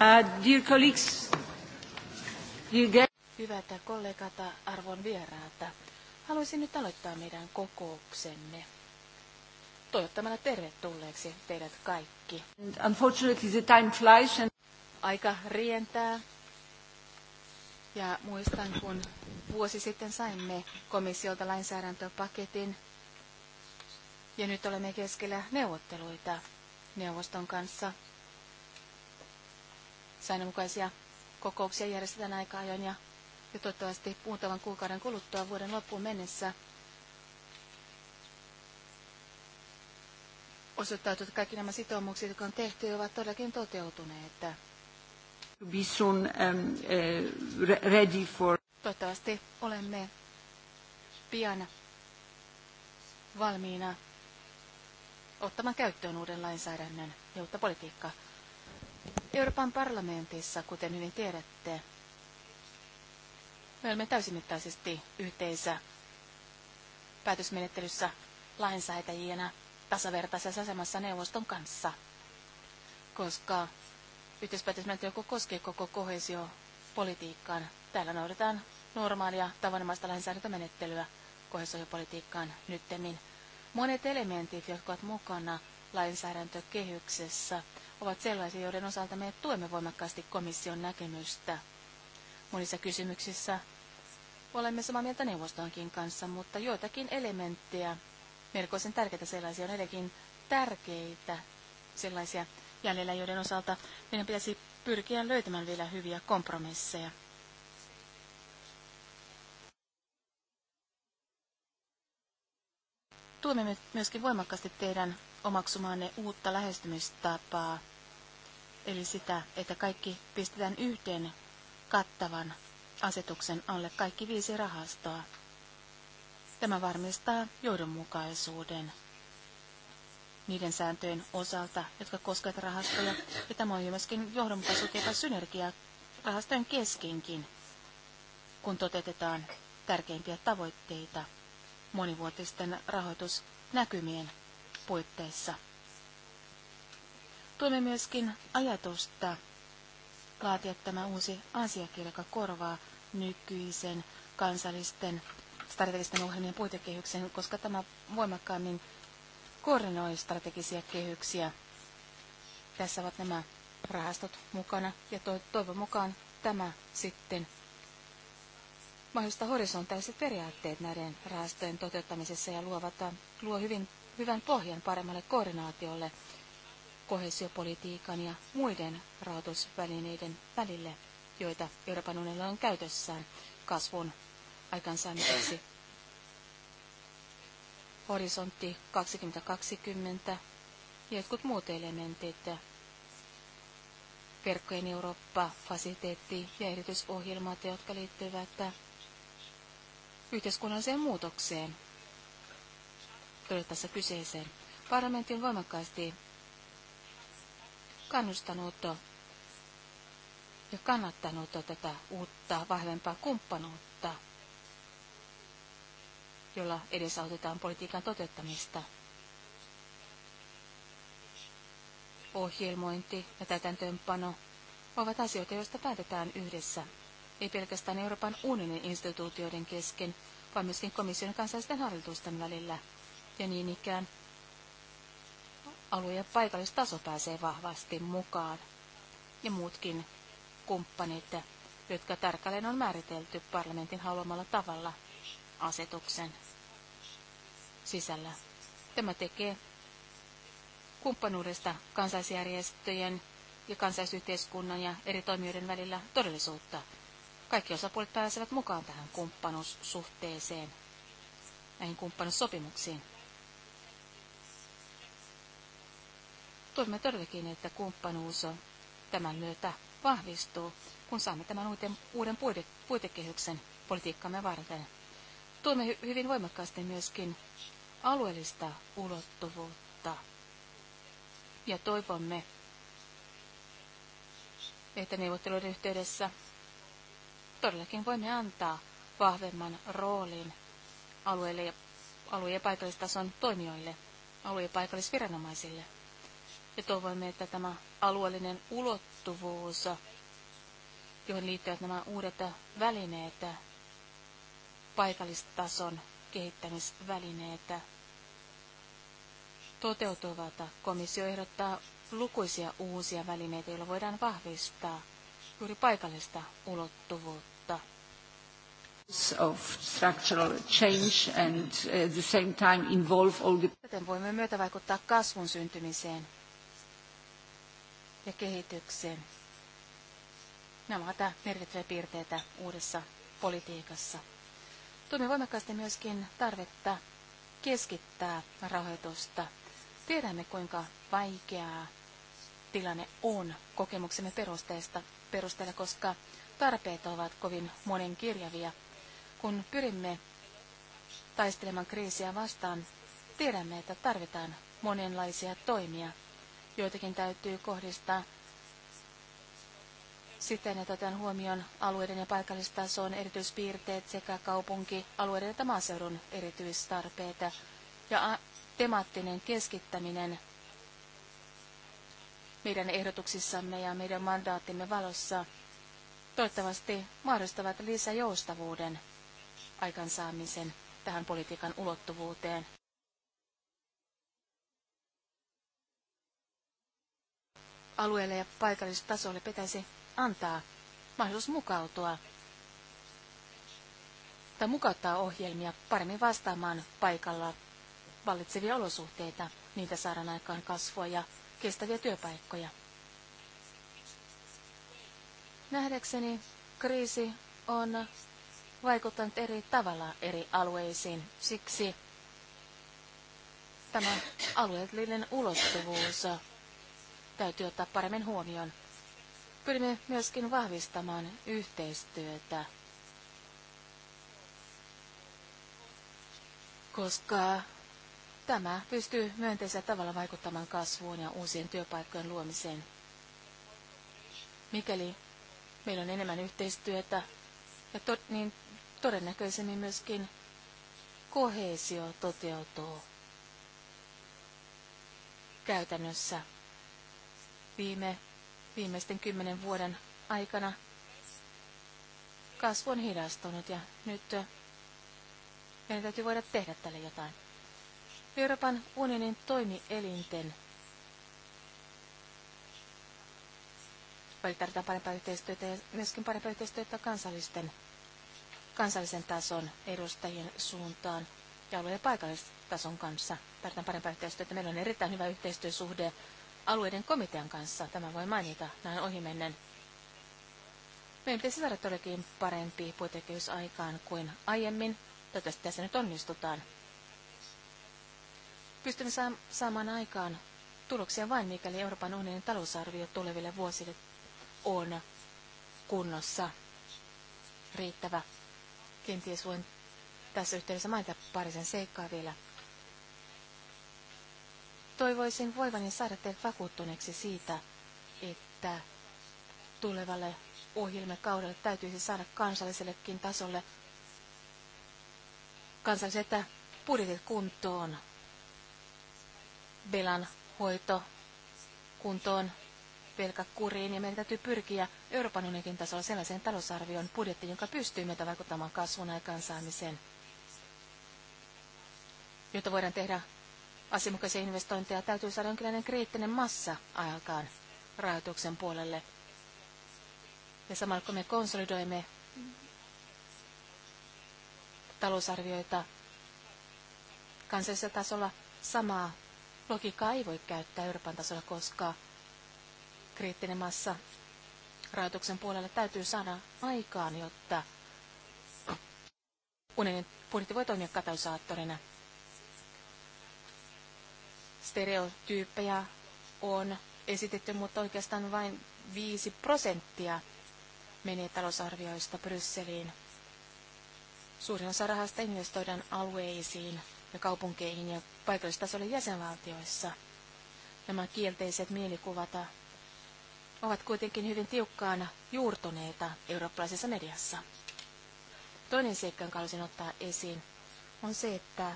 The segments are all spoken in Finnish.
Uh, dear colleagues, dear Hyvät kollegat, arvon vieraat. Haluaisin nyt aloittaa meidän kokouksemme toivottamalla tervetulleeksi teidät kaikki. And unfortunately the time flies and... Aika rientää. Ja muistan, kun vuosi sitten saimme komissiolta lainsäädäntöpaketin ja nyt olemme keskellä neuvotteluita neuvoston kanssa säännönmukaisia kokouksia järjestetään aika ajoin ja, ja toivottavasti muutaman kuukauden kuluttua vuoden loppuun mennessä osoittautuu, että kaikki nämä sitoumukset, jotka on tehty, ovat todellakin toteutuneet. soon, um, uh, ready for... Toivottavasti olemme pian valmiina ottamaan käyttöön uuden lainsäädännön ja uutta politiikkaa. Euroopan parlamentissa, kuten hyvin tiedätte, me olemme täysimittaisesti yhteisö päätösmenettelyssä lainsäätäjienä tasavertaisessa asemassa neuvoston kanssa, koska yhteispäätösmenettely koskee koko kohesiopolitiikkaan. Täällä noudatetaan normaalia tavanomaista lainsäädäntömenettelyä kohesiopolitiikkaan nyttemmin. Monet elementit, jotka ovat mukana lainsäädäntökehyksessä ovat sellaisia, joiden osalta me tuemme voimakkaasti komission näkemystä. Monissa kysymyksissä olemme samaa mieltä neuvostonkin kanssa, mutta joitakin elementtejä, melkoisen tärkeitä sellaisia, on edelläkin tärkeitä sellaisia jäljellä, joiden osalta meidän pitäisi pyrkiä löytämään vielä hyviä kompromisseja. Tuemme myöskin voimakkaasti teidän omaksumaanne uutta lähestymistapaa, eli sitä, että kaikki pistetään yhteen kattavan asetuksen alle kaikki viisi rahastoa. Tämä varmistaa johdonmukaisuuden niiden sääntöjen osalta, jotka koskevat rahastoja, ja tämä on myöskin johdonmukaisuutta ja synergiaa rahastojen keskenkin, kun toteutetaan tärkeimpiä tavoitteita monivuotisten rahoitusnäkymien puitteissa. Tuemme myöskin ajatusta laatia tämä uusi asiakirja, joka korvaa nykyisen kansallisten strategisten ohjelmien puitekehyksen, koska tämä voimakkaammin koordinoi strategisia kehyksiä. Tässä ovat nämä rahastot mukana ja to- toivon mukaan tämä sitten mahdollista horisontaiset periaatteet näiden rahastojen toteuttamisessa ja luovat, luo hyvin hyvän pohjan paremmalle koordinaatiolle kohesiopolitiikan ja muiden rahoitusvälineiden välille, joita Euroopan unionilla on käytössään kasvun aikansaamiseksi. Horisontti 2020 ja jotkut muut elementit, verkkojen eurooppa fasiteetti ja erityisohjelmat, jotka liittyvät yhteiskunnalliseen muutokseen tuli tässä kyseeseen. Parlamentti on voimakkaasti kannustanut ja kannattanut tätä uutta, vahvempaa kumppanuutta, jolla edesautetaan politiikan toteuttamista. Ohjelmointi ja täytäntöönpano ovat asioita, joista päätetään yhdessä, ei pelkästään Euroopan unionin instituutioiden kesken, vaan myöskin komission kansallisten hallitusten välillä – ja niin ikään alue- ja paikallistaso pääsee vahvasti mukaan. Ja muutkin kumppanit, jotka tarkalleen on määritelty parlamentin haluamalla tavalla asetuksen sisällä. Tämä tekee kumppanuudesta kansaisjärjestöjen ja kansaisyhteiskunnan ja eri toimijoiden välillä todellisuutta. Kaikki osapuolet pääsevät mukaan tähän kumppanuussuhteeseen, näihin kumppanussopimuksiin. Toivomme todellakin, että kumppanuus tämän myötä vahvistuu, kun saamme tämän uuden, uuden puitekehyksen politiikkamme varten. Tuomme hyvin voimakkaasti myöskin alueellista ulottuvuutta ja toivomme, että neuvotteluiden yhteydessä todellakin voimme antaa vahvemman roolin alueelle ja, alue- ja paikallistason toimijoille, alue- ja paikallisviranomaisille. Ja toivomme, että tämä alueellinen ulottuvuus, johon liittyvät nämä uudet välineet, paikallistason kehittämisvälineet, toteutuvat. Komissio ehdottaa lukuisia uusia välineitä, joilla voidaan vahvistaa juuri paikallista ulottuvuutta. Of structural change and at uh, the same time involve all the... Joten voimme myötävaikuttaa kasvun syntymiseen ja kehitykseen. Nämä ovat merkittäviä piirteitä uudessa politiikassa. Tuomme voimakkaasti myöskin tarvetta keskittää rahoitusta. Tiedämme, kuinka vaikeaa tilanne on kokemuksemme perusteesta, perusteella, koska tarpeet ovat kovin monenkirjavia. Kun pyrimme taistelemaan kriisiä vastaan, tiedämme, että tarvitaan monenlaisia toimia joitakin täytyy kohdistaa siten, että otetaan huomioon alueiden ja paikallistason erityispiirteet sekä kaupunkialueiden että maaseudun erityistarpeet ja temaattinen keskittäminen meidän ehdotuksissamme ja meidän mandaattimme valossa toivottavasti mahdollistavat lisäjoustavuuden aikansaamisen tähän politiikan ulottuvuuteen. alueelle ja paikallistasolle pitäisi antaa mahdollisuus mukautua tai mukauttaa ohjelmia paremmin vastaamaan paikalla vallitsevia olosuhteita. Niitä saadaan aikaan kasvua ja kestäviä työpaikkoja. Nähdäkseni kriisi on vaikuttanut eri tavalla eri alueisiin. Siksi tämä alueellinen ulottuvuus täytyy ottaa paremmin huomioon. Pyrimme myöskin vahvistamaan yhteistyötä, koska tämä pystyy myönteisellä tavalla vaikuttamaan kasvuun ja uusien työpaikkojen luomiseen. Mikäli meillä on enemmän yhteistyötä, ja to, niin todennäköisemmin myöskin kohesio toteutuu käytännössä viime, viimeisten kymmenen vuoden aikana kasvu on hidastunut ja nyt meidän täytyy voida tehdä tälle jotain. Euroopan unionin toimielinten tarvitaan parempaa yhteistyötä ja myöskin parempaa yhteistyötä kansallisten, kansallisen tason edustajien suuntaan ja alue- ja paikallistason kanssa. Tarvitaan parempaa yhteistyötä. Meillä on erittäin hyvä yhteistyösuhde alueiden komitean kanssa. Tämä voi mainita näin ohimennen. Meidän pitäisi saada todellakin parempi aikaan kuin aiemmin. Toivottavasti tässä nyt onnistutaan. Pystymme saamaan aikaan tuloksia vain, mikäli Euroopan unionin talousarvio tuleville vuosille on kunnossa riittävä. Kenties voin tässä yhteydessä mainita parisen seikkaa vielä. Toivoisin voivani saada teidät vakuuttuneeksi siitä, että tulevalle ohjelmakaudelle täytyisi saada kansallisellekin tasolle kansalliset budjetit kuntoon, velan hoito kuntoon, velkakuriin ja meidän täytyy pyrkiä Euroopan unionin tasolla sellaiseen talousarvion budjettiin, joka pystyy meitä vaikuttamaan kasvun aikaansaamiseen, jotta voidaan tehdä asianmukaisia investointeja, täytyy saada jonkinlainen kriittinen massa aikaan rahoituksen puolelle. Ja samalla kun me konsolidoimme talousarvioita kansallisella tasolla, samaa logiikkaa ei voi käyttää Euroopan tasolla, koska kriittinen massa rahoituksen puolelle täytyy saada aikaan, jotta unionin budjetti voi toimia katalysaattorina stereotyyppejä on esitetty, mutta oikeastaan vain 5 prosenttia menee talousarvioista Brysseliin. Suurin osa rahasta investoidaan alueisiin ja kaupunkeihin ja paikallistasolle jäsenvaltioissa. Nämä kielteiset mielikuvat ovat kuitenkin hyvin tiukkaan juurtuneita eurooppalaisessa mediassa. Toinen seikka, jonka haluaisin ottaa esiin, on se, että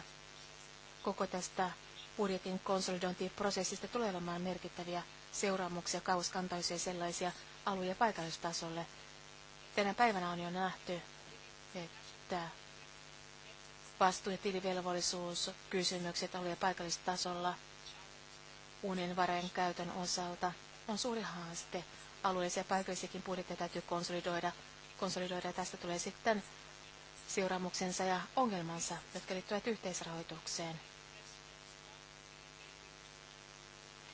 koko tästä budjetin konsolidointiprosessista tulee olemaan merkittäviä seuraamuksia, kauskantaisia sellaisia alue- ja paikallistasolle. Tänä päivänä on jo nähty, että vastuu- ja tilivelvollisuuskysymykset alue- ja paikallistasolla unionvarojen käytön osalta on suuri haaste. Alueellisia ja paikallisiakin budjetteja täytyy konsolidoida. konsolidoida tästä tulee sitten seuraamuksensa ja ongelmansa, jotka liittyvät yhteisrahoitukseen.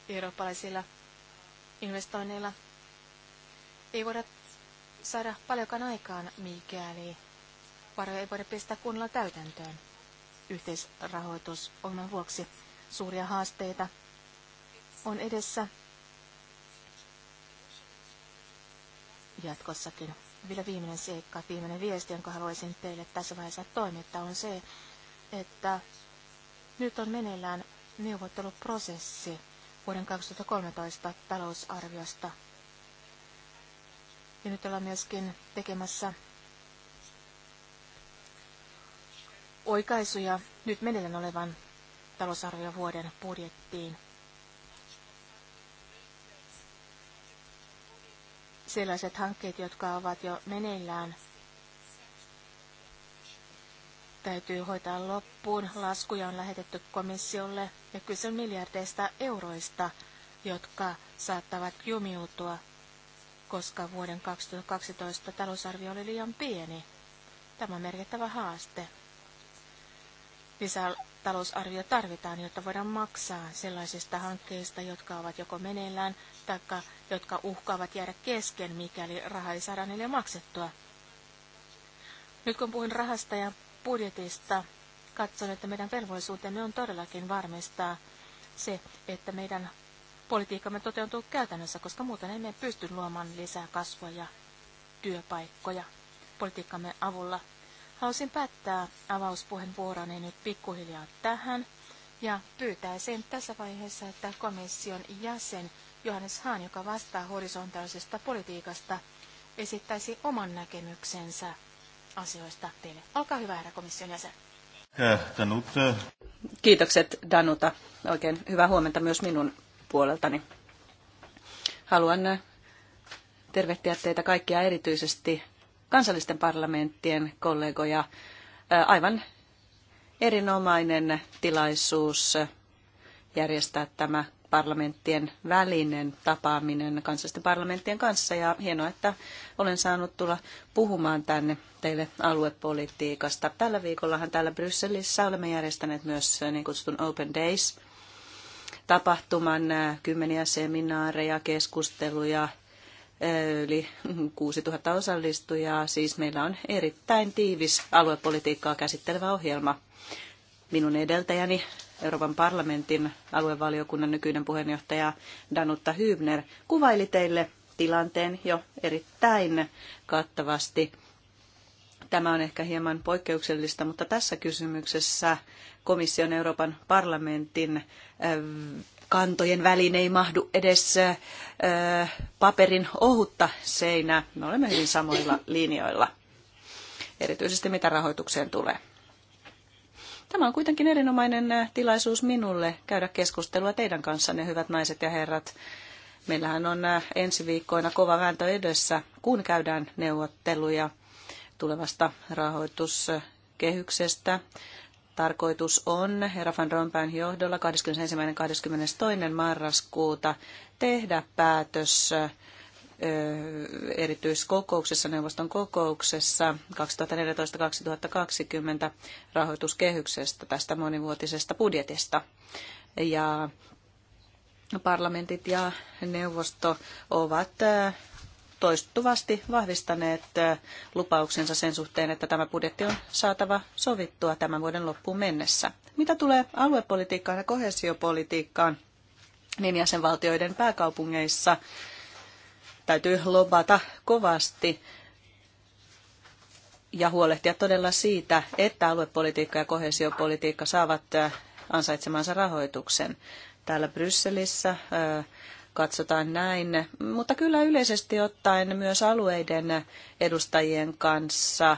eurooppalaisilla investoinneilla ei voida saada paljonkaan aikaan, mikäli varoja ei voida pistää kunnolla täytäntöön yhteisrahoitus on vuoksi. Suuria haasteita on edessä jatkossakin. Vielä viimeinen seikka, viimeinen viesti, jonka haluaisin teille tässä vaiheessa toimittaa, on se, että nyt on meneillään neuvotteluprosessi vuoden 2013 talousarviosta. Ja nyt ollaan myöskin tekemässä oikaisuja nyt meneillään olevan talousarviovuoden budjettiin. Sellaiset hankkeet, jotka ovat jo meneillään – täytyy hoitaa loppuun. Laskuja on lähetetty komissiolle ja kyse on miljardeista euroista, jotka saattavat jumiutua, koska vuoden 2012 talousarvio oli liian pieni. Tämä on merkittävä haaste. Lisää talousarvio tarvitaan, jotta voidaan maksaa sellaisista hankkeista, jotka ovat joko meneillään tai jotka uhkaavat jäädä kesken, mikäli raha ei saada niille maksettua. Nyt kun puhuin rahasta ja budjetista katson, että meidän velvollisuutemme on todellakin varmistaa se, että meidän politiikkamme toteutuu käytännössä, koska muuten emme pysty luomaan lisää kasvua ja työpaikkoja politiikkamme avulla. Haluaisin päättää avauspuheenvuoroni nyt pikkuhiljaa tähän ja pyytäisin tässä vaiheessa, että komission jäsen Johannes Hahn, joka vastaa horisontaalisesta politiikasta, esittäisi oman näkemyksensä asioista teille. Olkaa hyvä, herra komission jäsen. Kiitokset Danuta. Oikein hyvää huomenta myös minun puoleltani. Haluan äh, tervehtiä teitä kaikkia erityisesti kansallisten parlamenttien kollegoja. Äh, aivan erinomainen tilaisuus järjestää tämä parlamenttien välinen tapaaminen kansallisten parlamenttien kanssa ja hienoa, että olen saanut tulla puhumaan tänne teille aluepolitiikasta. Tällä viikollahan täällä Brysselissä olemme järjestäneet myös äh, niin kutsutun Open Days tapahtuman äh, kymmeniä seminaareja, keskusteluja, äh, yli 6000 osallistujaa. Siis meillä on erittäin tiivis aluepolitiikkaa käsittelevä ohjelma. Minun edeltäjäni Euroopan parlamentin aluevaliokunnan nykyinen puheenjohtaja Danutta Hybner kuvaili teille tilanteen jo erittäin kattavasti. Tämä on ehkä hieman poikkeuksellista, mutta tässä kysymyksessä komission Euroopan parlamentin äh, kantojen väliin ei mahdu edes äh, paperin ohutta seinää. Me olemme hyvin samoilla linjoilla, erityisesti mitä rahoitukseen tulee. Tämä on kuitenkin erinomainen äh, tilaisuus minulle käydä keskustelua teidän kanssanne, hyvät naiset ja herrat. Meillähän on äh, ensi viikkoina kova vääntö edessä, kun käydään neuvotteluja tulevasta rahoituskehyksestä. Tarkoitus on herra Van Rompuyn johdolla 21.–22. marraskuuta tehdä päätös äh, erityiskokouksessa, neuvoston kokouksessa 2014-2020 rahoituskehyksestä, tästä monivuotisesta budjetista. Ja parlamentit ja neuvosto ovat toistuvasti vahvistaneet lupauksensa sen suhteen, että tämä budjetti on saatava sovittua tämän vuoden loppuun mennessä. Mitä tulee aluepolitiikkaan ja kohesiopolitiikkaan, niin jäsenvaltioiden pääkaupungeissa täytyy lobata kovasti ja huolehtia todella siitä, että aluepolitiikka ja kohesiopolitiikka saavat äh, ansaitsemansa rahoituksen. Täällä Brysselissä äh, katsotaan näin, mutta kyllä yleisesti ottaen myös alueiden edustajien kanssa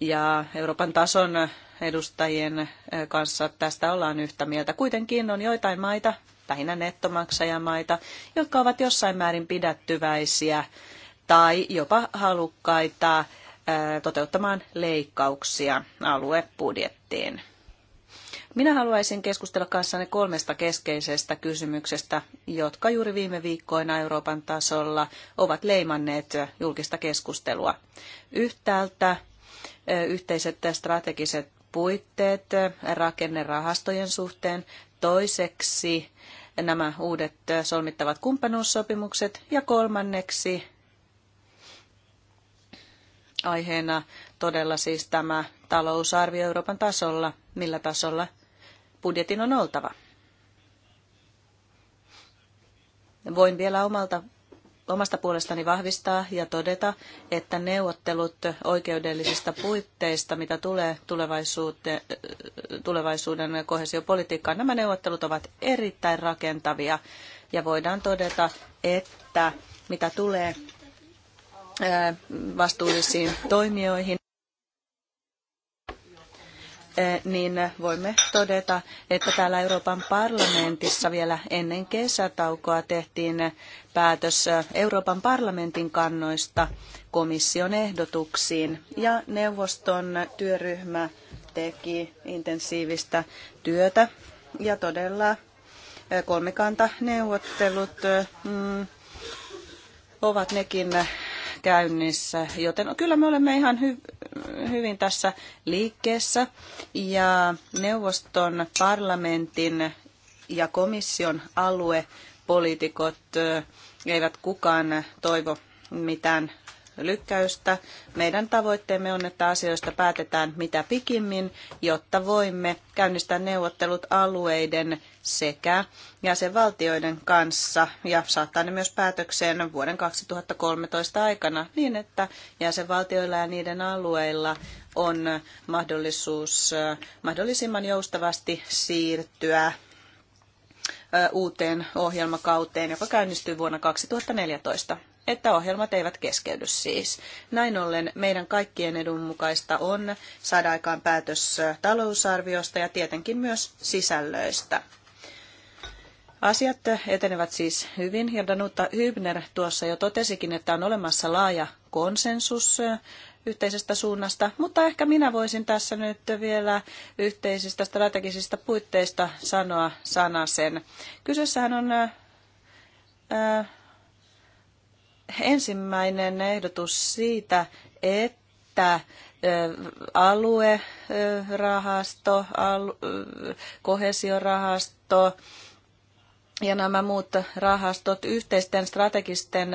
ja Euroopan tason edustajien äh, kanssa tästä ollaan yhtä mieltä. Kuitenkin on joitain maita, lähinnä nettomaksajamaita, jotka ovat jossain määrin pidättyväisiä tai jopa halukkaita toteuttamaan leikkauksia aluebudjettiin. Minä haluaisin keskustella kanssanne kolmesta keskeisestä kysymyksestä, jotka juuri viime viikkoina Euroopan tasolla ovat leimanneet julkista keskustelua. Yhtäältä yhteiset strategiset puitteet rakennerahastojen suhteen, toiseksi nämä uudet solmittavat kumppanuussopimukset. Ja kolmanneksi aiheena todella siis tämä talousarvio Euroopan tasolla, millä tasolla budjetin on oltava. Voin vielä omalta omasta puolestani vahvistaa ja todeta, että neuvottelut oikeudellisista puitteista, mitä tulee tulevaisuuden kohesiopolitiikkaan, nämä neuvottelut ovat erittäin rakentavia ja voidaan todeta, että mitä tulee vastuullisiin toimijoihin, Eh, niin voimme todeta, että täällä Euroopan parlamentissa vielä ennen kesätaukoa tehtiin päätös eh, Euroopan parlamentin kannoista komission ehdotuksiin ja neuvoston työryhmä teki intensiivistä työtä ja todella eh, kolmikantaneuvottelut mm, ovat nekin käynnissä, joten kyllä me olemme ihan hy- hyvin tässä liikkeessä. Ja neuvoston, parlamentin ja komission aluepoliitikot eivät kukaan toivo mitään lykkäystä. Meidän tavoitteemme on, että asioista päätetään mitä pikimmin, jotta voimme käynnistää neuvottelut alueiden sekä jäsenvaltioiden kanssa ja saattaa ne myös päätökseen vuoden 2013 aikana niin, että jäsenvaltioilla ja niiden alueilla on mahdollisuus mahdollisimman joustavasti siirtyä uuteen ohjelmakauteen, joka käynnistyy vuonna 2014 että ohjelmat eivät keskeydy siis. Näin ollen meidän kaikkien edun mukaista on saada aikaan päätös talousarviosta ja tietenkin myös sisällöistä. Asiat etenevät siis hyvin ja Danuta Hybner tuossa jo totesikin, että on olemassa laaja konsensus yhteisestä suunnasta, mutta ehkä minä voisin tässä nyt vielä yhteisistä strategisista puitteista sanoa sanasen. Kyseessähän on äh, äh, ensimmäinen ehdotus siitä, että aluerahasto, al, kohesiorahasto ja nämä muut rahastot yhteisten strategisten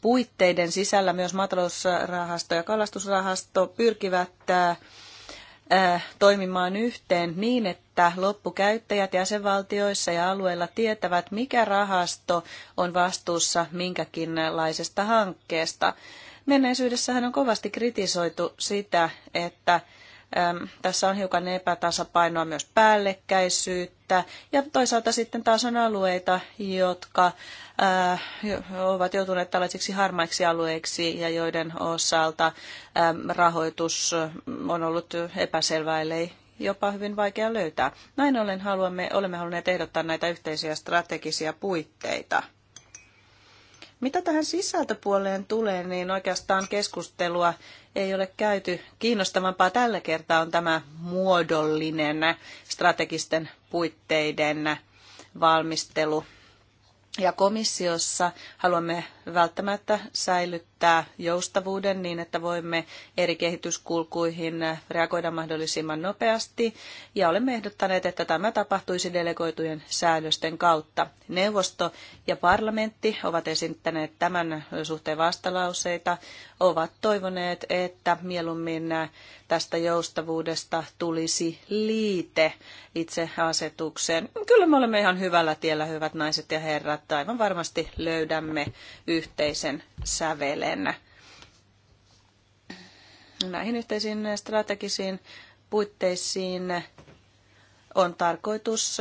puitteiden sisällä myös matalousrahasto ja kalastusrahasto pyrkivät Äh, toimimaan yhteen niin, että loppukäyttäjät jäsenvaltioissa ja alueilla tietävät, mikä rahasto on vastuussa minkäkinlaisesta hankkeesta. Menneisyydessähän on kovasti kritisoitu sitä, että tässä on hiukan epätasapainoa myös päällekkäisyyttä ja toisaalta sitten taas on alueita, jotka äh, ovat joutuneet tällaisiksi harmaiksi alueiksi ja joiden osalta rahoitus äh, on ollut epäselvää ellei jopa hyvin vaikea löytää. Näin ollen haluamme, olemme halunneet ehdottaa näitä yhteisiä strategisia puitteita. Mitä tähän sisältöpuoleen tulee, niin oikeastaan keskustelua ei ole käyty. Kiinnostavampaa tällä kertaa on tämä muodollinen strategisten puitteiden valmistelu. Ja komissiossa haluamme välttämättä säilyttää jättää joustavuuden niin, että voimme eri kehityskulkuihin reagoida mahdollisimman nopeasti. Ja olemme ehdottaneet, että tämä tapahtuisi delegoitujen säädösten kautta. Neuvosto ja parlamentti ovat esittäneet tämän suhteen vastalauseita, ovat toivoneet, että mieluummin tästä joustavuudesta tulisi liite itse asetukseen. Kyllä me olemme ihan hyvällä tiellä, hyvät naiset ja herrat. Aivan varmasti löydämme yhteisen sävelen edelleen. Näihin yhteisiin strategisiin puitteisiin on tarkoitus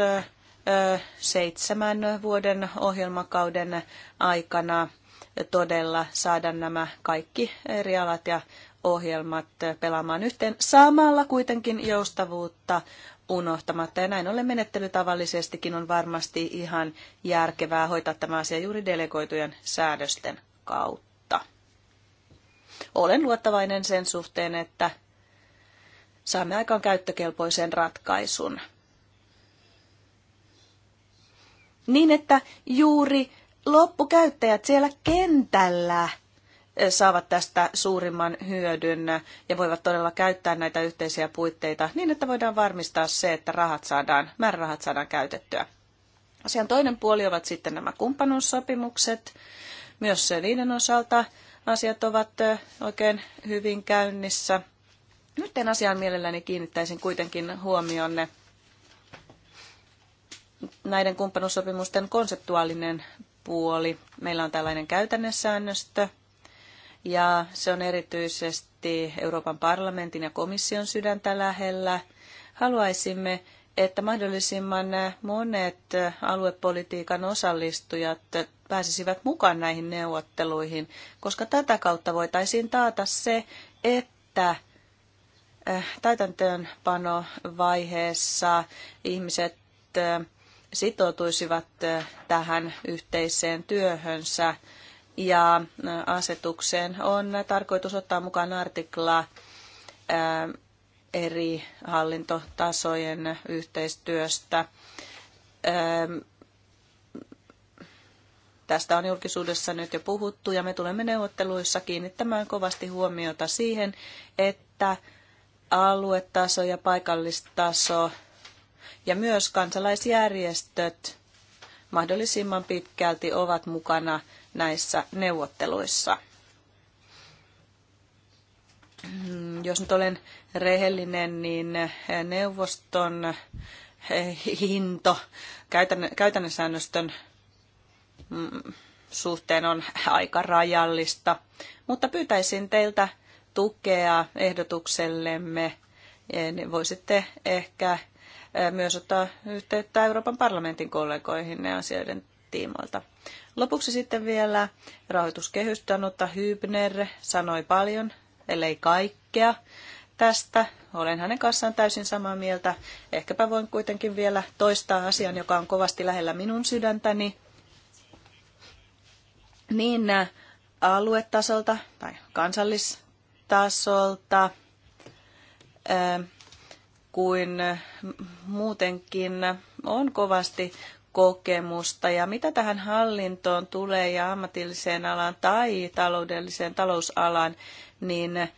seitsemän vuoden ohjelmakauden aikana todella saada nämä kaikki eri alat ja ohjelmat pelaamaan yhteen samalla kuitenkin joustavuutta unohtamatta. Ja näin ollen menettely tavallisestikin on varmasti ihan järkevää hoitaa tämä asia juuri delegoitujen säädösten kautta olen luottavainen sen suhteen, että saamme aikaan käyttökelpoisen ratkaisun. Niin, että juuri loppukäyttäjät siellä kentällä eh, saavat tästä suurimman hyödyn ja voivat todella käyttää näitä yhteisiä puitteita niin, että voidaan varmistaa se, että rahat saadaan, määrärahat saadaan käytettyä. Asian toinen puoli ovat sitten nämä kumppanuussopimukset. Myös niiden osalta asiat ovat oikein hyvin käynnissä. Nyt en asiaan mielelläni kiinnittäisin kuitenkin huomionne näiden kumppanuussopimusten konseptuaalinen puoli. Meillä on tällainen käytännössäännöstö, ja se on erityisesti Euroopan parlamentin ja komission sydäntä lähellä. Haluaisimme, että mahdollisimman monet aluepolitiikan osallistujat pääsisivät mukaan näihin neuvotteluihin, koska tätä kautta voitaisiin taata se, että eh, täytäntöönpanovaiheessa ihmiset eh, sitoutuisivat eh, tähän yhteiseen työhönsä ja asetukseen on tarkoitus ottaa mukaan artikla eri hallintotasojen yhteistyöstä Tästä on julkisuudessa nyt jo puhuttu ja me tulemme neuvotteluissa kiinnittämään kovasti huomiota siihen, että aluetaso ja paikallistaso ja myös kansalaisjärjestöt mahdollisimman pitkälti ovat mukana näissä neuvotteluissa. Jos nyt olen rehellinen, niin neuvoston hinto käytännön säännöstön Mm, suhteen on aika rajallista, mutta pyytäisin teiltä tukea ehdotuksellemme. Voisitte ehkä myös ottaa yhteyttä Euroopan parlamentin kollegoihin ne asioiden tiimoilta. Lopuksi sitten vielä rahoituskehystanutta Hybner sanoi paljon, ellei kaikkea tästä. Olen hänen kanssaan täysin samaa mieltä. Ehkäpä voin kuitenkin vielä toistaa asian, joka on kovasti lähellä minun sydäntäni niin äh, aluetasolta tai kansallistasolta äh, kuin äh, muutenkin on kovasti kokemusta. Ja mitä tähän hallintoon tulee ja ammatilliseen alaan tai taloudelliseen talousalaan, niin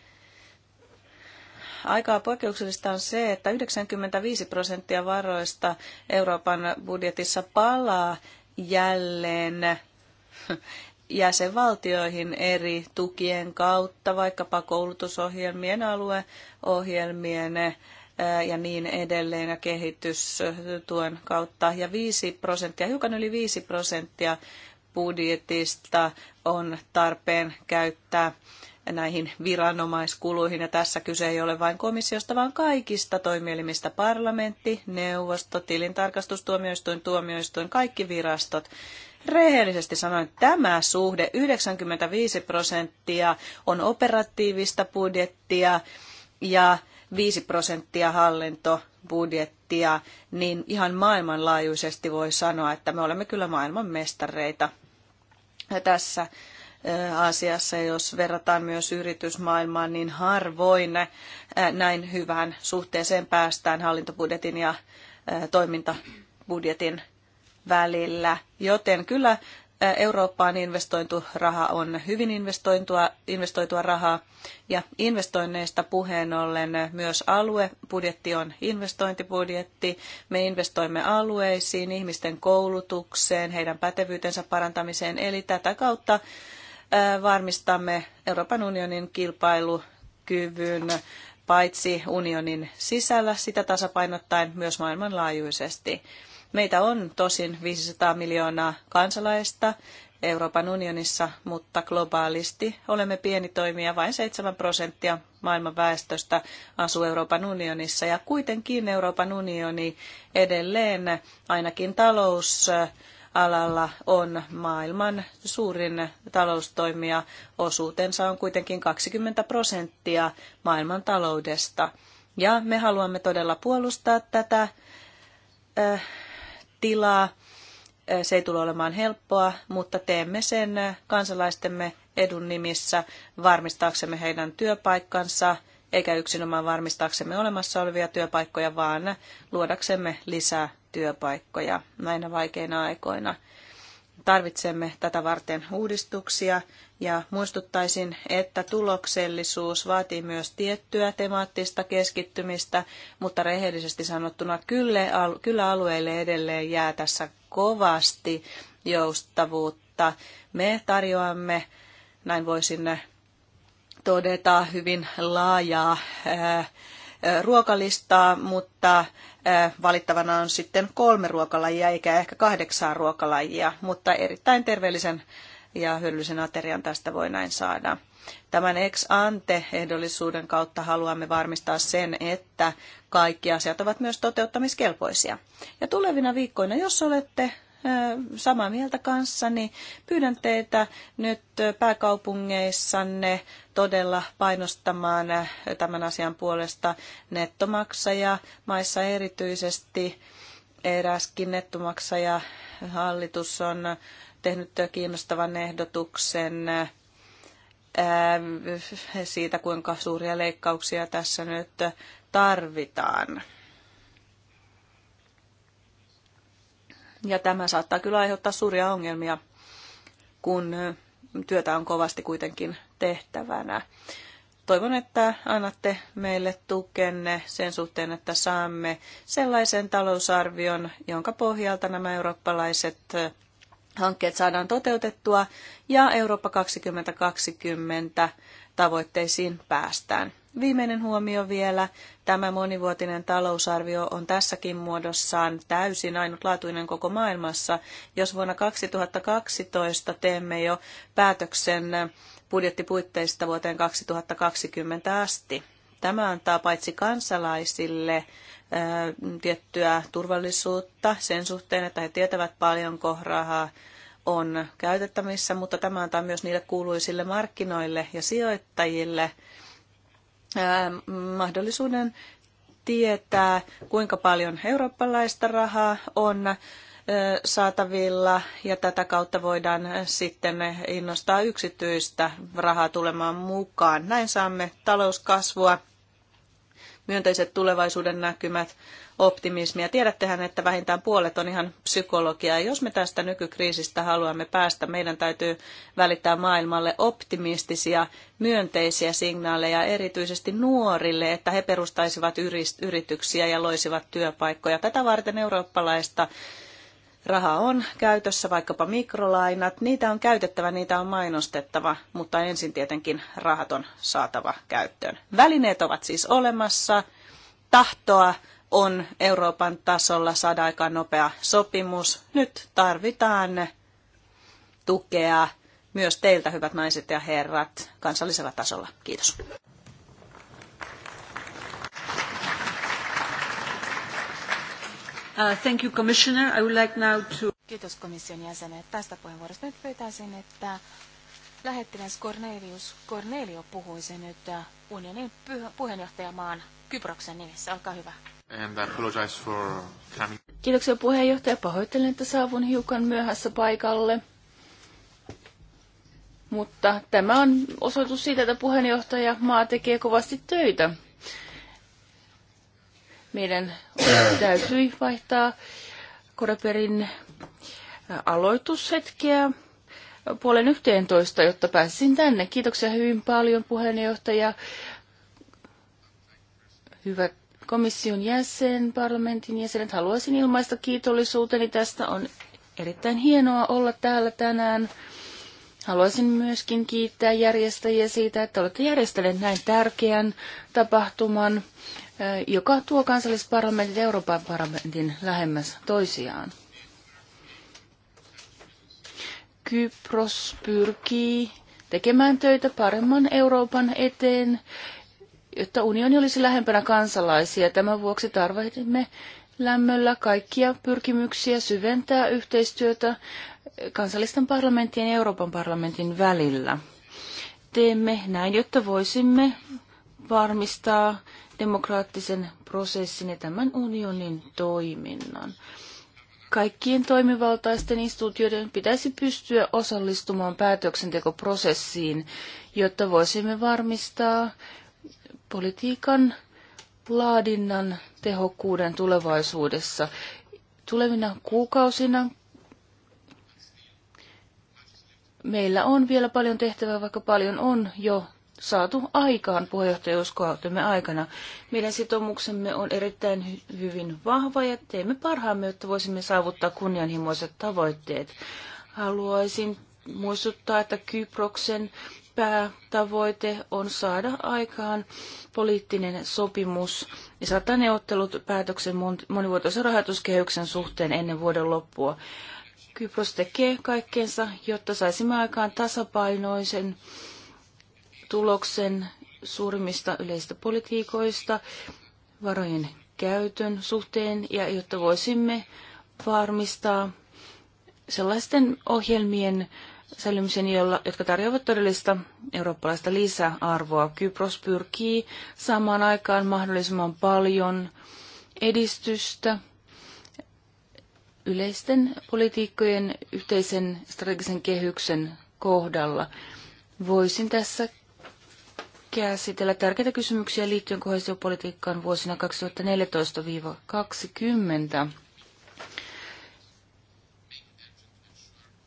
aika poikkeuksellista on se, että 95 prosenttia varoista Euroopan budjetissa palaa jälleen jäsenvaltioihin eri tukien kautta, vaikkapa koulutusohjelmien, alueohjelmien eh, ja niin edelleen ja kehitystuen kautta. Ja 5 prosenttia, hiukan yli 5 prosenttia budjetista on tarpeen käyttää näihin viranomaiskuluihin. Ja tässä kyse ei ole vain komissiosta, vaan kaikista toimielimistä parlamentti, neuvosto, tilintarkastustuomioistuin, tuomioistuin, kaikki virastot rehellisesti sanoen tämä suhde 95 prosenttia on operatiivista budjettia ja 5 prosenttia hallintobudjettia, niin ihan maailmanlaajuisesti voi sanoa, että me olemme kyllä maailman mestareita tässä asiassa. Jos verrataan myös yritysmaailmaan, niin harvoin näin hyvään suhteeseen päästään hallintobudjetin ja toimintabudjetin välillä, joten kyllä Eurooppaan investoitu raha on hyvin investoitua, investoitua rahaa ja investoinneista puheen ollen myös aluebudjetti on investointibudjetti. Me investoimme alueisiin, ihmisten koulutukseen, heidän pätevyytensä parantamiseen, eli tätä kautta varmistamme Euroopan unionin kilpailukyvyn paitsi unionin sisällä sitä tasapainottaen myös maailmanlaajuisesti. Meitä on tosin 500 miljoonaa kansalaista Euroopan unionissa, mutta globaalisti olemme pieni toimija, vain 7 prosenttia maailman väestöstä asuu Euroopan unionissa. Ja kuitenkin Euroopan unioni edelleen ainakin talous alalla on maailman suurin taloustoimija. Osuutensa on kuitenkin 20 prosenttia maailman taloudesta. Ja me haluamme todella puolustaa tätä eh, tilaa. Se ei tule olemaan helppoa, mutta teemme sen kansalaistemme edun nimissä varmistaaksemme heidän työpaikkansa, eikä yksinomaan varmistaaksemme olemassa olevia työpaikkoja, vaan luodaksemme lisää työpaikkoja näinä vaikeina aikoina tarvitsemme tätä varten uudistuksia ja muistuttaisin, että tuloksellisuus vaatii myös tiettyä temaattista keskittymistä, mutta rehellisesti sanottuna kyllä alueille edelleen jää tässä kovasti joustavuutta. Me tarjoamme, näin voisin todeta, hyvin laajaa ruokalistaa, mutta Äh, valittavana on sitten kolme ruokalajia eikä ehkä kahdeksaa ruokalajia, mutta erittäin terveellisen ja hyödyllisen aterian tästä voi näin saada. Tämän ex ante ehdollisuuden kautta haluamme varmistaa sen, että kaikki asiat ovat myös toteuttamiskelpoisia. Ja tulevina viikkoina, jos olette samaa mieltä kanssani. Pyydän teitä nyt pääkaupungeissanne todella painostamaan tämän asian puolesta nettomaksaja maissa erityisesti. Eräskin nettomaksaja hallitus on tehnyt kiinnostavan ehdotuksen siitä, kuinka suuria leikkauksia tässä nyt tarvitaan. Ja tämä saattaa kyllä aiheuttaa suuria ongelmia, kun työtä on kovasti kuitenkin tehtävänä. Toivon, että annatte meille tukenne sen suhteen, että saamme sellaisen talousarvion, jonka pohjalta nämä eurooppalaiset hankkeet saadaan toteutettua ja Eurooppa 2020 tavoitteisiin päästään viimeinen huomio vielä. Tämä monivuotinen talousarvio on tässäkin muodossaan täysin ainutlaatuinen koko maailmassa. Jos vuonna 2012 teemme jo päätöksen budjettipuitteista vuoteen 2020 asti, Tämä antaa paitsi kansalaisille tiettyä turvallisuutta sen suhteen, että he tietävät paljonko rahaa on käytettävissä, mutta tämä antaa myös niille kuuluisille markkinoille ja sijoittajille – mahdollisuuden tietää, kuinka paljon eurooppalaista rahaa on saatavilla ja tätä kautta voidaan sitten innostaa yksityistä rahaa tulemaan mukaan. Näin saamme talouskasvua myönteiset tulevaisuuden näkymät, optimismia. Tiedättehän, että vähintään puolet on ihan psykologiaa. Jos me tästä nykykriisistä haluamme päästä, meidän täytyy välittää maailmalle optimistisia, myönteisiä signaaleja erityisesti nuorille, että he perustaisivat yrityksiä ja loisivat työpaikkoja. Tätä varten eurooppalaista Raha on käytössä, vaikkapa mikrolainat. Niitä on käytettävä, niitä on mainostettava, mutta ensin tietenkin rahat on saatava käyttöön. Välineet ovat siis olemassa. Tahtoa on Euroopan tasolla saada aika nopea sopimus. Nyt tarvitaan tukea myös teiltä, hyvät naiset ja herrat, kansallisella tasolla. Kiitos. Uh, thank you, Commissioner. I would like now to... Kiitos komission jäsenet tästä puheenvuorosta. Nyt pyytäisin, että lähettiläs Cornelius Cornelio puhuisi nyt uh, unionin puheenjohtajamaan Kyproksen nimissä. Olkaa hyvä. And I apologize for coming. Kiitoksia puheenjohtaja. Pahoittelen, että saavun hiukan myöhässä paikalle. Mutta tämä on osoitus siitä, että puheenjohtaja maa tekee kovasti töitä meidän täytyi vaihtaa Koreperin aloitushetkeä puolen yhteentoista, jotta pääsin tänne. Kiitoksia hyvin paljon puheenjohtaja. Hyvät komission jäsen, parlamentin jäsenet, haluaisin ilmaista kiitollisuuteni tästä. On erittäin hienoa olla täällä tänään. Haluaisin myöskin kiittää järjestäjiä siitä, että olette järjestäneet näin tärkeän tapahtuman, eh, joka tuo kansallisparlamentit ja Euroopan parlamentin lähemmäs toisiaan. Kypros pyrkii tekemään töitä paremman Euroopan eteen, jotta unioni olisi lähempänä kansalaisia. Tämän vuoksi tarvitsemme lämmöllä kaikkia pyrkimyksiä syventää yhteistyötä kansallisten parlamenttien ja Euroopan parlamentin välillä. Teemme näin, jotta voisimme varmistaa demokraattisen prosessin ja tämän unionin toiminnan. Kaikkien toimivaltaisten instituutioiden pitäisi pystyä osallistumaan päätöksentekoprosessiin, jotta voisimme varmistaa politiikan laadinnan tehokkuuden tulevaisuudessa. Tulevina kuukausina meillä on vielä paljon tehtävää, vaikka paljon on jo saatu aikaan puheenjohtajuuskautemme aikana. Meidän sitoumuksemme on erittäin hyvin vahva ja teemme parhaamme, jotta voisimme saavuttaa kunnianhimoiset tavoitteet. Haluaisin muistuttaa, että Kyproksen päätavoite on saada aikaan poliittinen sopimus ja saattaa neuvottelut päätöksen monivuotoisen rahoituskehyksen suhteen ennen vuoden loppua. Kypros tekee kaikkeensa, jotta saisimme aikaan tasapainoisen tuloksen suurimmista yleistä politiikoista, varojen käytön suhteen ja jotta voisimme varmistaa sellaisten ohjelmien säilymisen, jolla, jotka tarjoavat todellista eurooppalaista lisäarvoa. Kypros pyrkii saamaan aikaan mahdollisimman paljon edistystä yleisten politiikkojen yhteisen strategisen kehyksen kohdalla. Voisin tässä käsitellä tärkeitä kysymyksiä liittyen kohesiopolitiikkaan vuosina 2014-2020.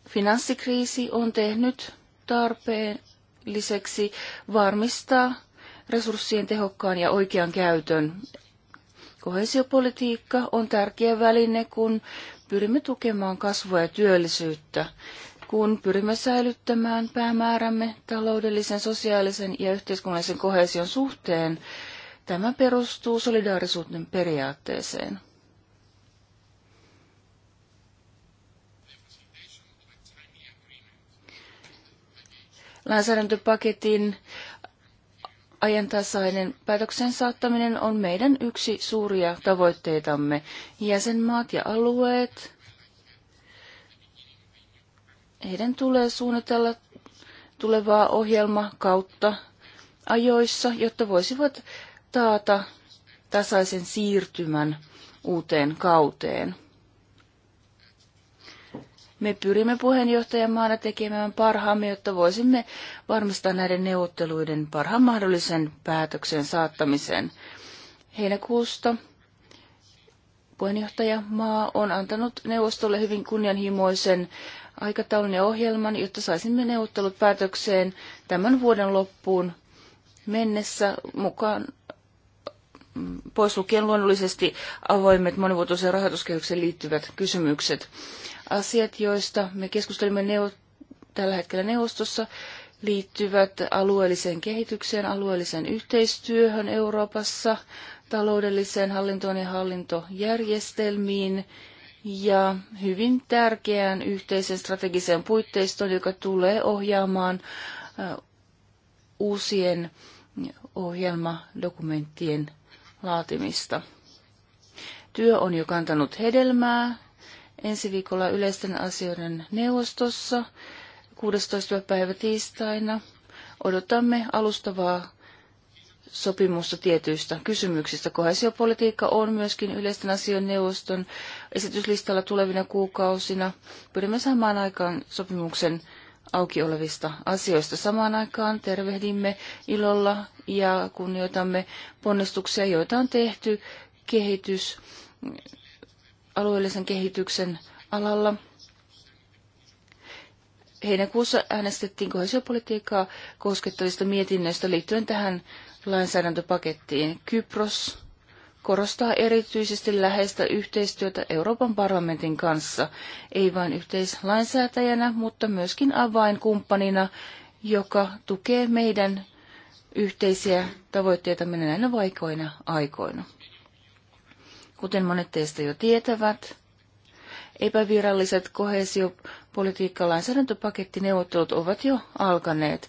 Finanssikriisi on tehnyt tarpeen lisäksi varmistaa resurssien tehokkaan ja oikean käytön. Kohesiopolitiikka on tärkeä väline, kun pyrimme tukemaan kasvua ja työllisyyttä, kun pyrimme säilyttämään päämäärämme taloudellisen, sosiaalisen ja yhteiskunnallisen kohesion suhteen. Tämä perustuu solidaarisuuden periaatteeseen. Lainsäädäntöpaketin ajantasainen päätöksen saattaminen on meidän yksi suuria tavoitteitamme. Jäsenmaat ja alueet, heidän tulee suunnitella tulevaa ohjelma kautta ajoissa, jotta voisivat taata tasaisen siirtymän uuteen kauteen. Me pyrimme maana tekemään parhaamme, jotta voisimme varmistaa näiden neuvotteluiden parhaan mahdollisen päätöksen saattamisen. Heinäkuusta puheenjohtajamaa on antanut neuvostolle hyvin kunnianhimoisen aikataulun ja ohjelman, jotta saisimme neuvottelut päätökseen tämän vuoden loppuun mennessä mukaan pois lukien luonnollisesti avoimet monivuotoiseen rahoituskehykseen liittyvät kysymykset asiat, joista me keskustelimme neu- tällä hetkellä neuvostossa, liittyvät alueelliseen kehitykseen, alueelliseen yhteistyöhön Euroopassa, taloudelliseen hallintoon ja hallintojärjestelmiin ja hyvin tärkeään yhteiseen strategiseen puitteistoon, joka tulee ohjaamaan uusien ohjelmadokumenttien laatimista. Työ on jo kantanut hedelmää, ensi viikolla yleisten asioiden neuvostossa 16. päivä tiistaina. Odotamme alustavaa sopimusta tietyistä kysymyksistä. Kohesiopolitiikka on myöskin yleisten asioiden neuvoston esityslistalla tulevina kuukausina. Pyrimme saamaan aikaan sopimuksen auki olevista asioista. Samaan aikaan tervehdimme ilolla ja kunnioitamme ponnistuksia, joita on tehty kehitys alueellisen kehityksen alalla. Heinäkuussa äänestettiin kohesiopolitiikkaa koskettavista mietinnöistä liittyen tähän lainsäädäntöpakettiin. Kypros korostaa erityisesti läheistä yhteistyötä Euroopan parlamentin kanssa, ei vain yhteislainsäätäjänä, mutta myöskin avainkumppanina, joka tukee meidän yhteisiä tavoitteita näinä vaikoina aikoina. Kuten monet teistä jo tietävät, epäviralliset kohesiopolitiikka-lainsäädäntöpakettineuvottelut ovat jo alkaneet.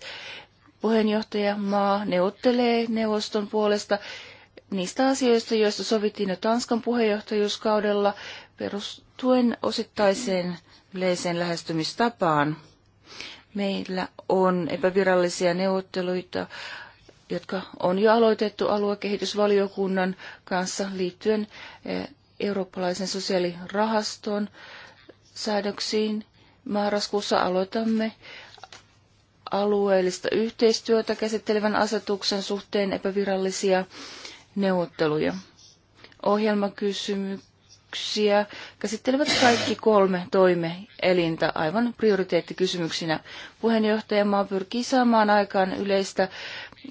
Puheenjohtaja Maa neuvottelee neuvoston puolesta niistä asioista, joista sovittiin jo Tanskan puheenjohtajuuskaudella perustuen osittaiseen yleiseen lähestymistapaan. Meillä on epävirallisia neuvotteluita jotka on jo aloitettu aluekehitysvaliokunnan kanssa liittyen eh, eurooppalaisen sosiaalirahaston säädöksiin. Marraskuussa aloitamme alueellista yhteistyötä käsittelevän asetuksen suhteen epävirallisia neuvotteluja. Ohjelmakysymyksiä käsittelevät kaikki kolme toimeelintä aivan prioriteettikysymyksinä. Puheenjohtajamaa pyrkii saamaan aikaan yleistä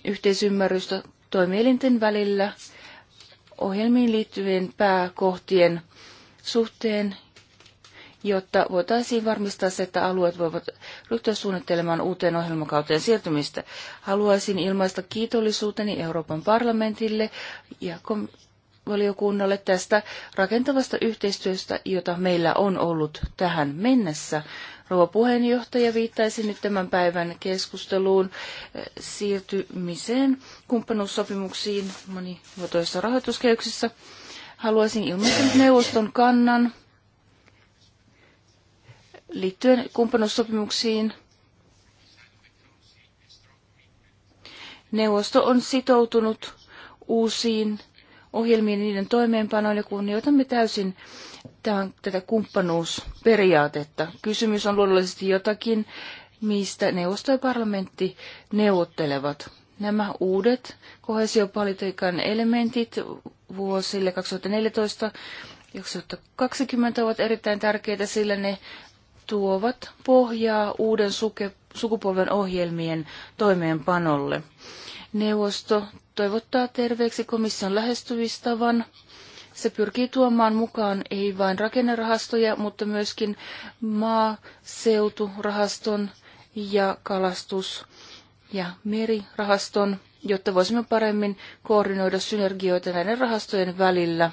yhteisymmärrystä toimielinten välillä ohjelmiin liittyvien pääkohtien suhteen, jotta voitaisiin varmistaa se, että alueet voivat ryhtyä suunnittelemaan uuteen ohjelmakauteen siirtymistä. Haluaisin ilmaista kiitollisuuteni Euroopan parlamentille ja kom- valiokunnalle tästä rakentavasta yhteistyöstä, jota meillä on ollut tähän mennessä. Rouva puheenjohtaja, viittaisin nyt tämän päivän keskusteluun eh, siirtymiseen kumppanuussopimuksiin monimuotoisissa rahoituskehyksissä. Haluaisin ilmaista neuvoston kannan liittyen kumppanuussopimuksiin. Neuvosto on sitoutunut uusiin ohjelmiin ja niiden toimeenpanoon ja kunnioitamme täysin tämän, tätä kumppanuusperiaatetta. Kysymys on luonnollisesti jotakin, mistä neuvosto ja parlamentti neuvottelevat. Nämä uudet kohesiopolitiikan elementit vuosille 2014 2020 ovat erittäin tärkeitä, sillä ne tuovat pohjaa uuden suke, sukupolven ohjelmien toimeenpanolle. Neuvosto toivottaa terveeksi komission lähestymistavan. Se pyrkii tuomaan mukaan ei vain rakennerahastoja, mutta myöskin maaseuturahaston ja kalastus- ja merirahaston, jotta voisimme paremmin koordinoida synergioita näiden rahastojen välillä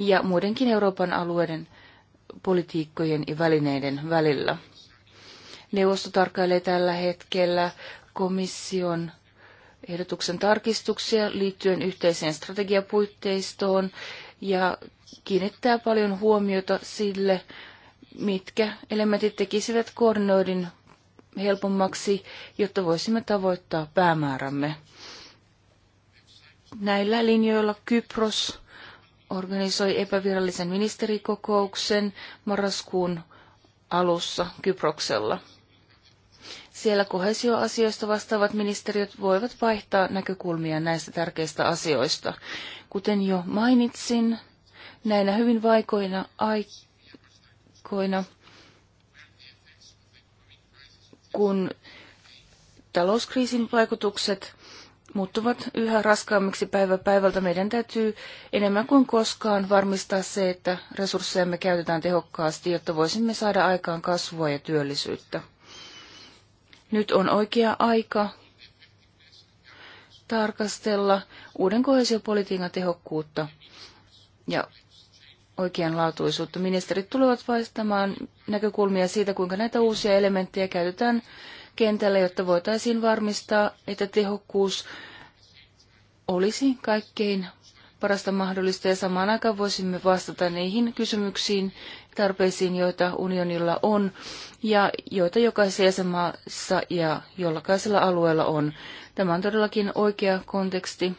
ja muidenkin Euroopan alueiden politiikkojen ja välineiden välillä. Neuvosto tarkkailee tällä hetkellä komission ehdotuksen tarkistuksia liittyen yhteiseen strategiapuitteistoon ja kiinnittää paljon huomiota sille, mitkä elementit tekisivät koordinoidin helpommaksi, jotta voisimme tavoittaa päämäärämme. Näillä linjoilla Kypros organisoi epävirallisen ministerikokouksen marraskuun alussa Kyproksella. Siellä kohesioasioista vastaavat ministeriöt voivat vaihtaa näkökulmia näistä tärkeistä asioista. Kuten jo mainitsin, näinä hyvin vaikoina aikoina, kun talouskriisin vaikutukset muuttuvat yhä raskaammiksi päivä päivältä, meidän täytyy enemmän kuin koskaan varmistaa se, että resurssejamme käytetään tehokkaasti, jotta voisimme saada aikaan kasvua ja työllisyyttä. Nyt on oikea aika tarkastella uuden kohesiopolitiikan tehokkuutta ja oikeanlaatuisuutta. Ministerit tulevat vaistamaan näkökulmia siitä, kuinka näitä uusia elementtejä käytetään kentällä, jotta voitaisiin varmistaa, että tehokkuus olisi kaikkein parasta mahdollista ja samaan aikaan voisimme vastata niihin kysymyksiin, tarpeisiin, joita unionilla on ja joita jokaisessa jäsenmaassa ja jollakaisella alueella on. Tämä on todellakin oikea konteksti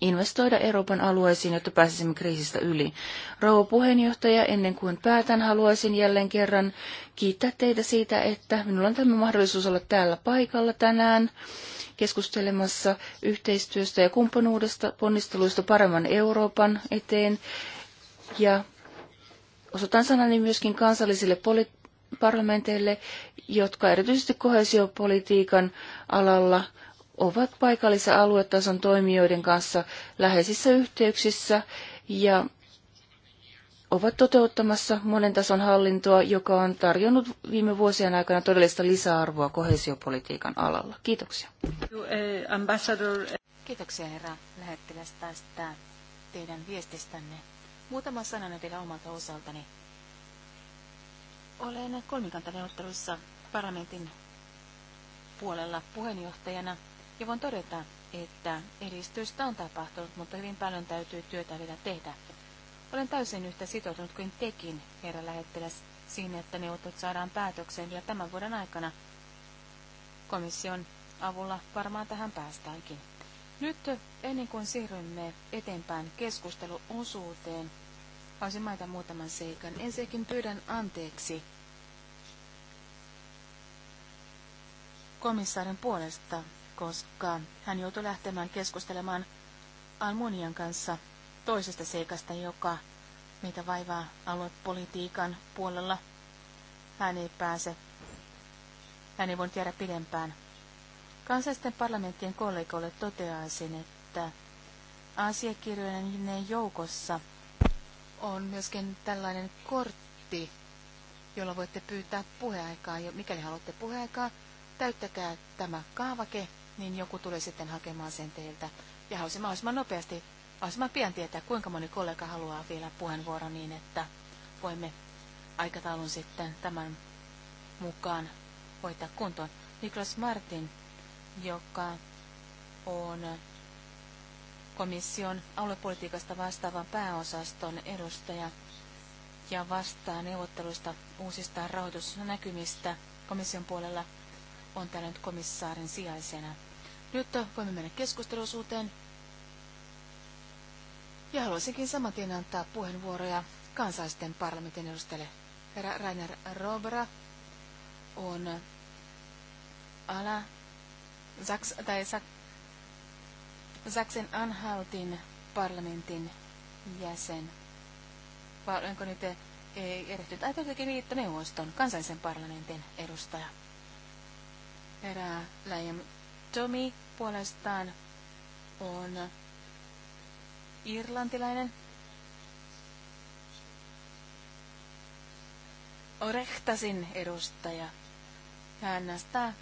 investoida Euroopan alueisiin, jotta pääsisimme kriisistä yli. Rouva puheenjohtaja, ennen kuin päätän, haluaisin jälleen kerran kiittää teitä siitä, että minulla on tämä mahdollisuus olla täällä paikalla tänään keskustelemassa yhteistyöstä ja kumppanuudesta, ponnisteluista paremman Euroopan eteen ja osoitan sanani myöskin kansallisille parlamenteille, jotka erityisesti kohesiopolitiikan alalla ovat paikallisen aluetason toimijoiden kanssa läheisissä yhteyksissä ja ovat toteuttamassa monen tason hallintoa, joka on tarjonnut viime vuosien aikana todellista lisäarvoa kohesiopolitiikan alalla. Kiitoksia. Kiitoksia herra lähettiläs tästä teidän viestistänne. Muutama sana vielä omalta osaltani. Olen kolmikantaneuvotteluissa parlamentin puolella puheenjohtajana ja voin todeta, että edistystä on tapahtunut, mutta hyvin paljon täytyy työtä vielä tehdä. Olen täysin yhtä sitoutunut kuin tekin, herra lähettiläs, siinä, että neuvottelut saadaan päätökseen vielä tämän vuoden aikana. Komission avulla varmaan tähän päästäänkin. Nyt ennen kuin siirrymme eteenpäin keskusteluosuuteen, haluaisin mainita muutaman seikan. Ensinnäkin pyydän anteeksi komissaarin puolesta, koska hän joutui lähtemään keskustelemaan Almunian kanssa toisesta seikasta, joka meitä vaivaa aluepolitiikan puolella. Hän ei pääse, hän ei voinut jäädä pidempään Kansallisten parlamenttien kollegoille toteaisin, että asiakirjojen joukossa on myöskin tällainen kortti, jolla voitte pyytää puheaikaa. Ja mikäli haluatte puheaikaa, täyttäkää tämä kaavake, niin joku tulee sitten hakemaan sen teiltä. Ja haluaisin mahdollisimman nopeasti, mahdollisimman pian tietää, kuinka moni kollega haluaa vielä puheenvuoro niin, että voimme aikataulun sitten tämän mukaan hoitaa kuntoon. Niklas Martin joka on komission aluepolitiikasta vastaavan pääosaston edustaja ja vastaa neuvotteluista uusista rahoitusnäkymistä komission puolella on täällä nyt komissaarin sijaisena. Nyt voimme mennä keskustelusuuteen. Ja haluaisinkin saman tien antaa puheenvuoroja kansallisten parlamentin edustajalle. Herra Rainer Robra on ala Saks, tai Sak, Saksen Anhaltin parlamentin jäsen. Vai onko nyt eh, erehtynyt? Ai tietenkin liittoneuvoston, kansallisen parlamentin edustaja. Erää Läjem Tomi puolestaan on irlantilainen. Orehtasin edustaja. Hän näistä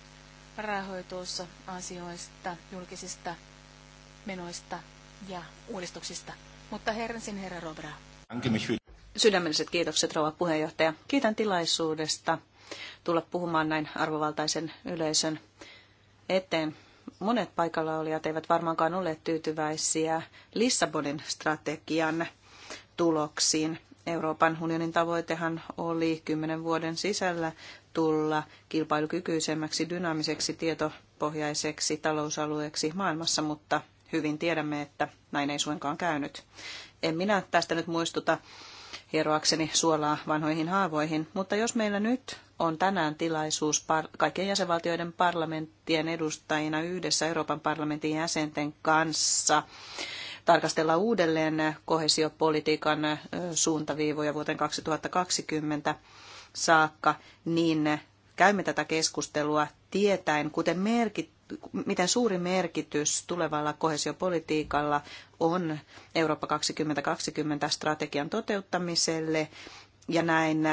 asioista, julkisista menoista ja uudistuksista. Mutta sinne, herra Robra. Sydämelliset kiitokset rouva puheenjohtaja. Kiitän tilaisuudesta tulla puhumaan näin arvovaltaisen yleisön eteen. Monet paikalla olijat eivät varmaankaan ole tyytyväisiä Lissabonin strategian tuloksiin. Euroopan unionin tavoitehan oli kymmenen vuoden sisällä tulla kilpailukykyisemmäksi, dynaamiseksi, tietopohjaiseksi talousalueeksi maailmassa, mutta hyvin tiedämme, että näin ei suinkaan käynyt. En minä tästä nyt muistuta hieroakseni suolaa vanhoihin haavoihin, mutta jos meillä nyt on tänään tilaisuus par- kaikkien jäsenvaltioiden parlamenttien edustajina yhdessä Euroopan parlamentin jäsenten kanssa tarkastella uudelleen kohesiopolitiikan suuntaviivoja vuoteen 2020 saakka, niin käymme tätä keskustelua tietäen, kuten merkit, miten suuri merkitys tulevalla kohesiopolitiikalla on Eurooppa 2020 strategian toteuttamiselle ja näin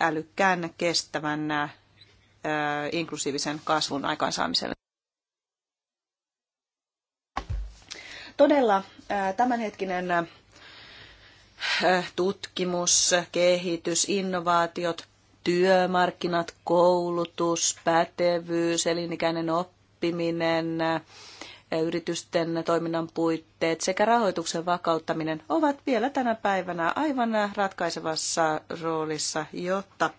älykkään, kestävän, inklusiivisen kasvun aikaansaamiselle. Todella tämänhetkinen tutkimus, kehitys, innovaatiot, työmarkkinat, koulutus, pätevyys, elinikäinen oppiminen, yritysten toiminnan puitteet sekä rahoituksen vakauttaminen ovat vielä tänä päivänä aivan ratkaisevassa roolissa, jotta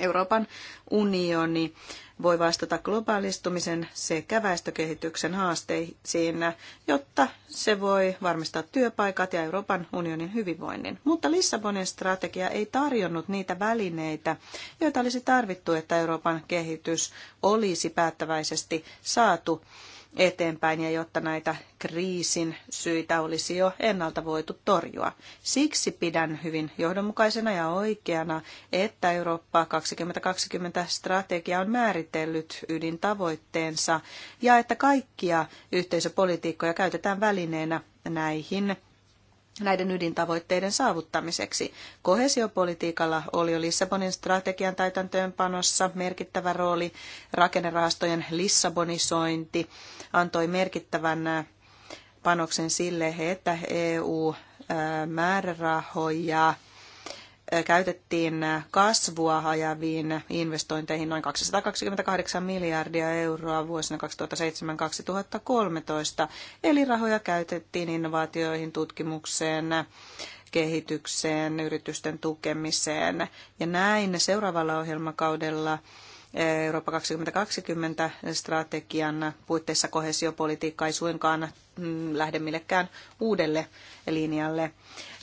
Euroopan unioni voi vastata globaalistumisen sekä väestökehityksen haasteisiin, jotta se voi varmistaa työpaikat ja Euroopan unionin hyvinvoinnin. Mutta Lissabonin strategia ei tarjonnut niitä välineitä, joita olisi tarvittu, että Euroopan kehitys olisi päättäväisesti saatu eteenpäin ja jotta näitä kriisin syitä olisi jo ennalta voitu torjua. Siksi pidän hyvin johdonmukaisena ja oikeana, että Eurooppa 2020 strategia on määritellyt ydintavoitteensa ja että kaikkia yhteisöpolitiikkoja käytetään välineenä näihin näiden ydintavoitteiden saavuttamiseksi. Kohesiopolitiikalla oli jo Lissabonin strategian täytäntöönpanossa merkittävä rooli. Rakennerahastojen Lissabonisointi antoi merkittävän äh, panoksen sille, että EU-määrärahoja äh, käytettiin kasvua hajaviin investointeihin noin 228 miljardia euroa vuosina 2007-2013. Eli rahoja käytettiin innovaatioihin, tutkimukseen, kehitykseen, yritysten tukemiseen. Ja näin seuraavalla ohjelmakaudella Eurooppa 2020 strategian puitteissa kohesiopolitiikka ei suinkaan mm, lähde millekään uudelle linjalle.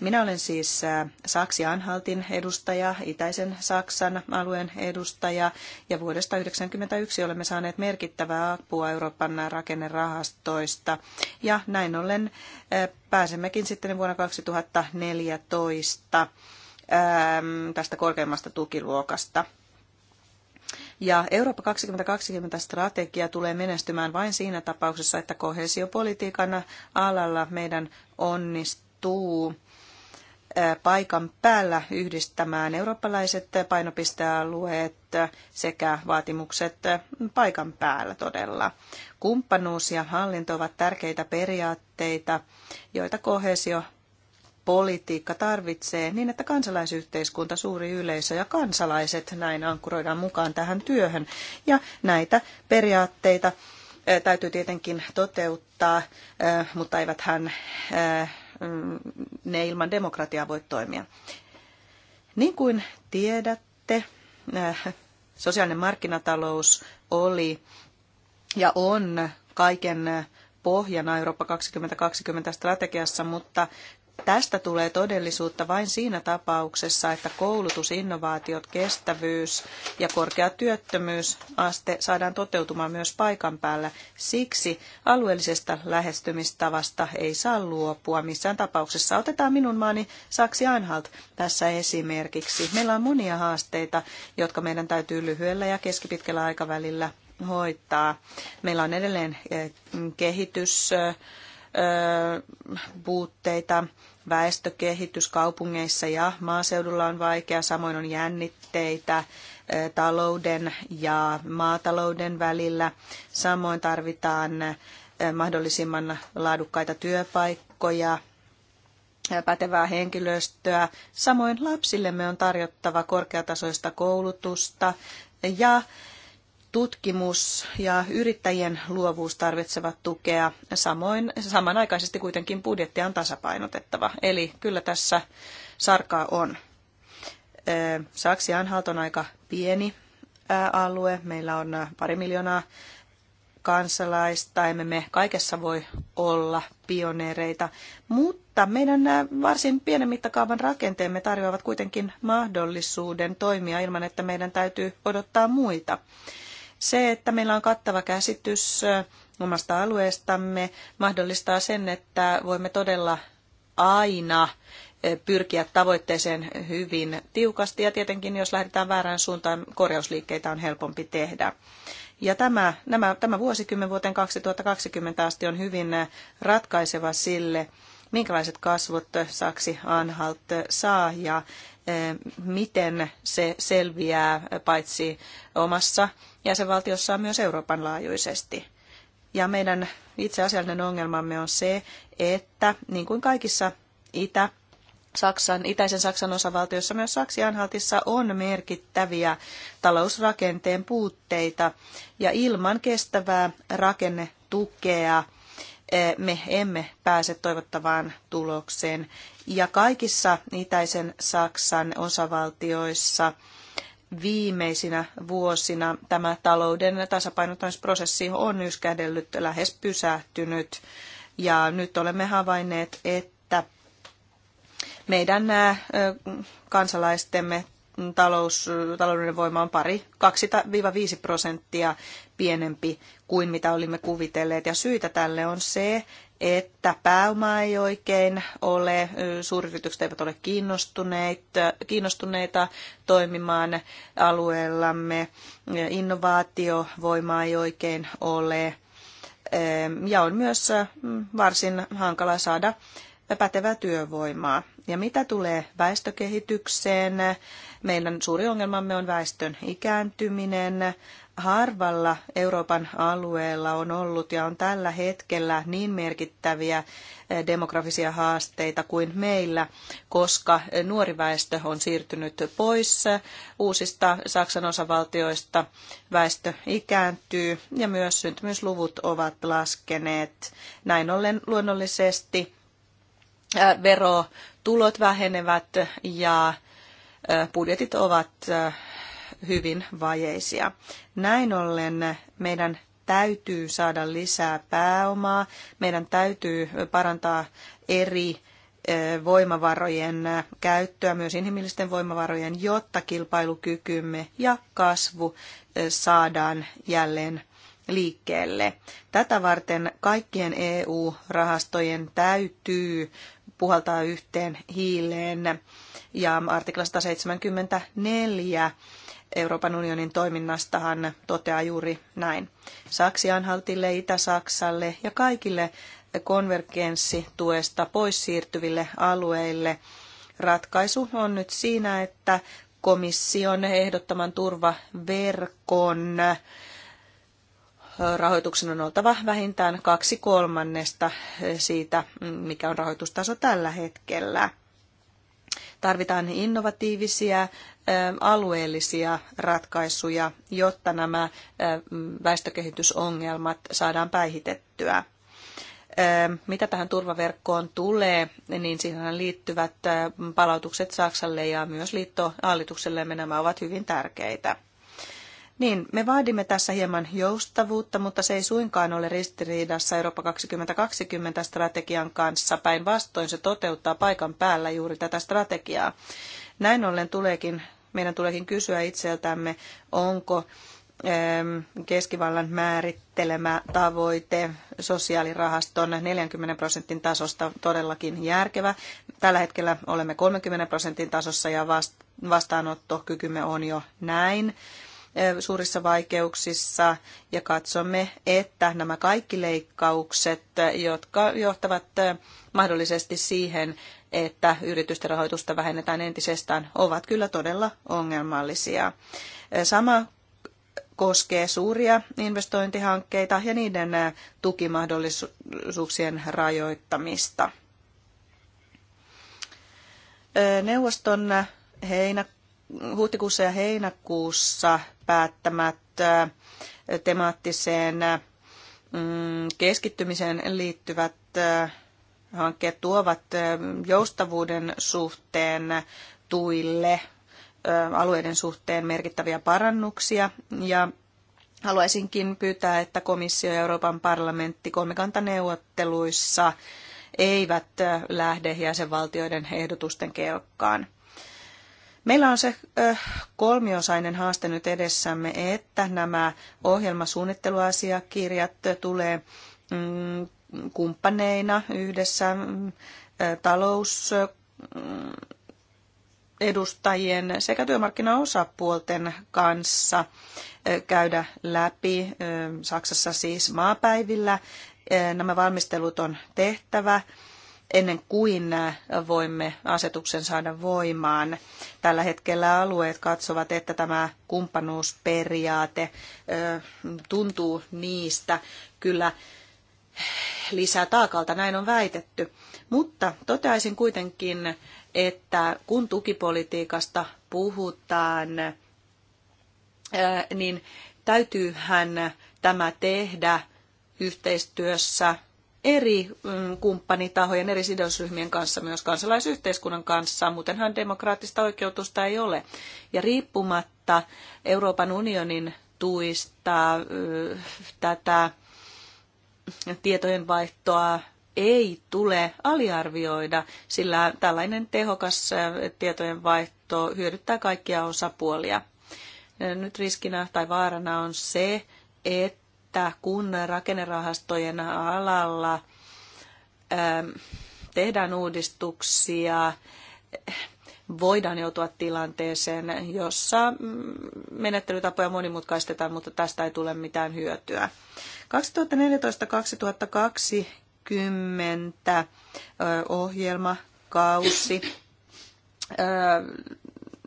Minä olen siis äh, Saksi Anhaltin edustaja, Itäisen Saksan alueen edustaja ja vuodesta 1991 olemme saaneet merkittävää apua Euroopan rakennerahastoista ja näin ollen äh, pääsemmekin sitten vuonna 2014 ähm, tästä korkeimmasta tukiluokasta ja Eurooppa 2020 strategia tulee menestymään vain siinä tapauksessa, että kohesiopolitiikan alalla meidän onnistuu paikan päällä yhdistämään eurooppalaiset painopistealueet sekä vaatimukset paikan päällä todella. Kumppanuus ja hallinto ovat tärkeitä periaatteita, joita kohesio politiikka tarvitsee niin, että kansalaisyhteiskunta, suuri yleisö ja kansalaiset näin ankkuroidaan mukaan tähän työhön. Ja näitä periaatteita eh, täytyy tietenkin toteuttaa, eh, mutta eivät hän eh, mm, ne ilman demokratiaa voi toimia. Niin kuin tiedätte, sosiaalinen markkinatalous oli ja on kaiken pohjana Eurooppa 2020 strategiassa, mutta Tästä tulee todellisuutta vain siinä tapauksessa, että koulutus, innovaatiot, kestävyys ja korkea työttömyysaste saadaan toteutumaan myös paikan päällä. Siksi alueellisesta lähestymistavasta ei saa luopua missään tapauksessa. Otetaan minun maani Saksi-Anhalt tässä esimerkiksi. Meillä on monia haasteita, jotka meidän täytyy lyhyellä ja keskipitkällä aikavälillä hoitaa. Meillä on edelleen eh, kehitys eh, eh, puutteita väestökehitys kaupungeissa ja maaseudulla on vaikea, samoin on jännitteitä talouden ja maatalouden välillä. Samoin tarvitaan mahdollisimman laadukkaita työpaikkoja, pätevää henkilöstöä. Samoin lapsillemme on tarjottava korkeatasoista koulutusta ja tutkimus ja yrittäjien luovuus tarvitsevat tukea. Samoin, samanaikaisesti kuitenkin budjettia on tasapainotettava. Eli kyllä tässä sarkaa on. Saksi Anhalt on aika pieni alue. Meillä on pari miljoonaa kansalaista, emme me kaikessa voi olla pioneereita, mutta meidän varsin pienen mittakaavan rakenteemme tarjoavat kuitenkin mahdollisuuden toimia ilman, että meidän täytyy odottaa muita. Se, että meillä on kattava käsitys omasta alueestamme, mahdollistaa sen, että voimme todella aina pyrkiä tavoitteeseen hyvin tiukasti ja tietenkin jos lähdetään väärään suuntaan, korjausliikkeitä on helpompi tehdä. Ja tämä, nämä, tämä vuosikymmen vuoteen 2020 asti on hyvin ratkaiseva sille, minkälaiset kasvot Saksi Anhalt saa ja eh, miten se selviää paitsi omassa jäsenvaltiossaan myös Euroopan laajuisesti. Ja meidän itse asiallinen ongelmamme on se, että niin kuin kaikissa Itä- Saksan, itäisen Saksan osavaltiossa myös Saksi-Anhaltissa on merkittäviä talousrakenteen puutteita ja ilman kestävää rakennetukea – Eh, me emme pääse toivottavaan tulokseen. Ja kaikissa itäisen Saksan osavaltioissa viimeisinä vuosina tämä talouden tasapainottamisprosessi on yskähdellyt, lähes pysähtynyt. Ja nyt olemme havainneet, että meidän eh, kansalaistemme talous, taloudellinen voima on pari 2-5 prosenttia pienempi kuin mitä olimme kuvitelleet. Ja syitä tälle on se, että pääoma ei oikein ole, suuryritykset eivät ole kiinnostuneita, kiinnostuneita toimimaan alueellamme, innovaatiovoima ei oikein ole ja on myös varsin hankala saada pätevää työvoimaa. Ja mitä tulee väestökehitykseen, meidän suuri ongelmamme on väestön ikääntyminen. Harvalla Euroopan alueella on ollut ja on tällä hetkellä niin merkittäviä eh, demografisia haasteita kuin meillä, koska eh, nuori väestö on siirtynyt pois eh, uusista Saksan osavaltioista. Väestö ikääntyy ja myös syntymysluvut ovat laskeneet. Näin ollen luonnollisesti verotulot vähenevät ja budjetit ovat hyvin vajeisia. Näin ollen meidän täytyy saada lisää pääomaa, meidän täytyy parantaa eri voimavarojen käyttöä, myös inhimillisten voimavarojen, jotta kilpailukykymme ja kasvu saadaan jälleen liikkeelle. Tätä varten kaikkien EU-rahastojen täytyy puhaltaa yhteen hiileen. Ja artikla 174 Euroopan unionin toiminnastahan toteaa juuri näin. Saksianhaltille, Itä-Saksalle ja kaikille konvergenssituesta pois siirtyville alueille ratkaisu on nyt siinä, että komission ehdottaman turvaverkon rahoituksen on oltava vähintään kaksi kolmannesta siitä, mikä on rahoitustaso tällä hetkellä. Tarvitaan innovatiivisia alueellisia ratkaisuja, jotta nämä väestökehitysongelmat saadaan päihitettyä. Mitä tähän turvaverkkoon tulee, niin siihen liittyvät palautukset Saksalle ja myös liittohallituksellemme nämä ovat hyvin tärkeitä. Niin, me vaadimme tässä hieman joustavuutta, mutta se ei suinkaan ole ristiriidassa Eurooppa 2020 strategian kanssa. Päinvastoin se toteuttaa paikan päällä juuri tätä strategiaa. Näin ollen tuleekin, meidän tuleekin kysyä itseltämme, onko keskivallan määrittelemä tavoite sosiaalirahaston 40 prosentin tasosta todellakin järkevä. Tällä hetkellä olemme 30 prosentin tasossa ja vastaanottokykymme on jo näin suurissa vaikeuksissa ja katsomme, että nämä kaikki leikkaukset, jotka johtavat mahdollisesti siihen, että yritysten rahoitusta vähennetään entisestään, ovat kyllä todella ongelmallisia. Sama koskee suuria investointihankkeita ja niiden tukimahdollisuuksien rajoittamista. Neuvoston heinä, huhtikuussa ja heinäkuussa päättämät temaattiseen mm, keskittymiseen liittyvät hankkeet tuovat joustavuuden suhteen tuille alueiden suhteen merkittäviä parannuksia ja haluaisinkin pyytää, että komissio ja Euroopan parlamentti kolmikantaneuvotteluissa eivät lähde jäsenvaltioiden ehdotusten kelkkaan. Meillä on se kolmiosainen haaste nyt edessämme, että nämä ohjelmasuunnitteluasiakirjat tulee mm, kumppaneina yhdessä mm, talousedustajien mm, sekä työmarkkinaosapuolten kanssa käydä läpi Saksassa siis maapäivillä. Nämä valmistelut on tehtävä ennen kuin voimme asetuksen saada voimaan. Tällä hetkellä alueet katsovat, että tämä kumppanuusperiaate tuntuu niistä kyllä lisää taakalta, näin on väitetty. Mutta toteaisin kuitenkin, että kun tukipolitiikasta puhutaan, niin täytyyhän tämä tehdä yhteistyössä eri mm, kumppanitahojen, eri sidosryhmien kanssa, myös kansalaisyhteiskunnan kanssa, muutenhan demokraattista oikeutusta ei ole. Ja riippumatta Euroopan unionin tuista mm, tätä tietojenvaihtoa ei tule aliarvioida, sillä tällainen tehokas mm, tietojenvaihto hyödyttää kaikkia osapuolia. Nyt riskinä tai vaarana on se, että että kun rakennerahastojen alalla ähm, tehdään uudistuksia, voidaan joutua tilanteeseen, jossa mm, menettelytapoja monimutkaistetaan, mutta tästä ei tule mitään hyötyä. 2014-2020 ohjelmakausi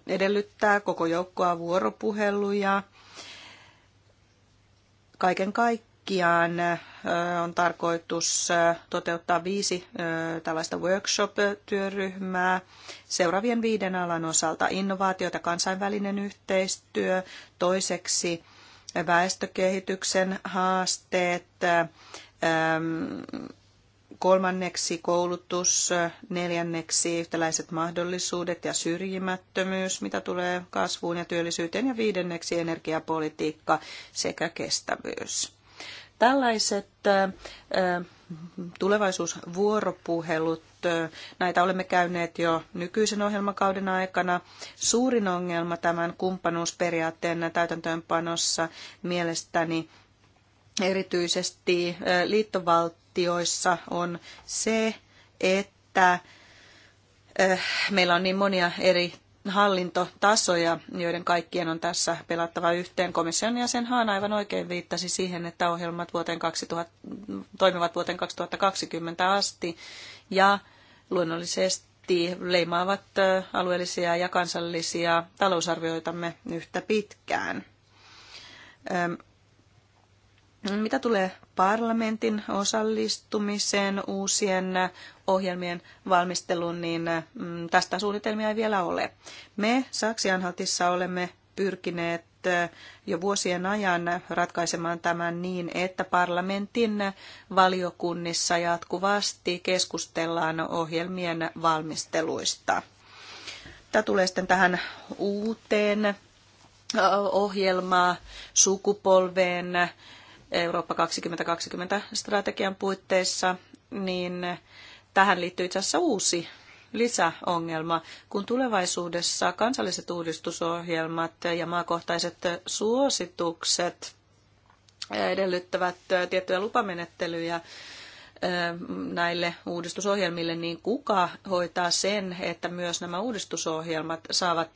edellyttää koko joukkoa vuoropuheluja Kaiken kaikkiaan on tarkoitus toteuttaa viisi tällaista workshop-työryhmää seuraavien viiden alan osalta. Innovaatiota, kansainvälinen yhteistyö, toiseksi väestökehityksen haasteet, kolmanneksi koulutus, neljänneksi yhtäläiset mahdollisuudet ja syrjimättömyys, mitä tulee kasvuun ja työllisyyteen, ja viidenneksi energiapolitiikka sekä kestävyys. Tällaiset tulevaisuusvuoropuhelut, näitä olemme käyneet jo nykyisen ohjelmakauden aikana. Suurin ongelma tämän kumppanuusperiaatteen täytäntöönpanossa mielestäni erityisesti liittovaltio jäsenvaltioissa on se, että eh, meillä on niin monia eri hallintotasoja, joiden kaikkien on tässä pelattava yhteen. Komission jäsenhaan aivan oikein viittasi siihen, että ohjelmat vuoteen 2000, toimivat vuoteen 2020 asti ja luonnollisesti leimaavat eh, alueellisia ja kansallisia talousarvioitamme yhtä pitkään. Mitä tulee parlamentin osallistumiseen uusien ohjelmien valmisteluun, niin mm, tästä suunnitelmia ei vielä ole. Me Saksianhaltissa olemme pyrkineet eh, jo vuosien ajan ratkaisemaan tämän niin, että parlamentin valiokunnissa jatkuvasti keskustellaan ohjelmien valmisteluista. Tämä tulee sitten tähän uuteen eh, ohjelmaan sukupolveen Eurooppa 2020-strategian puitteissa, niin tähän liittyy itse asiassa uusi lisäongelma, kun tulevaisuudessa kansalliset uudistusohjelmat ja maakohtaiset suositukset edellyttävät tiettyjä lupamenettelyjä näille uudistusohjelmille, niin kuka hoitaa sen, että myös nämä uudistusohjelmat saavat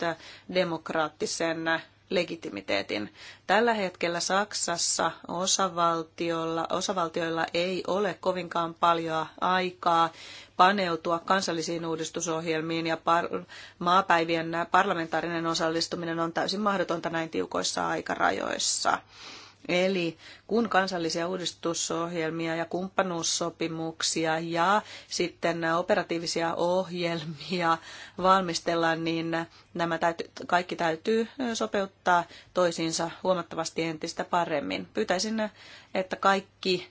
demokraattisen legitimiteetin. Tällä hetkellä Saksassa osavaltioilla, osavaltioilla ei ole kovinkaan paljon aikaa paneutua kansallisiin uudistusohjelmiin ja par- maapäivien parlamentaarinen osallistuminen on täysin mahdotonta näin tiukoissa aikarajoissa. Eli kun kansallisia uudistusohjelmia ja kumppanuussopimuksia ja sitten operatiivisia ohjelmia valmistellaan, niin nämä täytyy, kaikki täytyy sopeuttaa toisiinsa huomattavasti entistä paremmin. Pyytäisin, että kaikki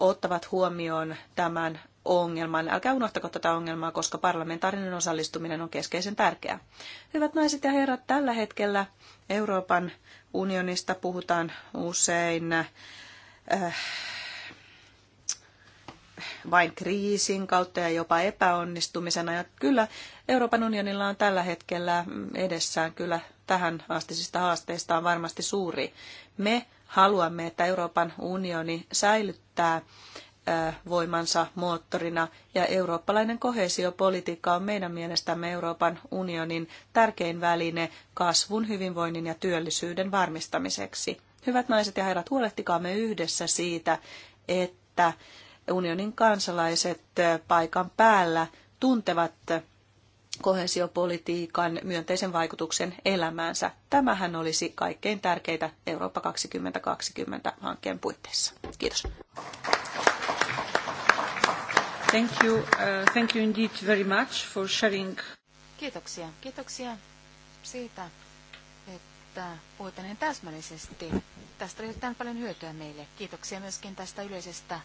ottavat huomioon tämän ongelman. Älkää unohtako tätä ongelmaa, koska parlamentaarinen osallistuminen on keskeisen tärkeää. Hyvät naiset ja herrat, tällä hetkellä Euroopan unionista puhutaan usein äh, vain kriisin kautta ja jopa epäonnistumisena. Ja kyllä Euroopan unionilla on tällä hetkellä edessään kyllä tähän astisista haasteista on varmasti suuri. Me haluamme, että Euroopan unioni säilyttää voimansa moottorina ja eurooppalainen kohesiopolitiikka on meidän mielestämme Euroopan unionin tärkein väline kasvun, hyvinvoinnin ja työllisyyden varmistamiseksi. Hyvät naiset ja herrat, huolehtikaamme yhdessä siitä, että unionin kansalaiset paikan päällä tuntevat kohesiopolitiikan myönteisen vaikutuksen elämäänsä. Tämähän olisi kaikkein tärkeintä Eurooppa 2020 hankkeen puitteissa. Kiitos. Kiitoksia, kiitoksia siitä, että puhuitte niin täsmällisesti. Tästä oli erittäin paljon hyötyä meille. Kiitoksia myöskin tästä yleisestä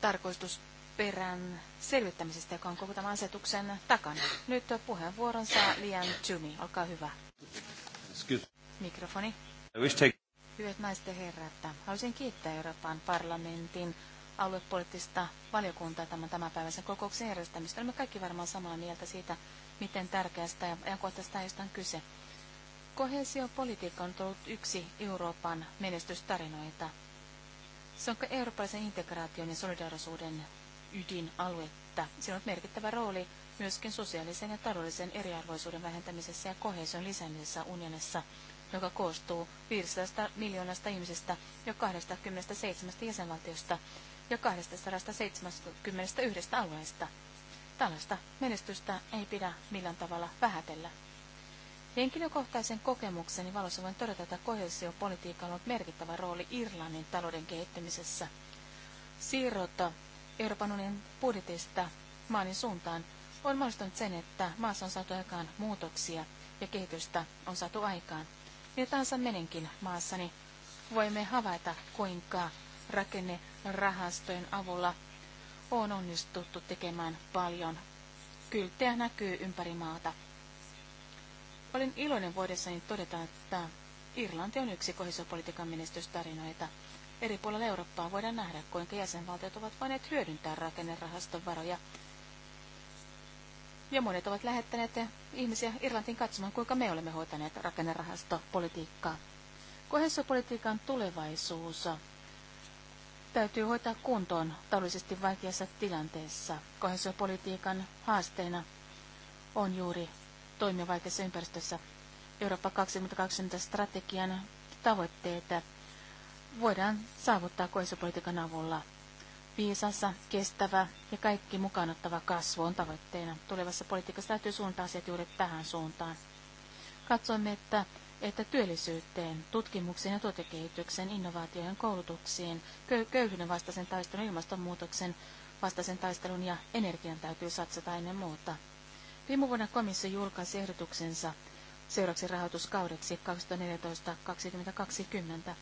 tarkoitusperän selvittämisestä, joka on koko tämän asetuksen takana. Nyt puheenvuoron saa Lian Toomey. Olkaa hyvä. Mikrofoni. Hyvät naiset ja herrat, haluaisin kiittää Euroopan parlamentin aluepoliittista valiokuntaa tämän tämänpäiväisen kokouksen järjestämistä. Olemme kaikki varmaan samaa mieltä siitä, miten tärkeästä ja ajankohtaisesta aiheesta on kyse. Kohesiopolitiikka on ollut yksi Euroopan menestystarinoita. Se on eurooppalaisen integraation ja solidaarisuuden ydinaluetta. Siinä on merkittävä rooli myöskin sosiaalisen ja taloudellisen eriarvoisuuden vähentämisessä ja kohesion lisäämisessä unionissa, joka koostuu 500 miljoonasta ihmisestä ja 27 jäsenvaltiosta, ja 271 alueesta. Tällaista menestystä ei pidä millään tavalla vähätellä. Henkilökohtaisen kokemukseni valossa voin todeta, että kohesiopolitiikalla on ollut merkittävä rooli Irlannin talouden kehittämisessä. Siirrot Euroopan unionin budjetista maanin suuntaan on mahdollistanut sen, että maassa on saatu aikaan muutoksia ja kehitystä on saatu aikaan. Ja tahansa menenkin maassani voimme havaita, kuinka rakenne rahastojen avulla on onnistuttu tekemään paljon. Kylttejä näkyy ympäri maata. Olin iloinen voidessani todeta, että Irlanti on yksi kohesiopolitiikan menestystarinoita. Eri puolilla Eurooppaa voidaan nähdä, kuinka jäsenvaltiot ovat voineet hyödyntää rakennerahaston varoja. Ja monet ovat lähettäneet ihmisiä Irlantiin katsomaan, kuinka me olemme hoitaneet rakennerahastopolitiikkaa. Kohesiopolitiikan tulevaisuus täytyy hoitaa kuntoon taloudellisesti vaikeassa tilanteessa. Kohesiopolitiikan haasteena on juuri toimia vaikeassa ympäristössä. Eurooppa 2020 strategian tavoitteita voidaan saavuttaa kohesiopolitiikan avulla. Viisassa, kestävä ja kaikki ottava kasvu on tavoitteena. Tulevassa politiikassa täytyy suuntaa asiat juuri tähän suuntaan. Katsomme, että että työllisyyteen, tutkimukseen ja tuotekehityksen, innovaatioihin, koulutuksiin, köyhyyden vastaisen taistelun, ilmastonmuutoksen vastaisen taistelun ja energian täytyy satsata ennen muuta. Viime vuonna komissio julkaisi ehdotuksensa seuraksi rahoituskaudeksi 2014-2020.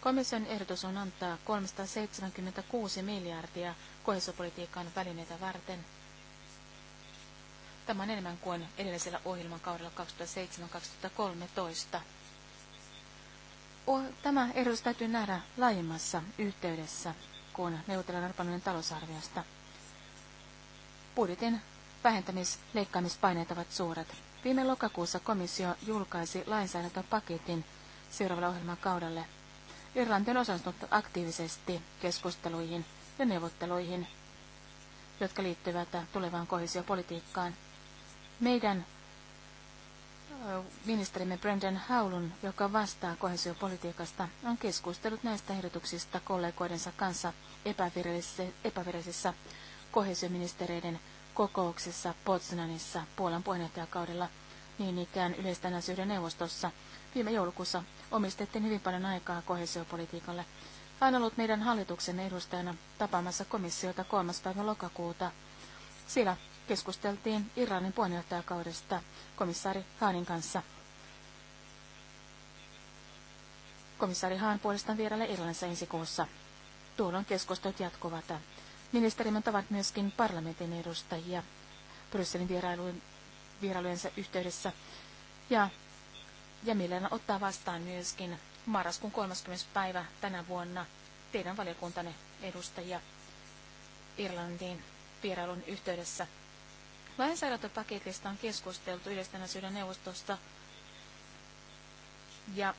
Komission ehdotus on antaa 376 miljardia kohesopolitiikan välineitä varten – Tämä on enemmän kuin edellisellä kaudella 2007-2013. Tämä ehdotus täytyy nähdä laajemmassa yhteydessä, kun neuvotellaan Euroopan talousarviosta. Budjetin vähentämis- ovat suuret. Viime lokakuussa komissio julkaisi lainsäädäntöpaketin seuraavalla kaudelle. Irlanti on osallistunut aktiivisesti keskusteluihin ja neuvotteluihin, jotka liittyvät tulevaan kohesiopolitiikkaan. Meidän ministerimme Brendan Haulun, joka vastaa kohesiopolitiikasta, on keskustellut näistä ehdotuksista kollegoidensa kanssa epävirallisessa, epävirallisessa kohesioministereiden kokouksessa Potsdamissa Puolan puheenjohtajakaudella, niin ikään yleisten asioiden neuvostossa. Viime joulukuussa omistettiin hyvin paljon aikaa kohesiopolitiikalle. Hän on ollut meidän hallituksen edustajana tapaamassa komissiota 3. päivä lokakuuta. Siellä keskusteltiin Iranin puheenjohtajakaudesta komissaari Haanin kanssa. Komissaari Haan puolestaan vierailee Irlannissa ensi kuussa. Tuolloin keskustelut jatkuvat. Ministerimme tavat myöskin parlamentin edustajia Brysselin vierailujen, vierailujensa yhteydessä ja, ja mielellään ottaa vastaan myöskin marraskuun 30. päivä tänä vuonna teidän valiokuntanne edustajia Irlantiin vierailun yhteydessä. Lainsäädäntöpaketista on keskusteltu yleisten asioiden neuvostosta ja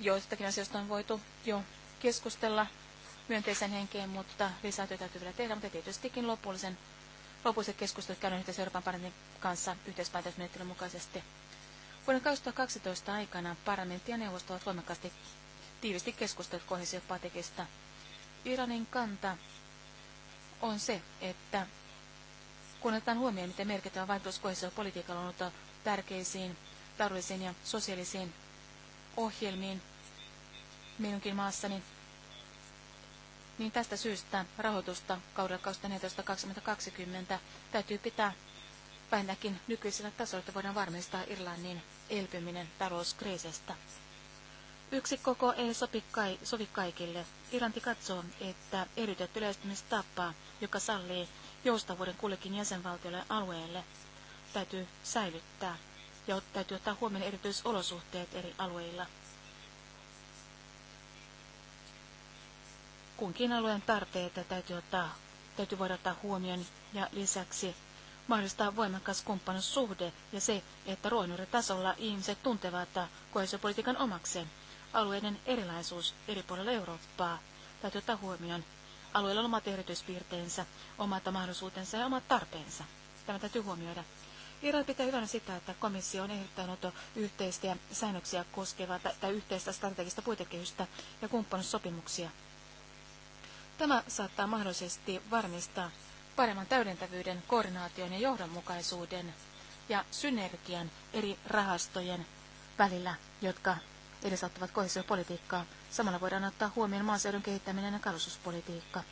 joistakin asioista on voitu jo keskustella myönteisen henkeen, mutta työtä täytyy vielä tehdä, mutta tietystikin lopullisen, lopulliset keskustelut käydään yhdessä Euroopan parlamentin kanssa yhteispäätösmenettelyn mukaisesti. Vuoden 2012 aikana parlamentti ja neuvosto ovat voimakkaasti tiivisti keskustelut kohdisiopatikista. Iranin kanta on se, että kun otetaan huomioon, miten merkittävä vaikutus kohesiopolitiikalla on ollut tärkeisiin taloudellisiin ja sosiaalisiin ohjelmiin minunkin maassani, niin tästä syystä rahoitusta kaudella 2014-2020 täytyy pitää vähintäänkin nykyisellä tasolla, että voidaan varmistaa Irlannin elpyminen talouskriisistä. Yksi koko ei sopi, kai, sovi kaikille. Irlanti katsoo, että eriytetty lähestymistapa, joka sallii joustavuuden kullekin jäsenvaltiolle alueelle täytyy säilyttää ja täytyy ottaa huomioon erityisolosuhteet eri alueilla. Kunkin alueen tarpeita täytyy, ottaa, täytyy voida ottaa huomioon ja lisäksi mahdollistaa voimakas kumppanussuhde ja se, että tasolla ihmiset tuntevat kohesiopolitiikan omakseen. Alueiden erilaisuus eri puolilla Eurooppaa täytyy ottaa huomioon Alueella on omat erityispiirteensä, omat mahdollisuutensa ja omat tarpeensa. Tämä täytyy huomioida. Iran pitää hyvänä sitä, että komissio on ehdottanut yhteistä ja säännöksiä koskevaa tai yhteistä strategista puitekehystä ja kumppanussopimuksia. Tämä saattaa mahdollisesti varmistaa paremman täydentävyyden, koordinaation ja johdonmukaisuuden ja synergian eri rahastojen välillä, jotka edesauttavat kohesiopolitiikkaa. Samalla voidaan ottaa huomioon maaseudun kehittäminen ja kalustuspolitiikka.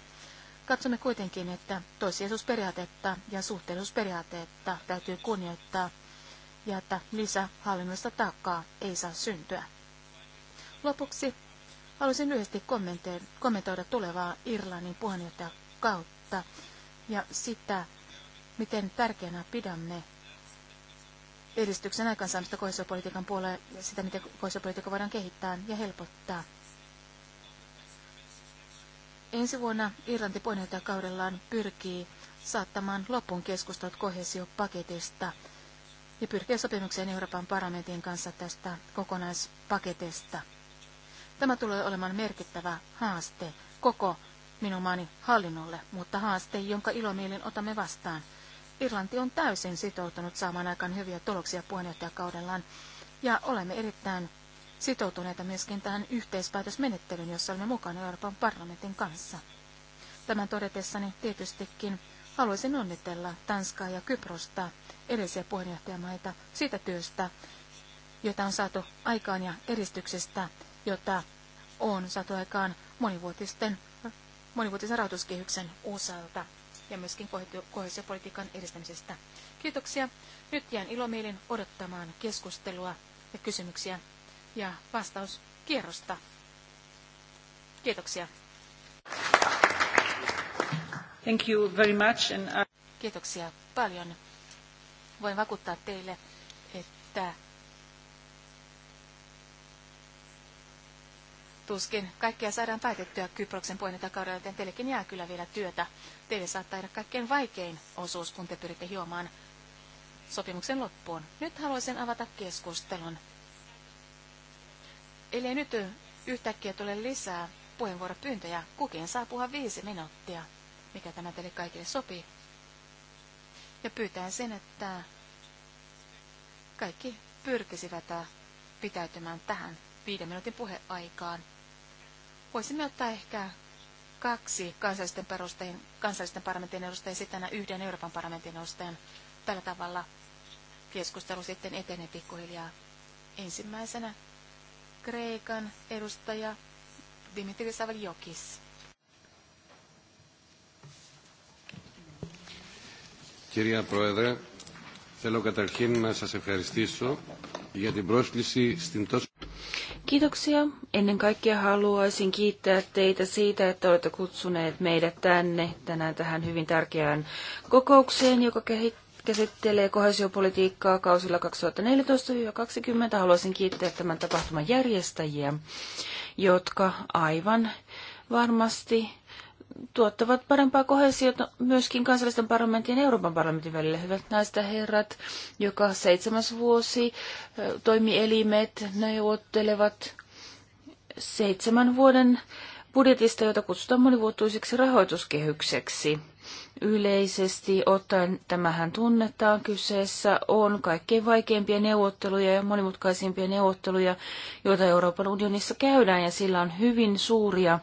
Katsomme kuitenkin, että toissijaisuusperiaatetta ja suhteellisuusperiaatetta täytyy kunnioittaa ja että lisähallinnollista taakkaa ei saa syntyä. Lopuksi haluaisin lyhyesti kommentoida tulevaa Irlannin puheenjohtajakautta ja sitä, miten tärkeänä pidämme edistyksen aikaansaamista kohesiopolitiikan puolella ja sitä, miten kohesiopolitiikka voidaan kehittää ja helpottaa. Ensi vuonna Irlanti kaudellaan pyrkii saattamaan loppuun keskustelut kohesiopaketista ja pyrkii sopimukseen Euroopan parlamentin kanssa tästä kokonaispaketista. Tämä tulee olemaan merkittävä haaste koko minun maani hallinnolle, mutta haaste, jonka ilomielin otamme vastaan – Irlanti on täysin sitoutunut saamaan aikaan hyviä tuloksia puheenjohtajakaudellaan, ja olemme erittäin sitoutuneita myöskin tähän yhteispäätösmenettelyyn, jossa olemme mukana Euroopan parlamentin kanssa. Tämän todetessani tietystikin haluaisin onnitella Tanskaa ja Kyprosta edellisiä puheenjohtajamaita siitä työstä, jota on saatu aikaan ja edistyksestä, jota on saatu aikaan monivuotisten, monivuotisen rahoituskehyksen osalta ja myöskin kohesiopolitiikan edistämisestä. Kiitoksia. Nyt jään ilomielin odottamaan keskustelua ja kysymyksiä ja vastauskierrosta. Kiitoksia. Thank you very much and I... Kiitoksia paljon. Voin vakuuttaa teille, että Tuskin kaikkia saadaan päätettyä Kyproksen puheenjohtajakaudella, joten teillekin jää kyllä vielä työtä. Teille saattaa jäädä kaikkein vaikein osuus, kun te pyritte hiomaan sopimuksen loppuun. Nyt haluaisin avata keskustelun. Eli nyt yhtäkkiä tulee lisää puheenvuoropyyntöjä. Kukin saa puhua viisi minuuttia, mikä tämä teille kaikille sopii. Ja pyytään sen, että kaikki pyrkisivät pitäytymään tähän viiden minuutin puheaikaan. Voisimme ottaa ehkä kaksi kansallisten, perustajien, kansallisten parlamentin edustajia sitten yhden Euroopan parlamentin edustajan. Tällä tavalla keskustelu sitten etenee pikkuhiljaa. Ensimmäisenä Kreikan edustaja Dimitri Savaljokis. Κυρία Πρόεδρε, θέλω καταρχήν να σας ευχαριστήσω για την πρόσκληση στην τόσο... Kiitoksia. Ennen kaikkea haluaisin kiittää teitä siitä, että olette kutsuneet meidät tänne tänään tähän hyvin tärkeään kokoukseen, joka käsittelee kohesiopolitiikkaa kausilla 2014-2020. Haluaisin kiittää tämän tapahtuman järjestäjiä, jotka aivan varmasti tuottavat parempaa kohesiota myöskin kansallisten parlamenttien ja Euroopan parlamentin välillä. Hyvät näistä herrat, joka seitsemäs vuosi toimielimet neuvottelevat seitsemän vuoden budjetista, jota kutsutaan monivuotuiseksi rahoituskehykseksi. Yleisesti ottaen tämähän tunnetaan kyseessä on kaikkein vaikeimpia neuvotteluja ja monimutkaisimpia neuvotteluja, joita Euroopan unionissa käydään ja sillä on hyvin suuria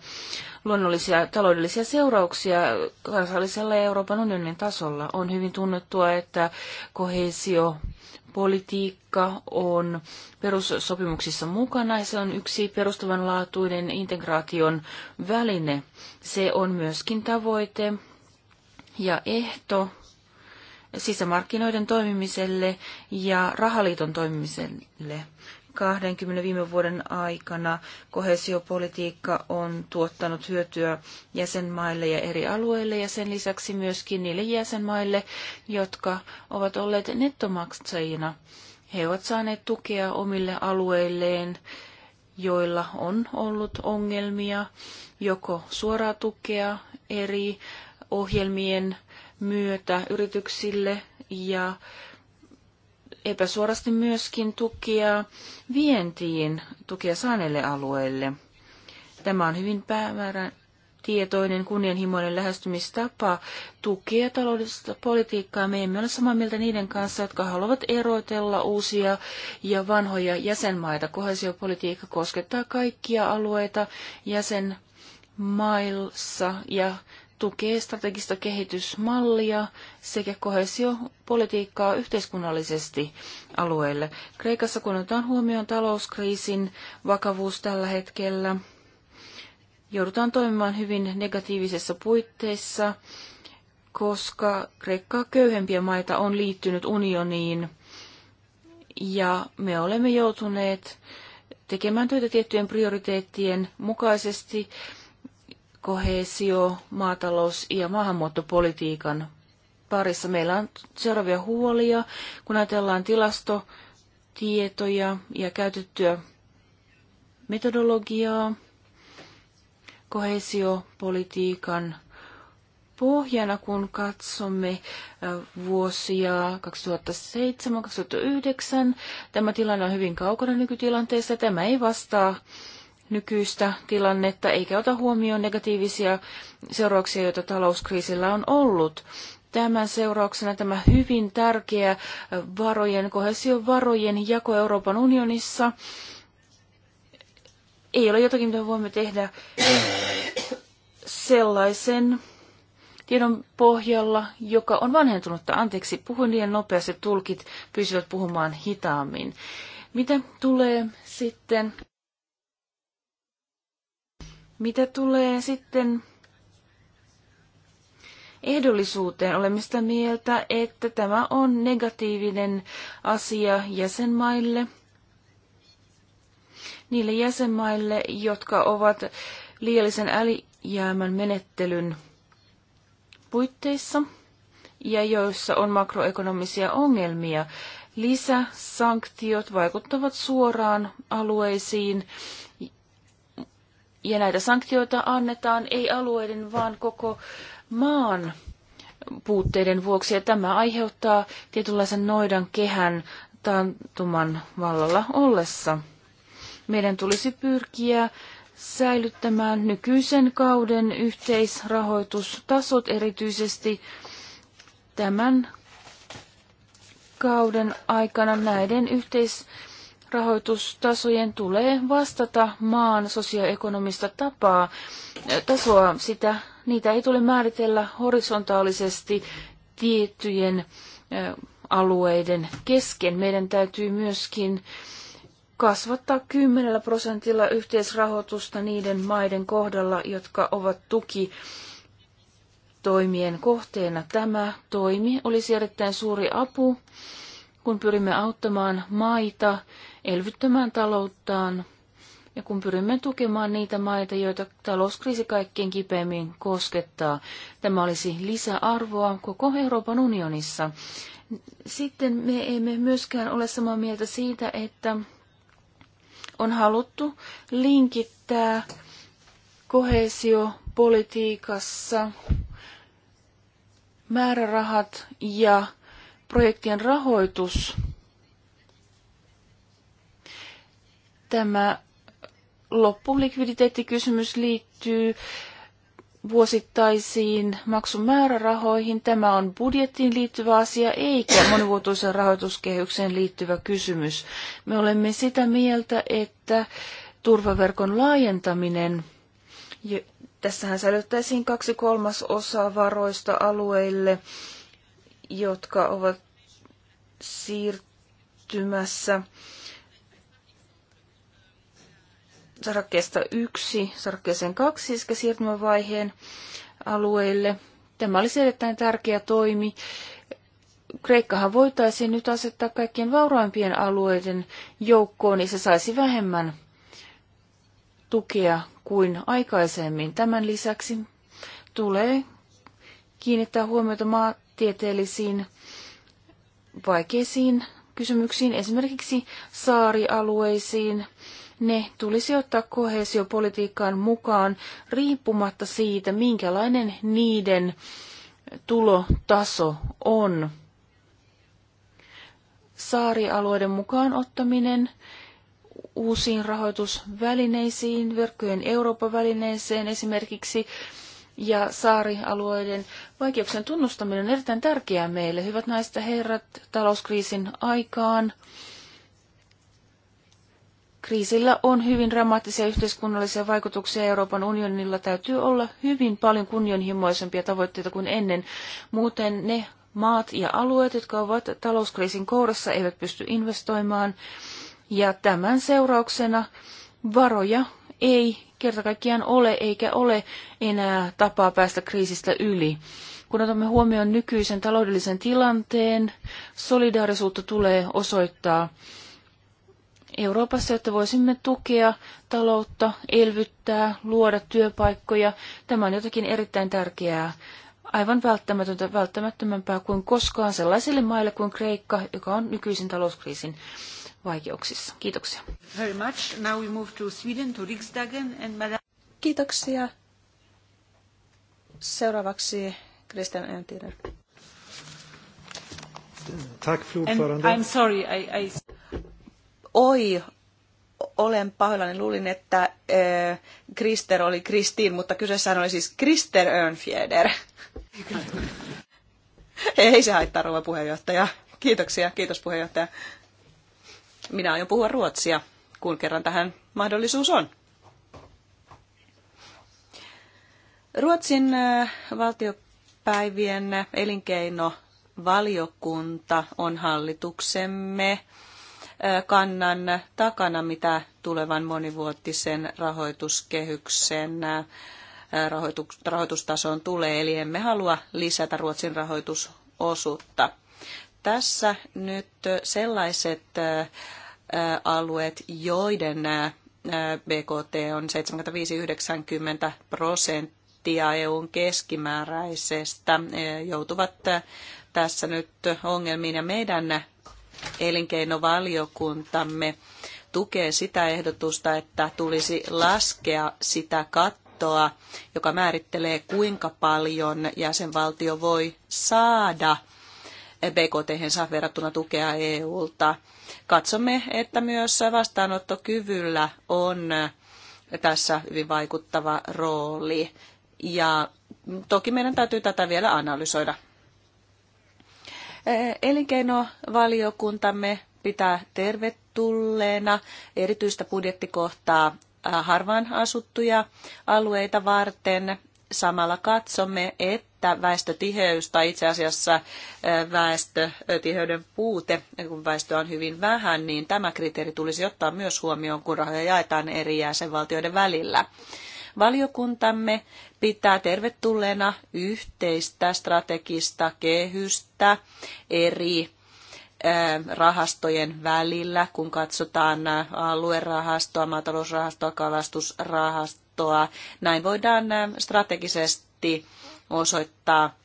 luonnollisia taloudellisia seurauksia kansallisella ja Euroopan unionin tasolla. On hyvin tunnettua, että kohesio politiikka on perussopimuksissa mukana ja se on yksi perustavanlaatuinen integraation väline. Se on myöskin tavoite ja ehto sisämarkkinoiden toimimiselle ja rahaliiton toimimiselle. 20 viime vuoden aikana kohesiopolitiikka on tuottanut hyötyä jäsenmaille ja eri alueille ja sen lisäksi myöskin niille jäsenmaille, jotka ovat olleet nettomaksajina. He ovat saaneet tukea omille alueilleen, joilla on ollut ongelmia, joko suoraa tukea eri ohjelmien myötä yrityksille ja epäsuorasti myöskin tukia vientiin, tukia saaneille alueille. Tämä on hyvin päämäärä tietoinen, kunnianhimoinen lähestymistapa tukea taloudellista politiikkaa. Me emme ole samaa mieltä niiden kanssa, jotka haluavat erotella uusia ja vanhoja jäsenmaita. Kohesiopolitiikka koskettaa kaikkia alueita jäsenmaissa ja tukee strategista kehitysmallia sekä kohesiopolitiikkaa yhteiskunnallisesti alueelle. Kreikassa kun otetaan huomioon talouskriisin vakavuus tällä hetkellä, joudutaan toimimaan hyvin negatiivisessa puitteissa, koska Kreikkaa köyhempiä maita on liittynyt unioniin ja me olemme joutuneet tekemään töitä tiettyjen prioriteettien mukaisesti Koheesio, maatalous ja maahanmuuttopolitiikan parissa. Meillä on seuraavia huolia, kun ajatellaan tilastotietoja ja käytettyä metodologiaa koheesiopolitiikan pohjana, kun katsomme vuosia 2007-2009. Tämä tilanne on hyvin kaukana nykytilanteessa. Tämä ei vastaa nykyistä tilannetta eikä ota huomioon negatiivisia seurauksia, joita talouskriisillä on ollut. Tämän seurauksena tämä hyvin tärkeä varojen, kohesion varojen jako Euroopan unionissa ei ole jotakin, mitä voimme tehdä sellaisen tiedon pohjalla, joka on vanhentunutta. Anteeksi, puhuin liian nopeasti, tulkit pysyvät puhumaan hitaammin. Mitä tulee sitten mitä tulee sitten ehdollisuuteen, olemme sitä mieltä, että tämä on negatiivinen asia jäsenmaille, niille jäsenmaille, jotka ovat liiallisen älijäämän menettelyn puitteissa ja joissa on makroekonomisia ongelmia. Lisäsanktiot vaikuttavat suoraan alueisiin, ja näitä sanktioita annetaan ei alueiden, vaan koko maan puutteiden vuoksi. Ja tämä aiheuttaa tietynlaisen noidan kehän taantuman vallalla ollessa. Meidän tulisi pyrkiä säilyttämään nykyisen kauden yhteisrahoitustasot erityisesti tämän kauden aikana näiden yhteisrahoitustasot rahoitustasojen tulee vastata maan sosioekonomista tapaa, tasoa. Sitä, niitä ei tule määritellä horisontaalisesti tiettyjen alueiden kesken. Meidän täytyy myöskin kasvattaa 10 prosentilla yhteisrahoitusta niiden maiden kohdalla, jotka ovat tuki toimien kohteena. Tämä toimi olisi erittäin suuri apu, kun pyrimme auttamaan maita, elvyttämään talouttaan. Ja kun pyrimme tukemaan niitä maita, joita talouskriisi kaikkein kipeimmin koskettaa, tämä olisi lisäarvoa koko Euroopan unionissa. Sitten me emme myöskään ole samaa mieltä siitä, että on haluttu linkittää kohesiopolitiikassa määrärahat ja projektien rahoitus Tämä loppulikviditeettikysymys liittyy vuosittaisiin maksumäärärahoihin. Tämä on budjettiin liittyvä asia eikä monivuotoisen rahoituskehykseen liittyvä kysymys. Me olemme sitä mieltä, että turvaverkon laajentaminen, tässähän säilyttäisiin kaksi kolmasosaa varoista alueille, jotka ovat siirtymässä sarakkeesta yksi sarakkeeseen kaksi, eli siirtymävaiheen alueille. Tämä olisi erittäin tärkeä toimi. Kreikkahan voitaisiin nyt asettaa kaikkien vauraimpien alueiden joukkoon, niin se saisi vähemmän tukea kuin aikaisemmin. Tämän lisäksi tulee kiinnittää huomiota maatieteellisiin vaikeisiin kysymyksiin, esimerkiksi saarialueisiin, ne tulisi ottaa kohesiopolitiikkaan mukaan riippumatta siitä, minkälainen niiden tulotaso on. Saarialueiden mukaan ottaminen uusiin rahoitusvälineisiin, verkkojen Euroopan välineeseen esimerkiksi, ja saarialueiden vaikeuksien tunnustaminen on erittäin tärkeää meille, hyvät naiset ja herrat, talouskriisin aikaan. Kriisillä on hyvin dramaattisia yhteiskunnallisia vaikutuksia. Euroopan unionilla täytyy olla hyvin paljon kunnianhimoisempia tavoitteita kuin ennen. Muuten ne maat ja alueet, jotka ovat talouskriisin kourassa, eivät pysty investoimaan. Ja tämän seurauksena varoja ei kaikkiaan ole eikä ole enää tapaa päästä kriisistä yli. Kun otamme huomioon nykyisen taloudellisen tilanteen, solidaarisuutta tulee osoittaa Euroopassa, jotta voisimme tukea taloutta, elvyttää, luoda työpaikkoja. Tämä on jotakin erittäin tärkeää, aivan välttämätöntä, välttämättömämpää kuin koskaan sellaisille maille kuin Kreikka, joka on nykyisin talouskriisin vaikeuksissa. Kiitoksia. Very much. Now we move to Sweden, to Riksdagen and Madame... Kiitoksia. Seuraavaksi Christian Entiner. Tack, fru I'm sorry, I, I... Oi, olen pahoillani. Luulin, että äh, Krister oli Kristiin, mutta kyseessä oli siis Krister Örnfjeder. Ei se haittaa, rouva puheenjohtaja. Kiitoksia, kiitos puheenjohtaja. Minä aion puhua ruotsia, kun kerran tähän mahdollisuus on. Ruotsin valtiopäivien elinkeinovaliokunta on hallituksemme kannan takana, mitä tulevan monivuotisen rahoituskehyksen rahoitustasoon tulee, eli emme halua lisätä Ruotsin rahoitusosuutta. Tässä nyt sellaiset alueet, joiden BKT on 75-90 prosenttia EUn keskimääräisestä, joutuvat tässä nyt ongelmiin ja meidän elinkeinovaliokuntamme tukee sitä ehdotusta, että tulisi laskea sitä kattoa, joka määrittelee kuinka paljon jäsenvaltio voi saada BKT-hensä verrattuna tukea EUlta. Katsomme, että myös vastaanottokyvyllä on tässä hyvin vaikuttava rooli. Ja toki meidän täytyy tätä vielä analysoida Elinkeinovaliokuntamme pitää tervetulleena erityistä budjettikohtaa harvaan asuttuja alueita varten. Samalla katsomme, että väestötiheys tai itse asiassa väestötiheyden puute, kun väestöä on hyvin vähän, niin tämä kriteeri tulisi ottaa myös huomioon, kun rahoja jaetaan eri jäsenvaltioiden välillä. Valiokuntamme pitää tervetulleena yhteistä strategista kehystä eri rahastojen välillä, kun katsotaan aluerahastoa, maatalousrahastoa, kalastusrahastoa. Näin voidaan strategisesti osoittaa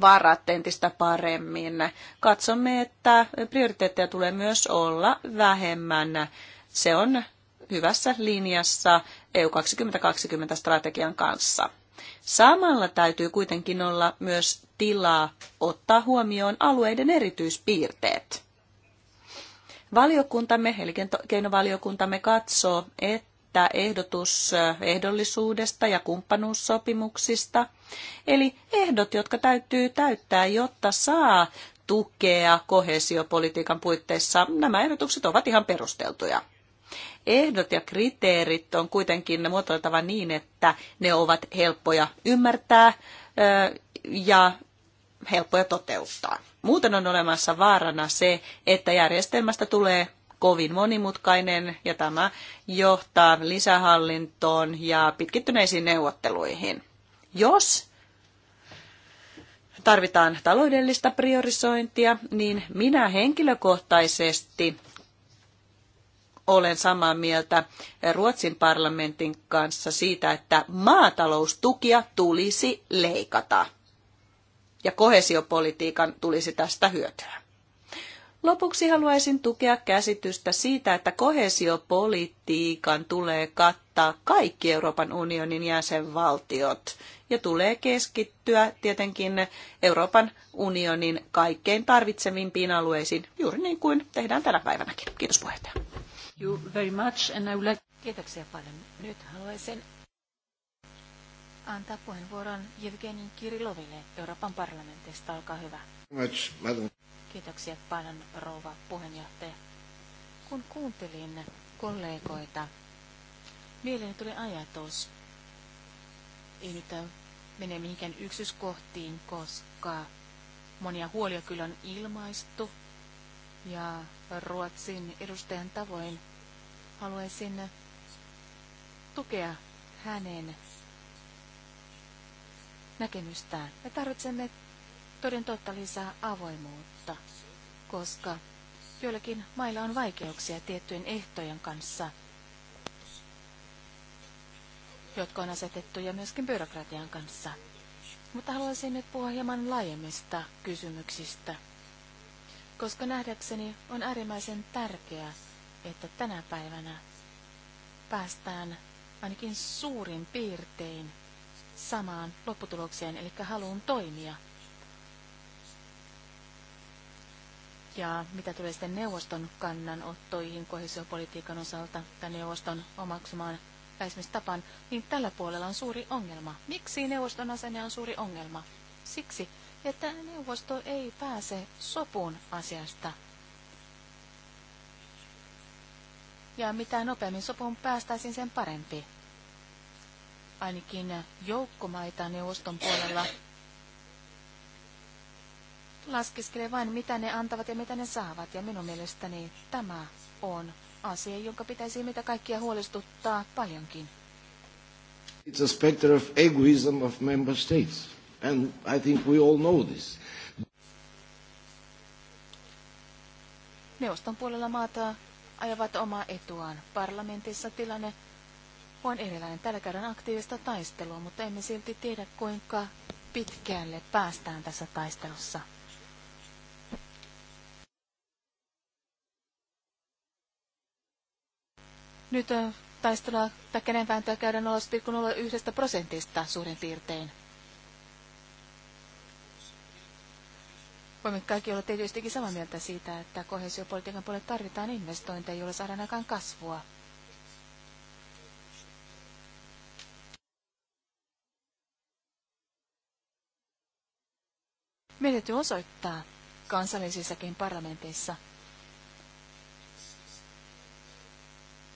varat entistä paremmin. Katsomme, että prioriteetteja tulee myös olla vähemmän. Se on hyvässä linjassa EU 2020 strategian kanssa. Samalla täytyy kuitenkin olla myös tilaa ottaa huomioon alueiden erityispiirteet. Valiokuntamme, eli keinovaliokuntamme katsoo, että ehdotus ehdollisuudesta ja kumppanuussopimuksista, eli ehdot, jotka täytyy täyttää, jotta saa tukea kohesiopolitiikan puitteissa, nämä ehdotukset ovat ihan perusteltuja ehdot ja kriteerit on kuitenkin muotoiltava niin, että ne ovat helppoja ymmärtää ja helppoja toteuttaa. Muuten on olemassa vaarana se, että järjestelmästä tulee kovin monimutkainen ja tämä johtaa lisähallintoon ja pitkittyneisiin neuvotteluihin. Jos tarvitaan taloudellista priorisointia, niin minä henkilökohtaisesti olen samaa mieltä Ruotsin parlamentin kanssa siitä, että maataloustukia tulisi leikata ja kohesiopolitiikan tulisi tästä hyötyä. Lopuksi haluaisin tukea käsitystä siitä, että kohesiopolitiikan tulee kattaa kaikki Euroopan unionin jäsenvaltiot ja tulee keskittyä tietenkin Euroopan unionin kaikkein tarvitsevimpiin alueisiin, juuri niin kuin tehdään tänä päivänäkin. Kiitos puheenjohtaja. You very much and I would like... Kiitoksia paljon. Nyt haluaisin antaa puheenvuoron Evgeni Kiriloville Euroopan parlamentista. Olkaa hyvä. Kiitoksia paljon, rouva puheenjohtaja. Kun kuuntelin kollegoita, mieleen tuli ajatus. Ei nyt mene mihinkään yksityiskohtiin, koska monia huolia kyllä on ilmaistu ja Ruotsin edustajan tavoin haluaisin tukea hänen näkemystään. Me tarvitsemme toden totta lisää avoimuutta, koska joillakin mailla on vaikeuksia tiettyjen ehtojen kanssa, jotka on asetettu ja myöskin byrokratian kanssa. Mutta haluaisin nyt puhua hieman laajemmista kysymyksistä koska nähdäkseni on äärimmäisen tärkeää, että tänä päivänä päästään ainakin suurin piirtein samaan lopputulokseen, eli haluun toimia. Ja mitä tulee sitten neuvoston kannanottoihin kohesiopolitiikan osalta tai neuvoston omaksumaan lähestymistapaan, niin tällä puolella on suuri ongelma. Miksi neuvoston asenne on suuri ongelma? Siksi, että neuvosto ei pääse sopuun asiasta. Ja mitä nopeammin sopuun päästäisiin, sen parempi. Ainakin joukkomaita neuvoston puolella laskeskelee vain, mitä ne antavat ja mitä ne saavat. Ja minun mielestäni tämä on asia, jonka pitäisi mitä kaikkia huolestuttaa paljonkin. It's a specter of egoism of member states and I think we all know this. Neuvoston puolella maata ajavat omaa etuaan. Parlamentissa tilanne on erilainen. Tällä käydään aktiivista taistelua, mutta emme silti tiedä, kuinka pitkälle päästään tässä taistelussa. Nyt taistelua tai vääntöä käydään 0,01 prosentista suurin piirtein. Voimme kaikki olla tietystikin samaa mieltä siitä, että kohesiopolitiikan puolelle tarvitaan investointeja, joilla saadaan aikaan kasvua. Meidän täytyy osoittaa kansallisissakin parlamenteissa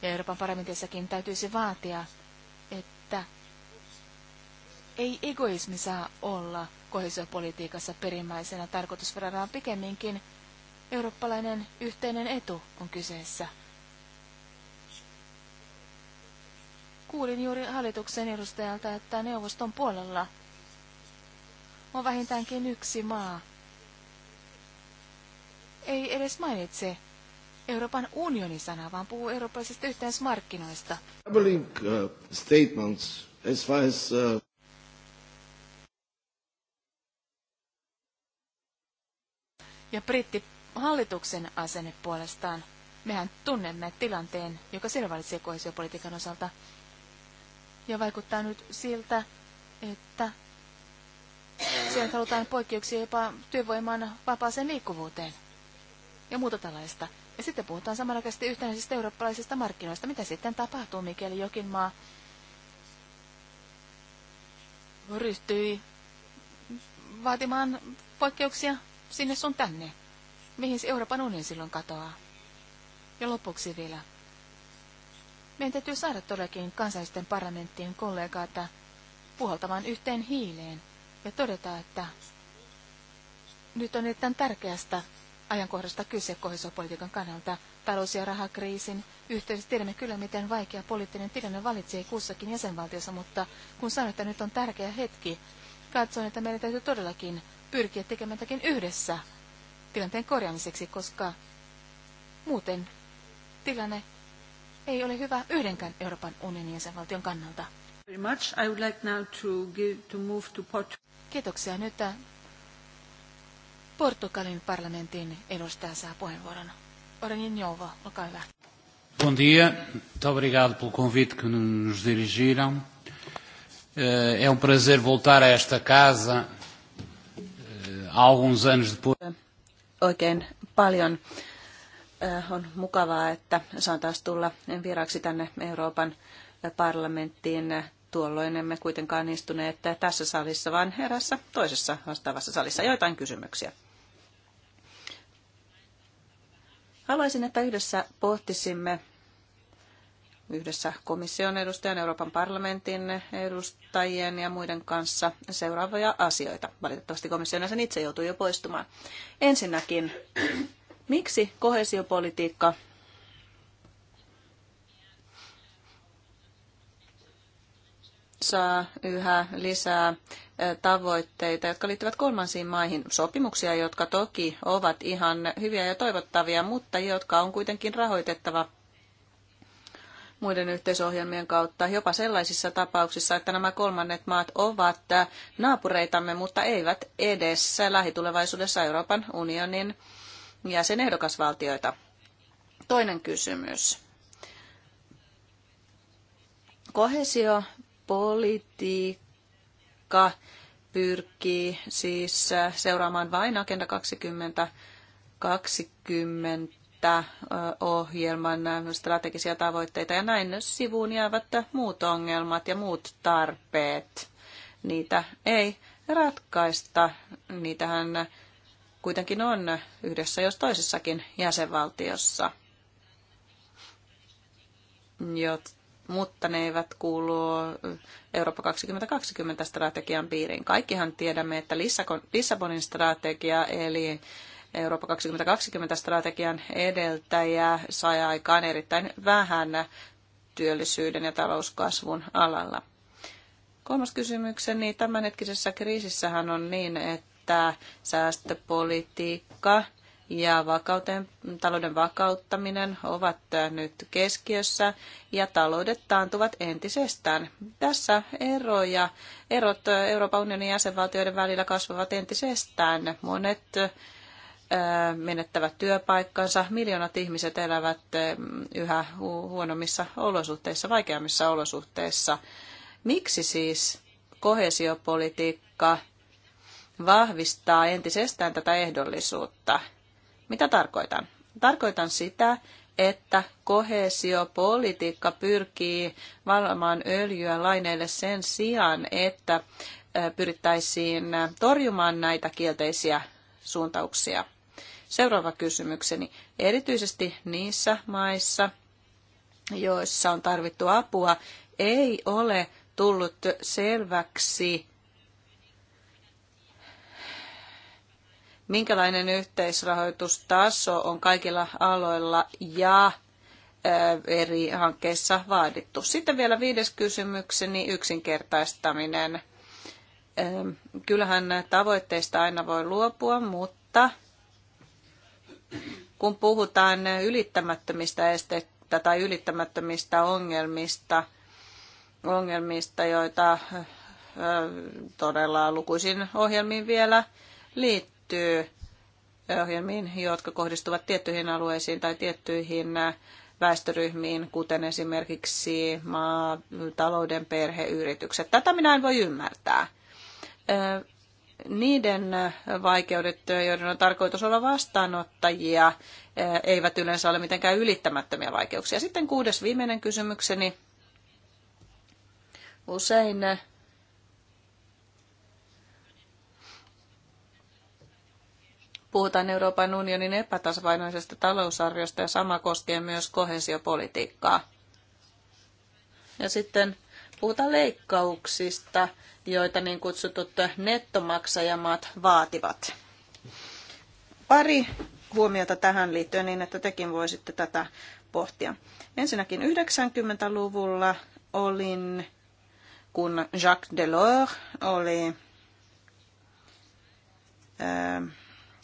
ja Euroopan parlamentissakin täytyisi vaatia, että ei egoismi saa olla kohesiopolitiikassa perimmäisenä tarkoitusvarana, pikemminkin eurooppalainen yhteinen etu on kyseessä. Kuulin juuri hallituksen edustajalta, että neuvoston puolella on vähintäänkin yksi maa. Ei edes mainitse Euroopan unionin sanaa, vaan puhuu eurooppalaisista yhteismarkkinoista. Uh, as as, uh... Ja hallituksen asenne puolestaan, mehän tunnemme tilanteen, joka siellä valitsee kohesiopolitiikan osalta. Ja vaikuttaa nyt siltä, että siellä halutaan poikkeuksia jopa työvoiman vapaaseen liikkuvuuteen ja muuta tällaista. Ja sitten puhutaan samanaikaisesti yhtenäisistä eurooppalaisista markkinoista. Mitä sitten tapahtuu, mikäli jokin maa ryhtyi vaatimaan poikkeuksia sinne sun tänne. Mihin se Euroopan unioni silloin katoaa? Ja lopuksi vielä. Meidän täytyy saada todellakin kansallisten parlamenttien kollegaata puhaltamaan yhteen hiileen ja todeta, että nyt on erittäin tärkeästä ajankohdasta kyse kohesopolitiikan kannalta. Talous- ja rahakriisin yhteydessä tiedämme kyllä, miten vaikea poliittinen tilanne valitsee kussakin jäsenvaltiossa, mutta kun sanotaan, että nyt on tärkeä hetki, katsoin, että meidän täytyy todellakin pyrkiä tekemään jotakin yhdessä tilanteen korjaamiseksi, koska muuten tilanne ei ole hyvä yhdenkään Euroopan unionin jäsenvaltion kannalta. Kiitoksia. Nyt äh, Portugalin parlamentin edustaja saa puheenvuoron. Orenin Jouva, olkaa hyvä. Bom dia, muito obrigado pelo convite que nos dirigiram. Eh, é um prazer voltar a esta casa eh, alguns anos depois. Oikein paljon eh, on mukavaa, että saan taas tulla vieraksi tänne Euroopan parlamenttiin. Tuolloin emme kuitenkaan istuneet tässä salissa, vaan herässä toisessa vastaavassa salissa. Joitain kysymyksiä. Haluaisin, että yhdessä pohtisimme yhdessä komission edustajan, Euroopan parlamentin edustajien ja muiden kanssa seuraavia asioita. Valitettavasti komission jäsen itse joutui jo poistumaan. Ensinnäkin, miksi kohesiopolitiikka saa yhä lisää tavoitteita, jotka liittyvät kolmansiin maihin. Sopimuksia, jotka toki ovat ihan hyviä ja toivottavia, mutta jotka on kuitenkin rahoitettava muiden yhteisohjelmien kautta, jopa sellaisissa tapauksissa, että nämä kolmannet maat ovat naapureitamme, mutta eivät edessä lähitulevaisuudessa Euroopan unionin jäsenehdokasvaltioita. Toinen kysymys. Kohesiopolitiikka pyrkii siis seuraamaan vain Agenda 2020 että ohjelman strategisia tavoitteita ja näin sivuun jäävät muut ongelmat ja muut tarpeet. Niitä ei ratkaista. Niitähän kuitenkin on yhdessä jos toisessakin jäsenvaltiossa. Jot, mutta ne eivät kuulu Eurooppa 2020 strategian piiriin. Kaikkihan tiedämme, että Lissabonin strategia eli Eurooppa 2020-strategian edeltäjä sai aikaan erittäin vähän työllisyyden ja talouskasvun alalla. Kolmas kysymykseni. Tämänhetkisessä kriisissähän on niin, että säästöpolitiikka ja vakauteen, talouden vakauttaminen ovat nyt keskiössä ja taloudet taantuvat entisestään. Tässä eroja, erot Euroopan unionin jäsenvaltioiden välillä kasvavat entisestään. Monet menettävät työpaikkansa. Miljoonat ihmiset elävät yhä huonommissa olosuhteissa, vaikeammissa olosuhteissa. Miksi siis kohesiopolitiikka vahvistaa entisestään tätä ehdollisuutta? Mitä tarkoitan? Tarkoitan sitä, että kohesiopolitiikka pyrkii valmaan öljyä laineille sen sijaan, että pyrittäisiin torjumaan näitä kielteisiä suuntauksia. Seuraava kysymykseni. Erityisesti niissä maissa, joissa on tarvittu apua, ei ole tullut selväksi, minkälainen yhteisrahoitustaso on kaikilla aloilla ja eri hankkeissa vaadittu. Sitten vielä viides kysymykseni, yksinkertaistaminen. Kyllähän tavoitteista aina voi luopua, mutta kun puhutaan ylittämättömistä esteistä tai ylittämättömistä ongelmista, ongelmista joita todella lukuisin ohjelmiin vielä liittyy, ohjelmiin, jotka kohdistuvat tiettyihin alueisiin tai tiettyihin väestöryhmiin, kuten esimerkiksi maatalouden perheyritykset. Tätä minä en voi ymmärtää niiden vaikeudet, joiden on tarkoitus olla vastaanottajia, eivät yleensä ole mitenkään ylittämättömiä vaikeuksia. Sitten kuudes viimeinen kysymykseni. Usein puhutaan Euroopan unionin epätasapainoisesta talousarviosta ja sama koskee myös kohesiopolitiikkaa. Ja sitten puhutaan leikkauksista, joita niin kutsutut nettomaksajamaat vaativat. Pari huomiota tähän liittyen niin, että tekin voisitte tätä pohtia. Ensinnäkin 90-luvulla olin, kun Jacques Delors oli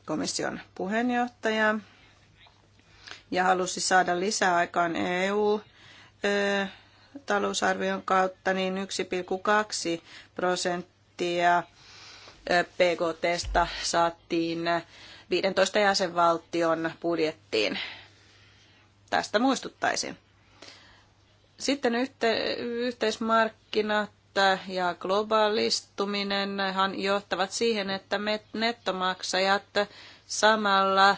komission puheenjohtaja ja halusi saada lisäaikaan EU talousarvion kautta, niin 1,2 prosenttia PKTstä saatiin 15 jäsenvaltion budjettiin. Tästä muistuttaisin. Sitten yhte, yhteismarkkinat ja globaalistuminen johtavat siihen, että me nettomaksajat samalla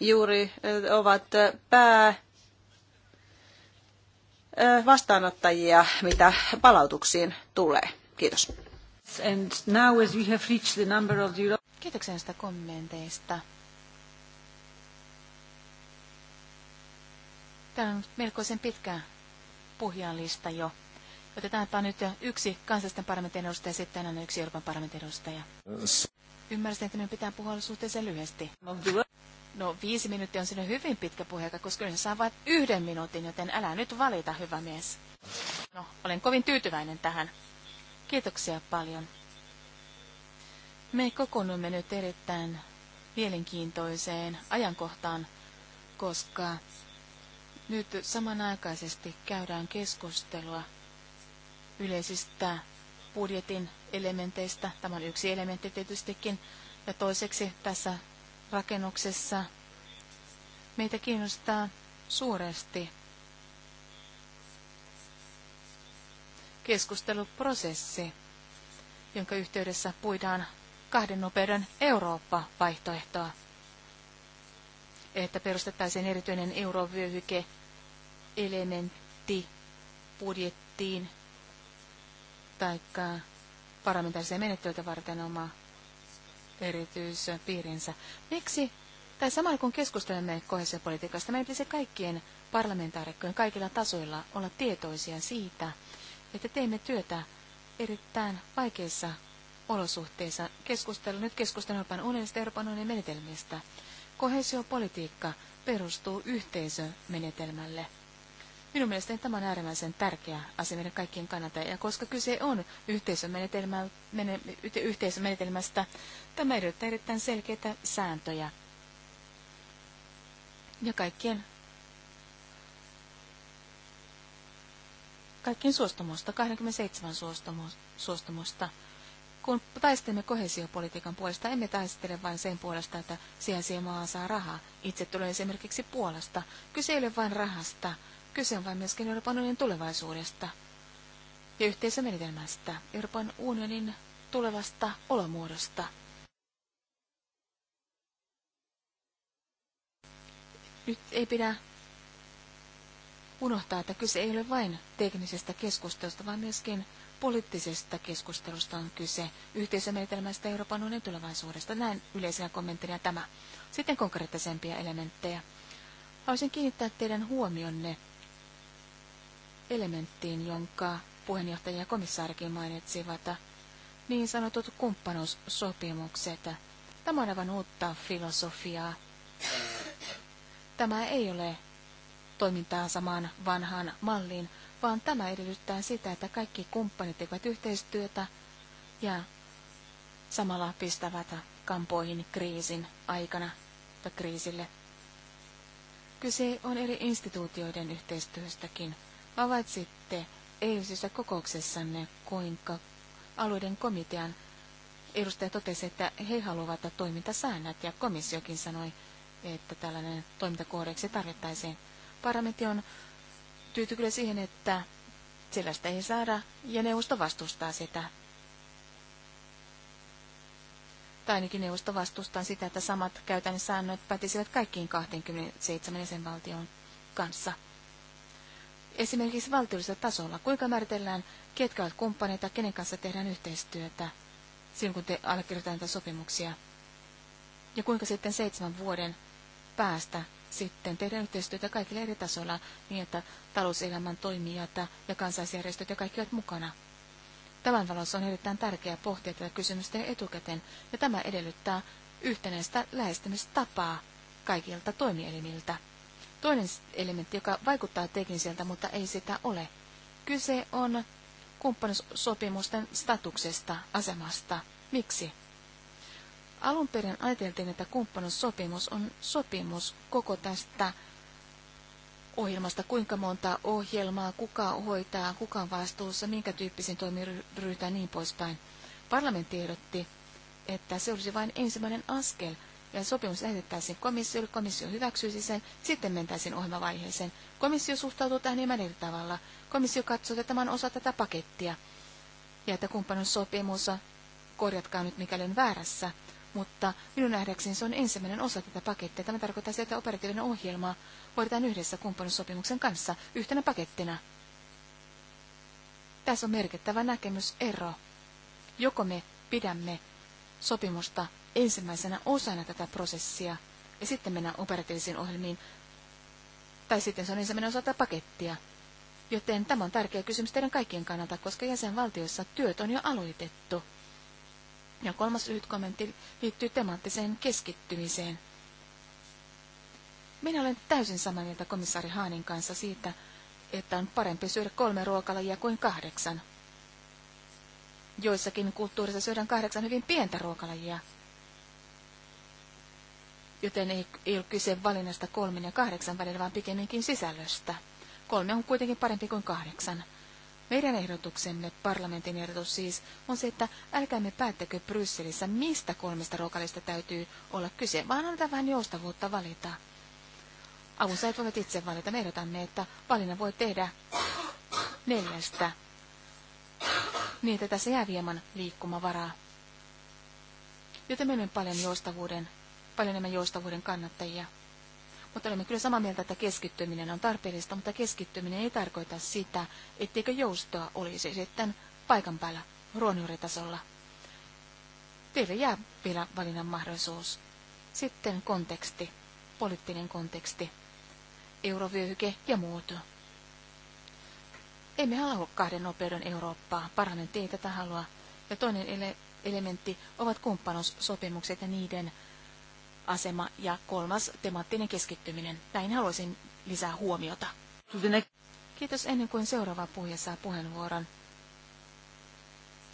juuri ovat pää vastaanottajia, mitä palautuksiin tulee. Kiitos. And now as we have reached the number of the... Kiitoksia näistä kommenteista. Tämä on melkoisen pitkä puhjalista jo. Otetaanpa nyt yksi kansallisten parlamentin edustaja ja sitten aina yksi Euroopan parlamentin edustaja. Ymmärsin, että minun pitää puhua suhteellisen lyhyesti. No viisi minuuttia on sinne hyvin pitkä puheaika, koska yleensä saa vain yhden minuutin, joten älä nyt valita, hyvä mies. No, olen kovin tyytyväinen tähän. Kiitoksia paljon. Me kokoonnumme nyt erittäin mielenkiintoiseen ajankohtaan, koska nyt samanaikaisesti käydään keskustelua yleisistä budjetin elementeistä. Tämä on yksi elementti tietystikin. Ja toiseksi tässä rakennuksessa. Meitä kiinnostaa suuresti keskusteluprosessi, jonka yhteydessä puidaan kahden nopeuden Eurooppa-vaihtoehtoa, että perustettaisiin erityinen eurovyöhyke elementti budjettiin tai parlamentaariseen menettelytä varten oma erityispiirinsä. Miksi, tai samalla kun keskustelemme kohesiopolitiikasta, meidän pitäisi kaikkien parlamentaarikkojen kaikilla tasoilla olla tietoisia siitä, että teemme työtä erittäin vaikeissa olosuhteissa. Keskustelu, nyt keskustelun Euroopan unionista Euroopan unionin menetelmistä. Kohesiopolitiikka perustuu yhteisömenetelmälle – Minun mielestäni tämä on äärimmäisen tärkeä asia meidän kaikkien kannalta. Ja koska kyse on yhteisömenetelmästä, tämä edellyttää erittäin selkeitä sääntöjä. Ja kaikkien, kaikkien suostumusta, 27 suostumusta. Kun taistelemme kohesiopolitiikan puolesta, emme taistele vain sen puolesta, että sijaisia maa saa rahaa. Itse tulee esimerkiksi Puolasta. Kyse ei ole vain rahasta Kyse on vain myöskin Euroopan unionin tulevaisuudesta ja yhteisömenetelmästä, Euroopan unionin tulevasta olomuodosta. Nyt ei pidä unohtaa, että kyse ei ole vain teknisestä keskustelusta, vaan myöskin poliittisesta keskustelusta on kyse yhteisömenetelmästä Euroopan unionin tulevaisuudesta. Näin yleisenä kommenttina tämä. Sitten konkreettisempia elementtejä. Haluaisin kiinnittää teidän huomionne elementtiin, jonka puheenjohtaja ja komissaarikin mainitsivat, niin sanotut kumppanuussopimukset. Tämä on aivan uutta filosofiaa. Tämä ei ole toimintaa samaan vanhaan malliin, vaan tämä edellyttää sitä, että kaikki kumppanit tekevät yhteistyötä ja samalla pistävät kampoihin kriisin aikana tai kriisille. Kyse on eri instituutioiden yhteistyöstäkin. Havaitsitte eilisessä kokouksessanne, kuinka alueiden komitean edustaja totesi, että he haluavat toimintasäännöt ja komissiokin sanoi, että tällainen toimintakohdeksi tarvittaisiin. Parlamentti on tyyty kyllä siihen, että sellaista ei saada ja neuvosto vastustaa sitä. Tai ainakin neuvosto vastustaa sitä, että samat käytännön säännöt pätisivät kaikkiin 27 jäsenvaltion kanssa – Esimerkiksi valtiollisella tasolla, kuinka määritellään, ketkä ovat kumppaneita, kenen kanssa tehdään yhteistyötä silloin, kun te allekirjoitetaan näitä sopimuksia. Ja kuinka sitten seitsemän vuoden päästä sitten tehdään yhteistyötä kaikille eri tasoilla niin, että talouselämän toimijat ja kansaisjärjestöt ja kaikki ovat mukana. Tämän valossa on erittäin tärkeää pohtia tätä kysymystä etukäteen, ja tämä edellyttää yhtenäistä lähestymistapaa kaikilta toimielimiltä. Toinen elementti, joka vaikuttaa tekniseltä, mutta ei sitä ole. Kyse on kumppanussopimusten statuksesta, asemasta. Miksi? Alun perin ajateltiin, että kumppanussopimus on sopimus koko tästä ohjelmasta, kuinka monta ohjelmaa, kuka hoitaa, kuka on vastuussa, minkä tyyppisiin toimiin ja niin poispäin. Parlamentti ehdotti, että se olisi vain ensimmäinen askel ja sopimus lähetettäisiin komissiolle, komissio hyväksyisi sen, sitten mentäisiin ohjelmavaiheeseen. Komissio suhtautuu tähän hieman eri tavalla. Komissio katsoo, että tämä on osa tätä pakettia. Ja että kumppanuussopimus, korjatkaa nyt mikäli on väärässä, mutta minun nähdäkseni se on ensimmäinen osa tätä pakettia. Tämä tarkoittaa sitä, että operatiivinen ohjelma hoidetaan yhdessä kumppanuussopimuksen kanssa yhtenä pakettina. Tässä on merkittävä näkemysero. Joko me pidämme sopimusta ensimmäisenä osana tätä prosessia ja sitten mennään operatiivisiin ohjelmiin, tai sitten se on ensimmäinen osa tätä pakettia. Joten tämä on tärkeä kysymys teidän kaikkien kannalta, koska jäsenvaltioissa työt on jo aloitettu. Ja kolmas lyhyt kommentti liittyy temaattiseen keskittymiseen. Minä olen täysin samaa mieltä komissaari Haanin kanssa siitä, että on parempi syödä kolme ruokalajia kuin kahdeksan. Joissakin kulttuurissa syödään kahdeksan hyvin pientä ruokalajia, joten ei, ei ole kyse valinnasta kolmen ja kahdeksan välillä, vaan pikemminkin sisällöstä. Kolme on kuitenkin parempi kuin kahdeksan. Meidän ehdotuksemme, parlamentin ehdotus siis, on se, että älkäämme päättäkö Brysselissä, mistä kolmesta ruokalista täytyy olla kyse, vaan annetaan vähän joustavuutta valita. Avunsaajat voivat itse valita. Me ehdotamme, että valinnan voi tehdä neljästä. Niin, että tässä jää hieman liikkumavaraa. Joten me paljon joustavuuden paljon enemmän joustavuuden kannattajia. Mutta olemme kyllä samaa mieltä, että keskittyminen on tarpeellista, mutta keskittyminen ei tarkoita sitä, etteikö joustoa olisi sitten paikan päällä ruonjuuritasolla. Teille jää vielä valinnan mahdollisuus. Sitten konteksti, poliittinen konteksti, eurovyöhyke ja muut. Emme halua kahden nopeuden Eurooppaa, parlamentti ei tätä halua, ja toinen ele- elementti ovat kumppanuussopimukset ja niiden asema ja kolmas temaattinen keskittyminen. Näin haluaisin lisää huomiota. Kiitos ennen kuin seuraava puhuja saa puheenvuoron.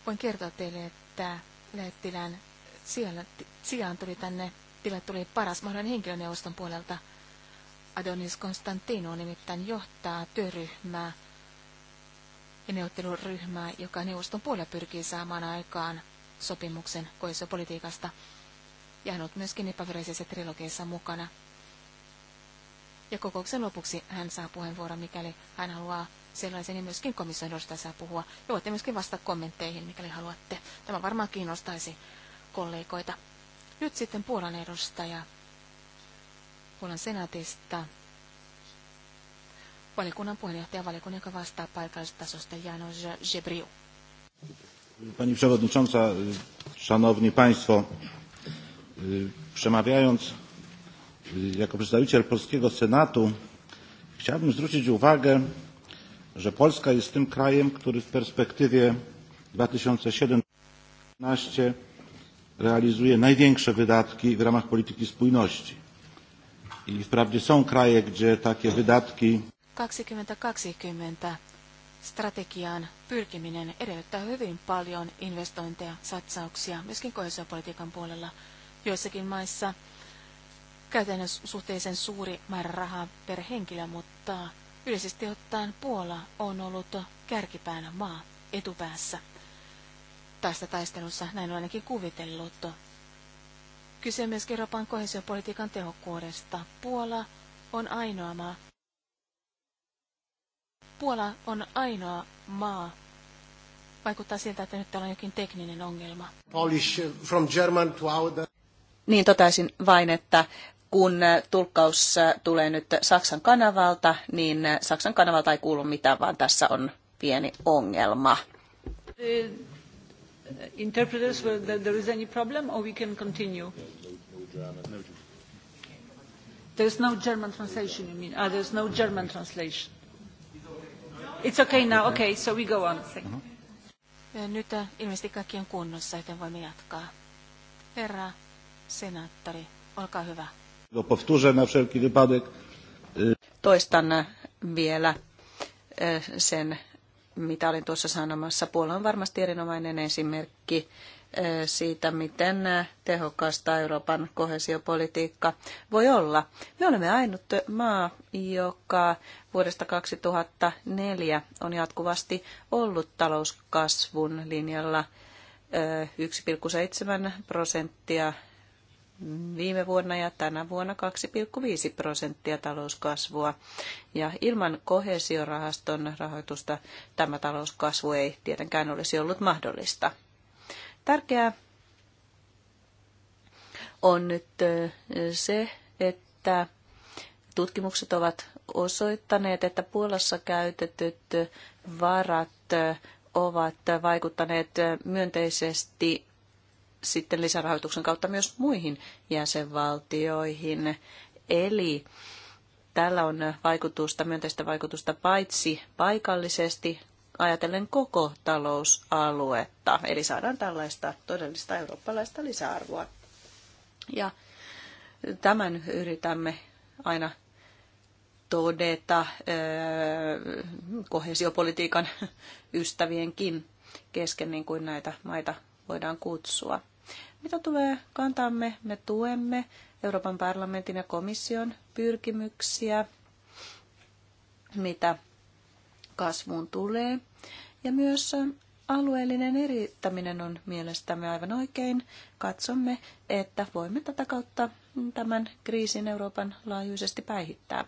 Voin kertoa teille, että Lähettilän siellä, sijaan tuli tänne, tila tuli paras mahdollinen henkilöneuvoston puolelta. Adonis Konstantino nimittäin johtaa työryhmää ja neuvotteluryhmää, joka neuvoston puolella pyrkii saamaan aikaan sopimuksen koisopolitiikasta. politiikasta ja hän on ollut myöskin epävirallisessa trilogiassa mukana. Ja kokouksen lopuksi hän saa puheenvuoron, mikäli hän haluaa sellaisen, niin myöskin komission edustaja saa puhua. Ja voitte myöskin vastata kommentteihin, mikäli haluatte. Tämä varmaan kiinnostaisi kollegoita. Nyt sitten Puolan edustaja Puolan senaatista. Valiokunnan puheenjohtaja valiokunnan, joka vastaa paikallistasosta, Jano Zebriu. Pani przewodnicząca, szanowni państwo, Przemawiając jako przedstawiciel polskiego Senatu, chciałbym zwrócić uwagę, że Polska jest tym krajem, który w perspektywie 2007-2013 realizuje największe wydatki w ramach polityki spójności. I wprawdzie są kraje, gdzie takie wydatki 2020 strategiaan pyrkiminen edellyttää hyvin paljon investointeja, satsauksia, myöskin kohesiopolitiikan puolella – joissakin maissa käytännön suhteellisen suuri määrä rahaa per henkilö, mutta yleisesti ottaen Puola on ollut kärkipään maa etupäässä. Tästä taistelussa näin on ainakin kuvitellut. Kyse on myös Euroopan kohesiopolitiikan tehokkuudesta. Puola on ainoa maa. Puola on ainoa maa. Vaikuttaa siltä, että nyt on jokin tekninen ongelma. Polish from German to our... Niin totaisin vain, että kun tulkkaus tulee nyt Saksan kanavalta, niin Saksan kanavalta ei kuulu mitään, vaan tässä on pieni ongelma. The interpreters, whether there is any problem, or we can continue. There's no German translation, you mean? Ah, there's no German translation. It's okay now, okay, so we go on. Nyt äh, ilmeisesti kaikki on kunnossa, joten voimme jatkaa. Herra Senaattori, olkaa hyvä. Toistan e, vielä e, sen, mitä olin tuossa sanomassa. Puola on varmasti erinomainen esimerkki e, siitä, miten tehokasta Euroopan kohesiopolitiikka voi olla. Me olemme ainut maa, joka vuodesta 2004 on jatkuvasti ollut talouskasvun linjalla 1,7 prosenttia viime vuonna ja tänä vuonna 2,5 prosenttia talouskasvua. Ja ilman kohesiorahaston rahoitusta tämä talouskasvu ei tietenkään olisi ollut mahdollista. Tärkeää on nyt se, että tutkimukset ovat osoittaneet, että Puolassa käytetyt varat ovat vaikuttaneet myönteisesti sitten lisärahoituksen kautta myös muihin jäsenvaltioihin. Eli tällä on vaikutusta, myönteistä vaikutusta paitsi paikallisesti ajatellen koko talousaluetta. Eli saadaan tällaista todellista eurooppalaista lisäarvoa. Ja tämän yritämme aina todeta äh, kohesiopolitiikan ystävienkin kesken, niin kuin näitä maita voidaan kutsua. Mitä tulee kantamme, me tuemme Euroopan parlamentin ja komission pyrkimyksiä, mitä kasvuun tulee. Ja myös alueellinen erittäminen on mielestämme aivan oikein. Katsomme, että voimme tätä kautta tämän kriisin Euroopan laajuisesti päihittää.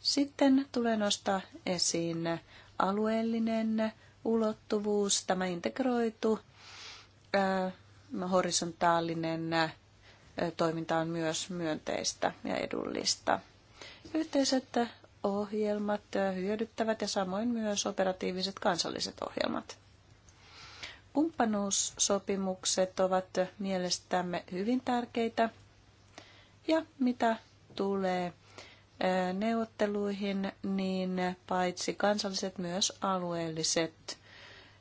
Sitten tulee nostaa esiin alueellinen ulottuvuus, tämä integroitu horisontaalinen äh, toiminta on myös myönteistä ja edullista. Yhteiset äh, ohjelmat äh, hyödyttävät ja samoin myös operatiiviset kansalliset ohjelmat. Kumppanuussopimukset ovat mielestämme hyvin tärkeitä ja mitä tulee neuvotteluihin, niin paitsi kansalliset myös alueelliset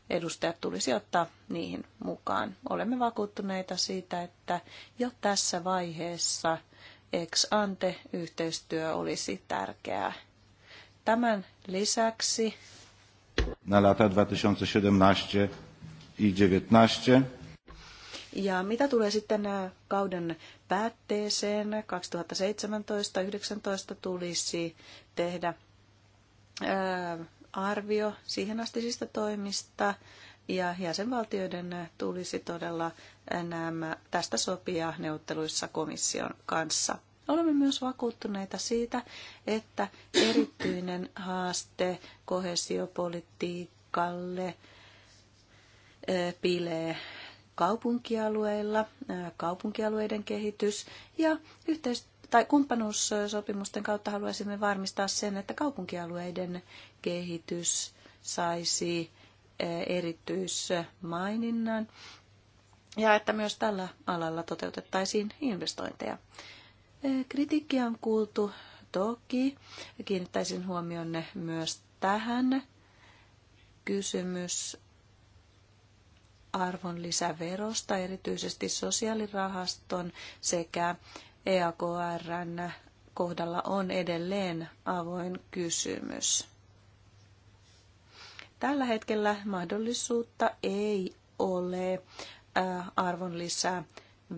edustajat tulisi ottaa niihin mukaan. Olemme vakuuttuneita siitä, että jo tässä vaiheessa ex ante yhteistyö olisi tärkeää. Tämän lisäksi na lata 2017 i 19 ja mitä tulee sitten kauden päätteeseen, 2017-2019 tulisi tehdä arvio siihen astisista toimista ja jäsenvaltioiden tulisi todella eh, nämä, tästä sopia neuvotteluissa komission kanssa. Olemme myös vakuuttuneita siitä, että erityinen haaste kohesiopolitiikalle eh, pilee kaupunkialueilla, eh, kaupunkialueiden kehitys ja yhteistyö tai kumppanuussopimusten kautta haluaisimme varmistaa sen, että kaupunkialueiden kehitys saisi erityismaininnan ja että myös tällä alalla toteutettaisiin investointeja. Kritiikkiä on kuultu toki. Kiinnittäisin huomionne myös tähän. Kysymys arvonlisäverosta, erityisesti sosiaalirahaston sekä EAKRn kohdalla on edelleen avoin kysymys. Tällä hetkellä mahdollisuutta ei ole äh, arvonlisää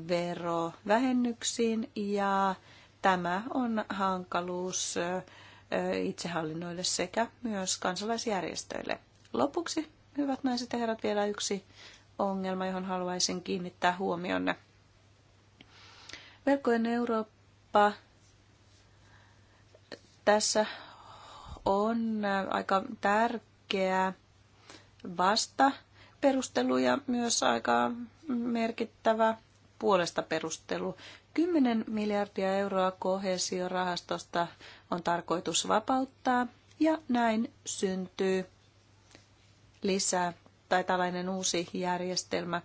verovähennyksiin ja tämä on hankaluus äh, itsehallinnoille sekä myös kansalaisjärjestöille. Lopuksi, hyvät naiset ja herrat, vielä yksi ongelma, johon haluaisin kiinnittää huomionne. Verkkojen Eurooppa tässä on aika tärkeä selkeää Vasta perusteluja myös aika merkittävä puolesta perustelu. 10 miljardia euroa kohesiorahastosta on tarkoitus vapauttaa ja näin syntyy lisää tai tällainen uusi järjestelmä,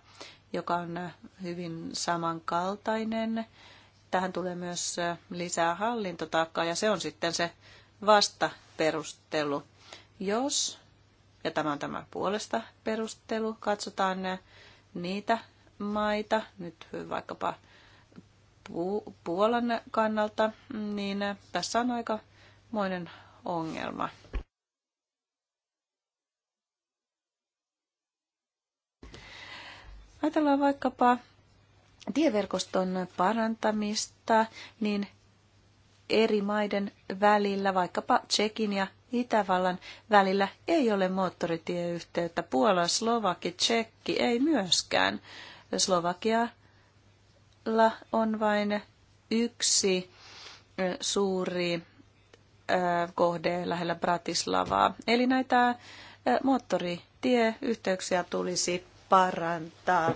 joka on hyvin samankaltainen. Tähän tulee myös lisää hallintotaakkaa ja se on sitten se vastaperustelu. Jos ja tämä on tämä puolesta perustelu, katsotaan niitä maita, nyt vaikkapa Puolan kannalta, niin tässä on aika moinen ongelma. Ajatellaan vaikkapa tieverkoston parantamista, niin eri maiden välillä, vaikkapa Tsekin ja Itävallan välillä ei ole moottoritieyhteyttä. Puola, Slovaki, Tsekki ei myöskään. Slovakialla on vain yksi suuri kohde lähellä Bratislavaa. Eli näitä moottoritieyhteyksiä tulisi parantaa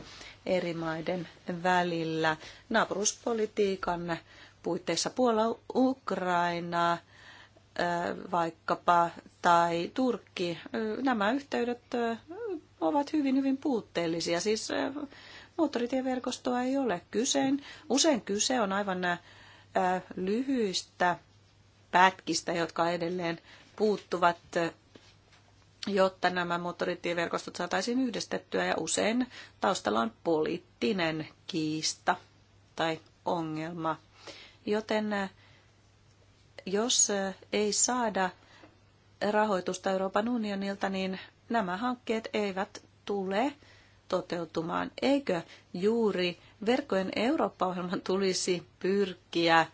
eri maiden välillä. Naapuruspolitiikan puitteissa Puola, Ukrainaa vaikkapa tai Turkki, nämä yhteydet ovat hyvin, hyvin puutteellisia. Siis moottoritieverkostoa ei ole. Kysein, usein kyse on aivan lyhyistä pätkistä, jotka edelleen puuttuvat, jotta nämä moottoritieverkostot saataisiin yhdistettyä ja usein taustalla on poliittinen kiista tai ongelma. Joten jos ei saada rahoitusta Euroopan unionilta, niin nämä hankkeet eivät tule toteutumaan. Eikö juuri verkkojen Eurooppa-ohjelman tulisi pyrkiä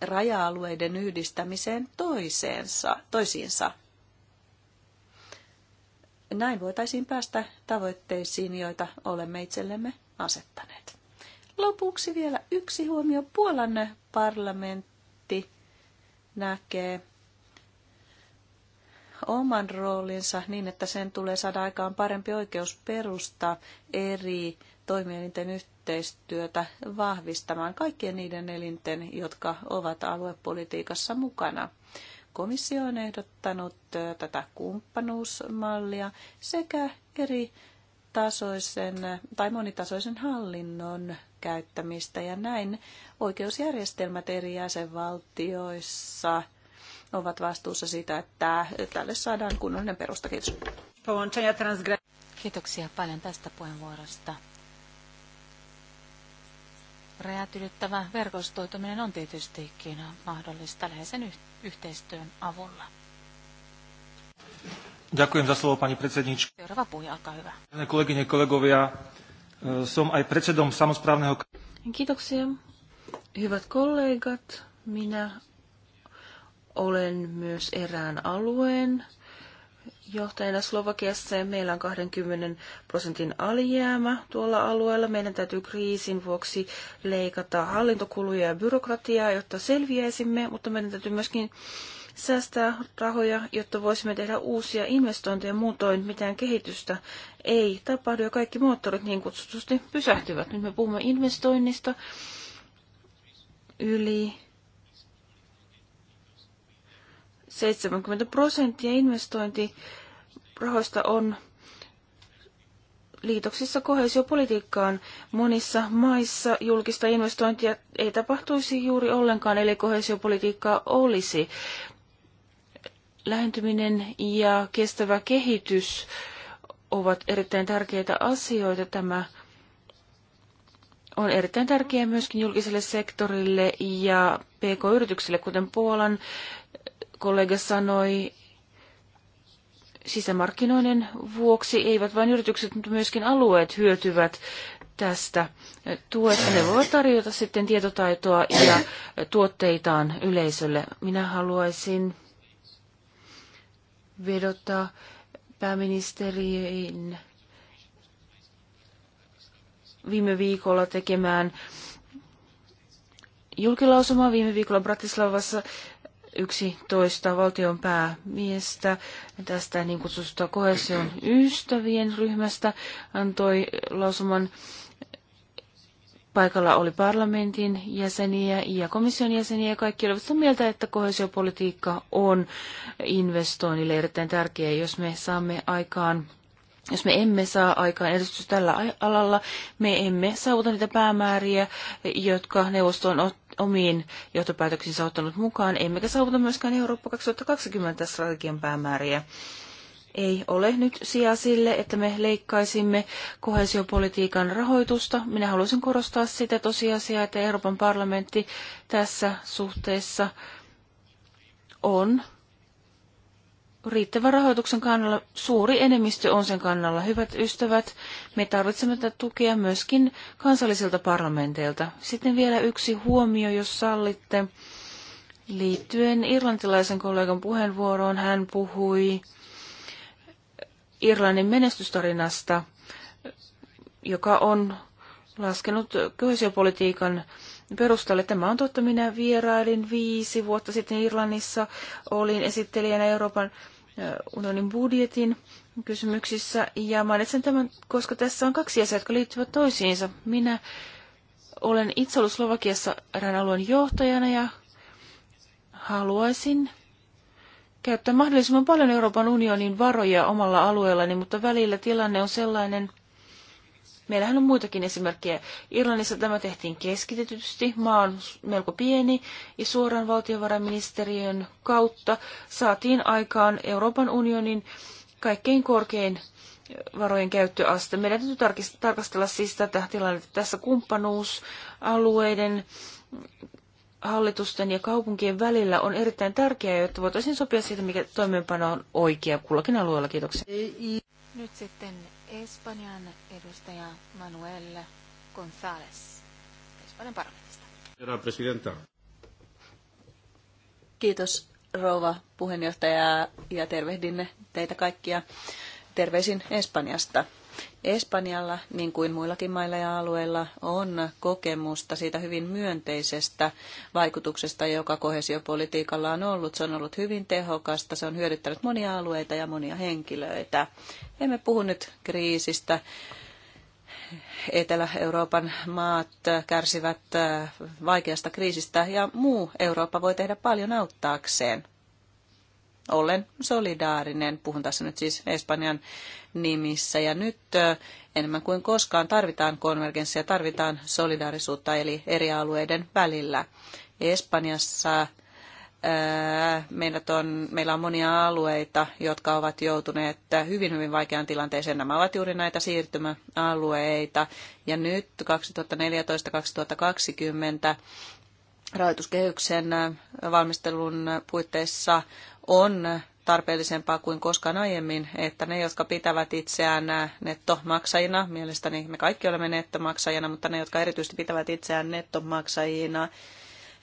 raja-alueiden yhdistämiseen toiseensa, toisiinsa? Näin voitaisiin päästä tavoitteisiin, joita olemme itsellemme asettaneet. Lopuksi vielä yksi huomio Puolan parlamentti äiti näkee oman roolinsa niin, että sen tulee saada aikaan parempi oikeus perustaa eri toimielinten yhteistyötä vahvistamaan kaikkien niiden elinten, jotka ovat aluepolitiikassa mukana. Komissio on ehdottanut tätä kumppanuusmallia sekä eri tasoisen tai monitasoisen hallinnon käyttämistä ja näin oikeusjärjestelmät eri jäsenvaltioissa ovat vastuussa siitä, että tälle saadaan kunnollinen perusta. Kiitos. Kiitoksia paljon tästä puheenvuorosta. Rajat ylittävä verkostoituminen on tietystikin mahdollista läheisen yhteistyön avulla. Ďakujem za slovo, pani predsednička. Seuraava puhuja, olkaa hyvä. Kolegyne, kollegovia, Som aj predsedom samozprávneho... Kiitoksia. Hyvät kollegat, minä olen myös erään alueen johtajana Slovakiassa ja meillä on 20 prosentin alijäämä tuolla alueella. Meidän täytyy kriisin vuoksi leikata hallintokuluja ja byrokratiaa, jotta selviäisimme, mutta meidän täytyy myöskin säästää rahoja, jotta voisimme tehdä uusia investointeja. Muutoin mitään kehitystä ei tapahdu ja kaikki moottorit niin kutsutusti pysähtyvät. Nyt me puhumme investoinnista yli 70 prosenttia investointirahoista on liitoksissa kohesiopolitiikkaan. Monissa maissa julkista investointia ei tapahtuisi juuri ollenkaan, eli kohesiopolitiikkaa olisi lähentyminen ja kestävä kehitys ovat erittäin tärkeitä asioita. Tämä on erittäin tärkeää myöskin julkiselle sektorille ja PK-yrityksille, kuten Puolan kollega sanoi, sisämarkkinoiden vuoksi eivät vain yritykset, mutta myöskin alueet hyötyvät tästä tuesta. Ne voivat tarjota sitten tietotaitoa ja tuotteitaan yleisölle. Minä haluaisin vedota pääministeriin viime viikolla tekemään julkilausumaa viime viikolla Bratislavassa 11 valtion päämiestä tästä niin kutsusta kohesion ystävien ryhmästä antoi lausuman Paikalla oli parlamentin jäseniä ja komission jäseniä ja kaikki olivat sitä mieltä, että kohesiopolitiikka on investoinnille erittäin tärkeä, jos me saamme aikaan jos me emme saa aikaan edistystä tällä alalla, me emme saavuta niitä päämääriä, jotka neuvosto on omiin johtopäätöksiinsä ottanut mukaan, emmekä saavuta myöskään Eurooppa 2020 strategian päämääriä ei ole nyt sijaa sille, että me leikkaisimme kohesiopolitiikan rahoitusta. Minä haluaisin korostaa sitä tosiasiaa, että Euroopan parlamentti tässä suhteessa on riittävän rahoituksen kannalla. Suuri enemmistö on sen kannalla. Hyvät ystävät, me tarvitsemme tätä tukea myöskin kansallisilta parlamenteilta. Sitten vielä yksi huomio, jos sallitte. Liittyen irlantilaisen kollegan puheenvuoroon hän puhui Irlannin menestystarinasta, joka on laskenut kohesiopolitiikan perustalle. Tämä on totta. Minä vierailin viisi vuotta sitten Irlannissa. Olin esittelijänä Euroopan unionin budjetin kysymyksissä. Ja mainitsen tämän, koska tässä on kaksi asiaa, jotka liittyvät toisiinsa. Minä olen itse ollut Slovakiassa erään alueen johtajana ja haluaisin käyttää mahdollisimman paljon Euroopan unionin varoja omalla alueellani, mutta välillä tilanne on sellainen, Meillähän on muitakin esimerkkejä. Irlannissa tämä tehtiin keskitetysti. Maa on melko pieni ja suoraan valtiovarainministeriön kautta saatiin aikaan Euroopan unionin kaikkein korkein varojen käyttöaste. Meidän täytyy tarkistella siis tätä tilannetta. Tässä kumppanuusalueiden hallitusten ja kaupunkien välillä on erittäin tärkeää, jotta voitaisiin sopia siitä, mikä toimeenpano on oikea kullakin alueella. Kiitoksia. Nyt sitten Espanjan edustaja Manuel González, Espanjan parlamentista. Herra presidenta. Kiitos rouva puheenjohtaja ja tervehdin teitä kaikkia terveisin Espanjasta. Espanjalla, niin kuin muillakin mailla ja alueilla, on kokemusta siitä hyvin myönteisestä vaikutuksesta, joka kohesiopolitiikalla on ollut. Se on ollut hyvin tehokasta, se on hyödyttänyt monia alueita ja monia henkilöitä. Emme puhu nyt kriisistä. Etelä-Euroopan maat kärsivät vaikeasta kriisistä ja muu Eurooppa voi tehdä paljon auttaakseen. Olen solidaarinen, puhun tässä nyt siis Espanjan nimissä. Ja nyt enemmän kuin koskaan tarvitaan konvergenssia, tarvitaan solidaarisuutta eli eri alueiden välillä. Espanjassa ää, on, meillä on monia alueita, jotka ovat joutuneet hyvin, hyvin vaikeaan tilanteeseen. Nämä ovat juuri näitä siirtymäalueita. Ja nyt 2014-2020 rahoituskehyksen valmistelun puitteissa on tarpeellisempaa kuin koskaan aiemmin, että ne, jotka pitävät itseään nettomaksajina, mielestäni me kaikki olemme nettomaksajina, mutta ne, jotka erityisesti pitävät itseään nettomaksajina,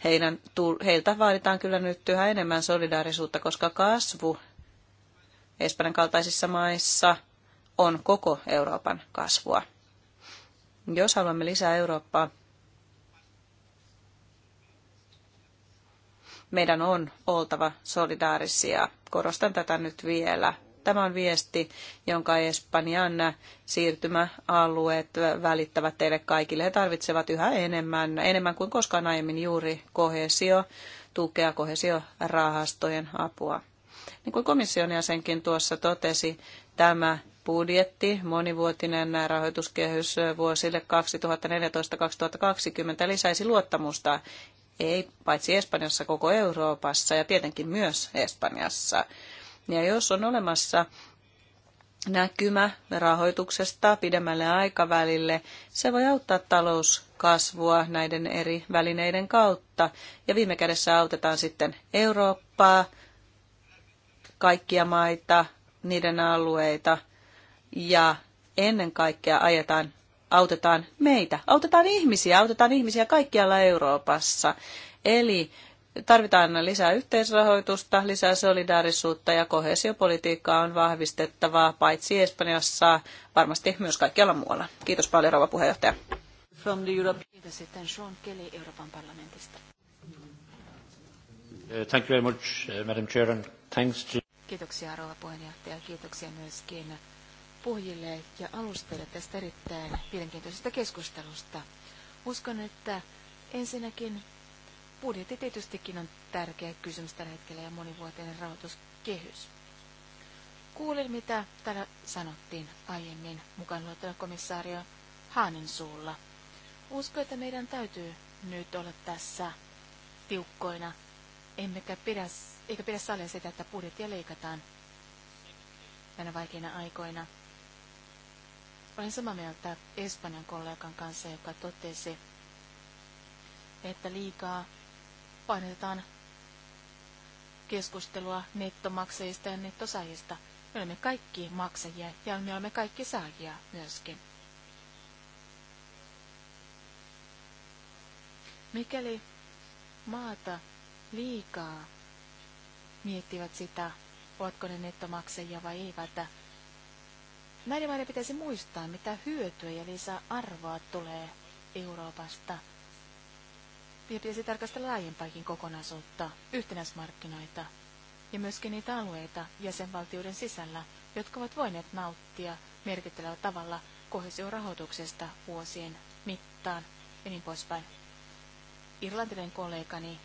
heidän, heiltä vaaditaan kyllä nyt yhä enemmän solidaarisuutta, koska kasvu Espanjan kaltaisissa maissa on koko Euroopan kasvua. Jos haluamme lisää Eurooppaa, meidän on oltava solidaarisia. Korostan tätä nyt vielä. Tämä on viesti, jonka Espanjan siirtymäalueet välittävät teille kaikille. He tarvitsevat yhä enemmän, enemmän kuin koskaan aiemmin juuri kohesio, tukea kohesiorahastojen apua. Niin kuin komission jäsenkin tuossa totesi, tämä budjetti, monivuotinen rahoituskehys vuosille 2014-2020 lisäisi luottamusta ei paitsi Espanjassa, koko Euroopassa ja tietenkin myös Espanjassa. Ja jos on olemassa näkymä rahoituksesta pidemmälle aikavälille, se voi auttaa talouskasvua näiden eri välineiden kautta. Ja viime kädessä autetaan sitten Eurooppaa, kaikkia maita, niiden alueita ja ennen kaikkea ajetaan autetaan meitä, autetaan ihmisiä, autetaan ihmisiä kaikkialla Euroopassa. Eli tarvitaan lisää yhteisrahoitusta, lisää solidaarisuutta ja kohesiopolitiikkaa on vahvistettavaa paitsi Espanjassa, varmasti myös kaikkialla muualla. Kiitos paljon, rouva puheenjohtaja. From the Europe. sitten Sean Kelly Euroopan parlamentista. Uh, thank you very much, uh, Madam Chair, and thanks to... Kiitoksia rouva puheenjohtaja, kiitoksia myöskin puhujille ja alustajille tästä erittäin mielenkiintoisesta keskustelusta. Uskon, että ensinnäkin budjetti tietystikin on tärkeä kysymys tällä hetkellä ja monivuotinen rahoituskehys. Kuulin, mitä täällä sanottiin aiemmin mukaan luettuna komissaario Haanin suulla. Uskon, että meidän täytyy nyt olla tässä tiukkoina, emmekä pidä, eikä pidä salia sitä, että budjettia leikataan tänä vaikeina aikoina. Olen samaa mieltä Espanjan kollegan kanssa, joka totesi, että liikaa painetaan keskustelua nettomaksajista ja nettosaajista. Me olemme kaikki maksajia ja me olemme kaikki saajia myöskin. Mikäli maata liikaa miettivät sitä, ovatko ne nettomaksajia vai eivät, Näiden maiden pitäisi muistaa, mitä hyötyä ja lisää arvoa tulee Euroopasta. Ja pitäisi tarkastella laajempaakin kokonaisuutta, yhtenäismarkkinoita ja myöskin niitä alueita jäsenvaltioiden sisällä, jotka ovat voineet nauttia merkittävällä tavalla kohesiorahoituksesta vuosien mittaan ja niin poispäin. Irlantilainen kollegani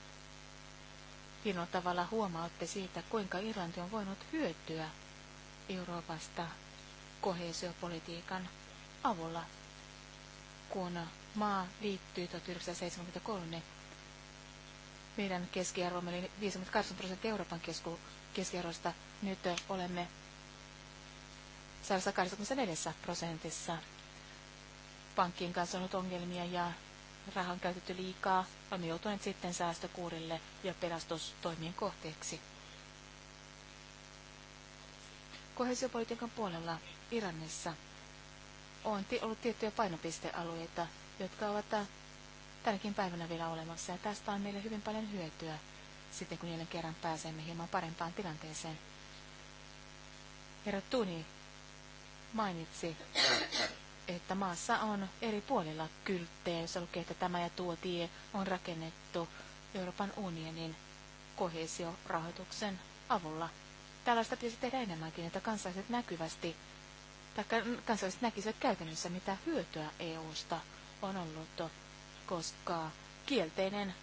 hienolla tavalla huomautti siitä, kuinka Irlanti on voinut hyötyä Euroopasta kohesiopolitiikan avulla, kun maa liittyi 1973. Meidän keskiarvomme oli 58 prosenttia Euroopan kesku, keskiarvosta. Nyt olemme 184 prosentissa. Pankkien kanssa on ollut ongelmia ja rahan käytetty liikaa. Olemme joutuneet sitten säästökuurille ja pelastustoimien kohteeksi. Kohesiopolitiikan puolella Iranissa on ollut tiettyjä painopistealueita, jotka ovat äh, tänäkin päivänä vielä olemassa, ja tästä on meille hyvin paljon hyötyä, sitten kun jälleen kerran pääsemme hieman parempaan tilanteeseen. Herra Tuni mainitsi, että maassa on eri puolilla kylttejä, jos lukee, että tämä ja tuo tie on rakennettu Euroopan unionin kohesiorahoituksen avulla. Tällaista pitäisi tehdä enemmänkin, että kansalaiset näkyvästi tai kansalaiset näkisivät käytännössä, mitä hyötyä EUsta on ollut, koska kielteinen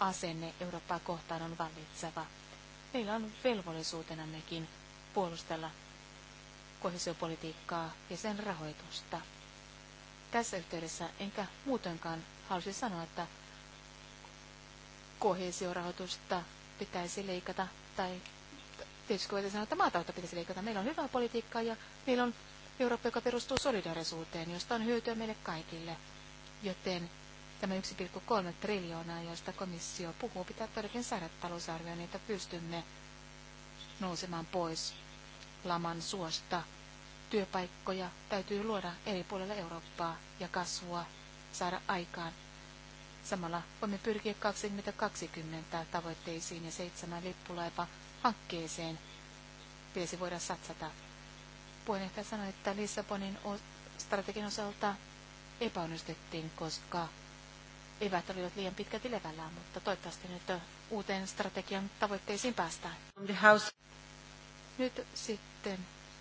asenne Eurooppaa kohtaan on vallitseva. Meillä on velvollisuutenammekin puolustella kohesiopolitiikkaa ja sen rahoitusta. Tässä yhteydessä enkä muutenkaan halusi sanoa, että kohesiorahoitusta pitäisi leikata tai Tietysti voitaisiin sanoa, että maataloutta pitäisi leikata. Meillä on hyvää politiikkaa ja meillä on Eurooppa, joka perustuu solidarisuuteen, josta on hyötyä meille kaikille. Joten tämä 1,3 triljoonaa, josta komissio puhuu, pitää todellakin saada talousarvioon, niin että pystymme nousemaan pois laman suosta. Työpaikkoja täytyy luoda eri puolilla Eurooppaa ja kasvua saada aikaan. Samalla voimme pyrkiä 2020 tavoitteisiin ja seitsemän lippulaipa hankkeeseen pitäisi voida satsata. Puheenjohtaja sanoi, että Lissabonin strategian osalta epäonnistettiin, koska eivät olivat liian pitkät levällään, mutta toivottavasti nyt uuteen strategian tavoitteisiin päästään. Nyt sitten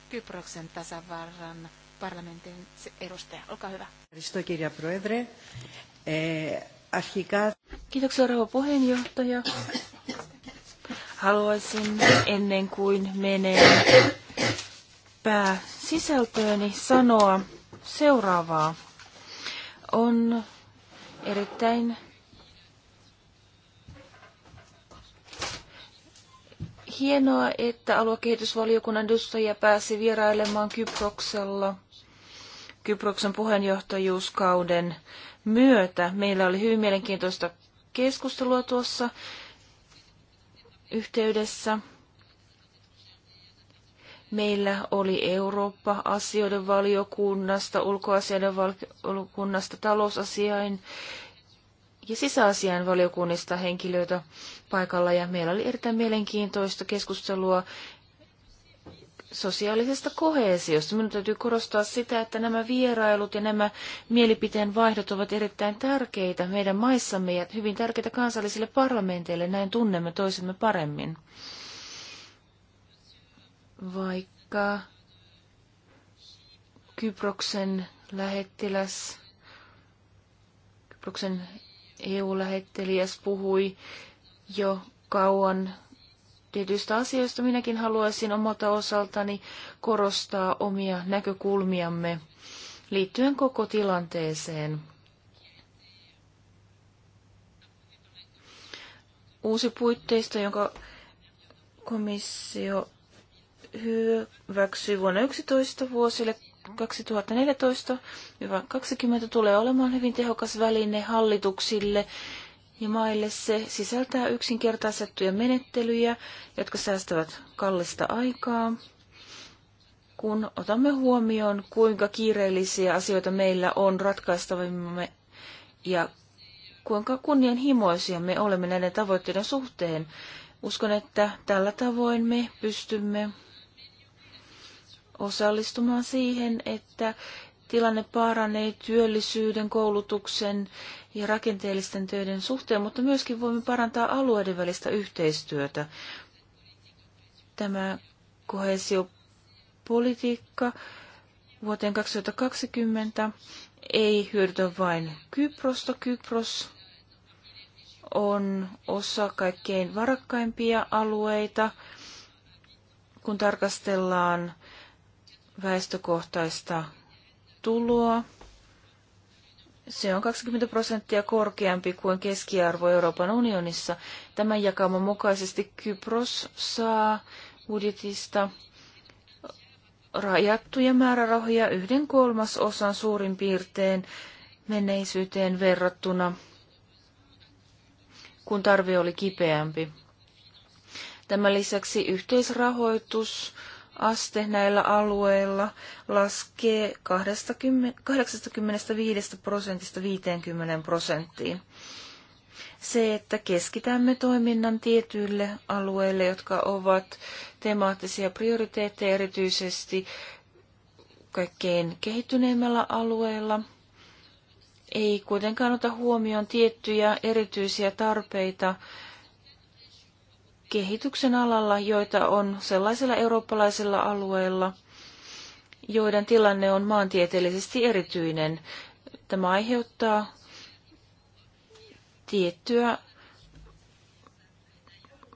Kyproksen tasavarran parlamentin edustaja. Olkaa hyvä. Kiitoksia rouva puheenjohtaja. Haluaisin ennen kuin menee pääsisältööni sanoa seuraavaa. On erittäin hienoa, että aluekehitysvaliokunnan edustajia pääsi vierailemaan Kyproksella Kyproksen puheenjohtajuuskauden myötä. Meillä oli hyvin mielenkiintoista keskustelua tuossa yhteydessä. Meillä oli Eurooppa-asioiden valiokunnasta, ulkoasioiden valiokunnasta, talousasiain ja sisäasiain valiokunnista henkilöitä paikalla ja meillä oli erittäin mielenkiintoista keskustelua sosiaalisesta kohesiosta. Minun täytyy korostaa sitä, että nämä vierailut ja nämä mielipiteen vaihdot ovat erittäin tärkeitä meidän maissamme ja hyvin tärkeitä kansallisille parlamenteille. Näin tunnemme toisemme paremmin. Vaikka Kyproksen lähettiläs, Kyproksen EU-lähettelijäs puhui jo kauan tietyistä asioista minäkin haluaisin omalta osaltani korostaa omia näkökulmiamme liittyen koko tilanteeseen. Uusi puitteisto, jonka komissio hyväksyi vuonna 11 vuosille 2014-2020 tulee olemaan hyvin tehokas väline hallituksille ja maille se sisältää yksinkertaistettuja menettelyjä, jotka säästävät kallista aikaa, kun otamme huomioon, kuinka kiireellisiä asioita meillä on ratkaistavimme ja kuinka kunnianhimoisia me olemme näiden tavoitteiden suhteen. Uskon, että tällä tavoin me pystymme osallistumaan siihen, että tilanne paranee työllisyyden, koulutuksen ja rakenteellisten töiden suhteen, mutta myöskin voimme parantaa alueiden välistä yhteistyötä. Tämä kohesiopolitiikka vuoteen 2020 ei hyödytä vain Kyprosta. Kypros on osa kaikkein varakkaimpia alueita, kun tarkastellaan väestökohtaista tuloa. Se on 20 prosenttia korkeampi kuin keskiarvo Euroopan unionissa. Tämän jakauman mukaisesti Kypros saa budjetista rajattuja määrärahoja yhden kolmasosan suurin piirtein menneisyyteen verrattuna, kun tarve oli kipeämpi. Tämän lisäksi yhteisrahoitus aste näillä alueilla laskee 20, 85 prosentista 50 prosenttiin. Se, että keskitämme toiminnan tietyille alueille, jotka ovat temaattisia prioriteetteja erityisesti kaikkein kehittyneimmällä alueella, ei kuitenkaan ota huomioon tiettyjä erityisiä tarpeita, kehityksen alalla, joita on sellaisilla eurooppalaisilla alueilla, joiden tilanne on maantieteellisesti erityinen. Tämä aiheuttaa tiettyä,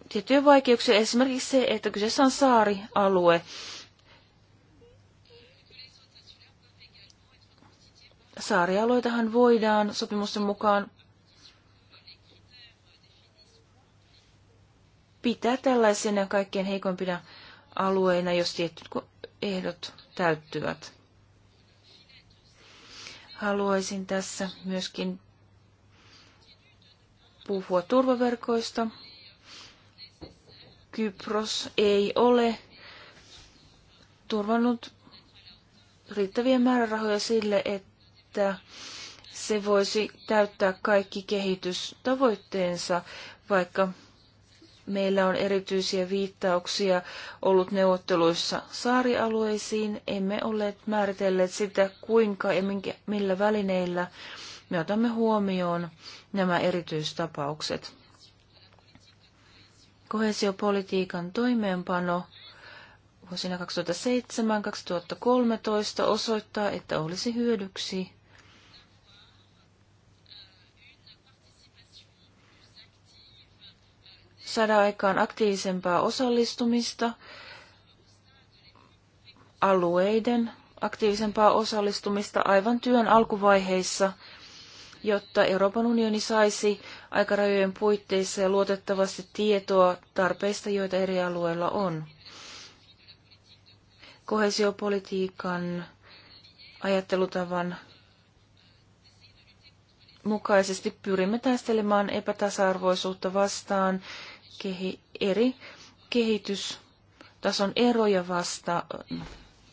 tiettyjä vaikeuksia. Esimerkiksi se, että kyseessä on saarialue. Saarialueitahan voidaan sopimusten mukaan pitää tällaisena kaikkein heikompina alueina, jos tietyt ehdot täyttyvät. Haluaisin tässä myöskin puhua turvaverkoista. Kypros ei ole turvannut riittäviä määrärahoja sille, että se voisi täyttää kaikki kehitystavoitteensa, vaikka Meillä on erityisiä viittauksia ollut neuvotteluissa saarialueisiin. Emme ole määritelleet sitä, kuinka ja minkä, millä välineillä me otamme huomioon nämä erityistapaukset. Kohesiopolitiikan toimeenpano vuosina 2007-2013 osoittaa, että olisi hyödyksi saada aikaan aktiivisempaa osallistumista, alueiden aktiivisempaa osallistumista aivan työn alkuvaiheissa, jotta Euroopan unioni saisi aikarajojen puitteissa ja luotettavasti tietoa tarpeista, joita eri alueilla on. Kohesiopolitiikan ajattelutavan mukaisesti pyrimme taistelemaan epätasa-arvoisuutta vastaan kehi, eri kehitystason eroja vasta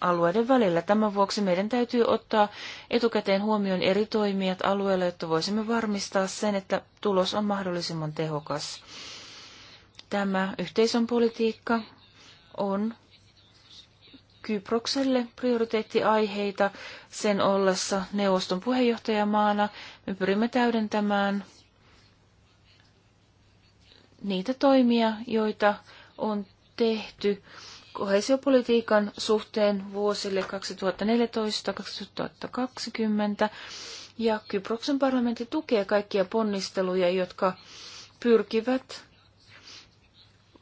alueiden välillä. Tämän vuoksi meidän täytyy ottaa etukäteen huomioon eri toimijat alueella, jotta voisimme varmistaa sen, että tulos on mahdollisimman tehokas. Tämä yhteisön politiikka on Kyprokselle prioriteettiaiheita sen ollessa neuvoston puheenjohtajamaana. Me pyrimme täydentämään niitä toimia, joita on tehty kohesiopolitiikan suhteen vuosille 2014-2020. Ja Kyproksen parlamentti tukee kaikkia ponnisteluja, jotka pyrkivät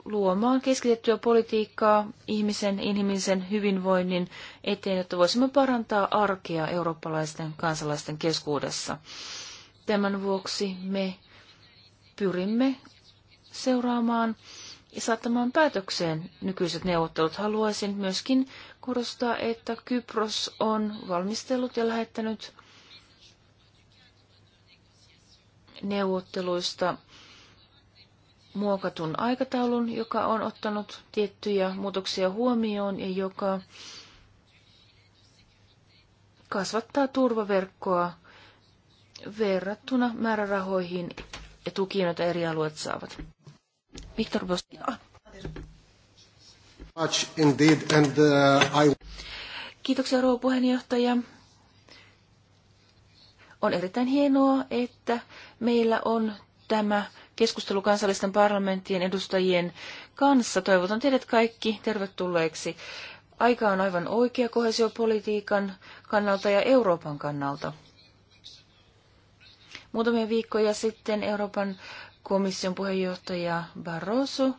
luomaan keskitettyä politiikkaa ihmisen inhimillisen hyvinvoinnin eteen, jotta voisimme parantaa arkea eurooppalaisten kansalaisten keskuudessa. Tämän vuoksi me pyrimme seuraamaan ja saattamaan päätökseen nykyiset neuvottelut. Haluaisin myöskin korostaa, että Kypros on valmistellut ja lähettänyt neuvotteluista muokatun aikataulun, joka on ottanut tiettyjä muutoksia huomioon ja joka kasvattaa turvaverkkoa verrattuna määrärahoihin, ja tuki, joita eri alueet saavat. Viktor ah. Much indeed, and, uh, I... Kiitoksia rouva puheenjohtaja. On erittäin hienoa, että meillä on tämä keskustelu kansallisten parlamenttien edustajien kanssa. Toivotan teidät kaikki tervetulleeksi. Aika on aivan oikea kohesiopolitiikan kannalta ja Euroopan kannalta. Muutamia viikkoja sitten Euroopan komission puheenjohtaja Barroso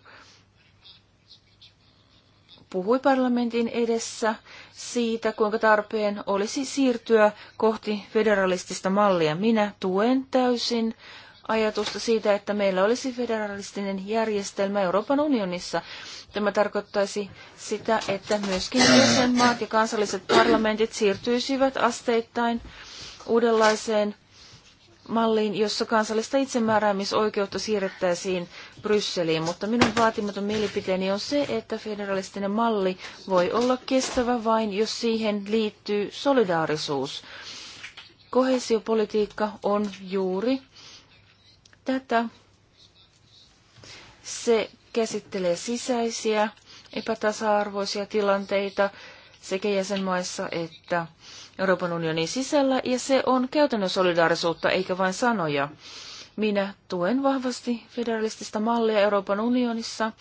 puhui parlamentin edessä siitä, kuinka tarpeen olisi siirtyä kohti federalistista mallia. Minä tuen täysin ajatusta siitä, että meillä olisi federalistinen järjestelmä Euroopan unionissa. Tämä tarkoittaisi sitä, että myöskin jäsenmaat ja kansalliset parlamentit siirtyisivät asteittain uudenlaiseen malliin, jossa kansallista itsemääräämisoikeutta siirrettäisiin Brysseliin, mutta minun vaatimaton mielipiteeni on se, että federalistinen malli voi olla kestävä vain, jos siihen liittyy solidaarisuus. Kohesiopolitiikka on juuri tätä. Se käsittelee sisäisiä epätasa-arvoisia tilanteita sekä jäsenmaissa että Euroopan unionin sisällä, ja se on käytännön solidaarisuutta eikä vain sanoja. Minä tuen vahvasti federalistista mallia Euroopan unionissa,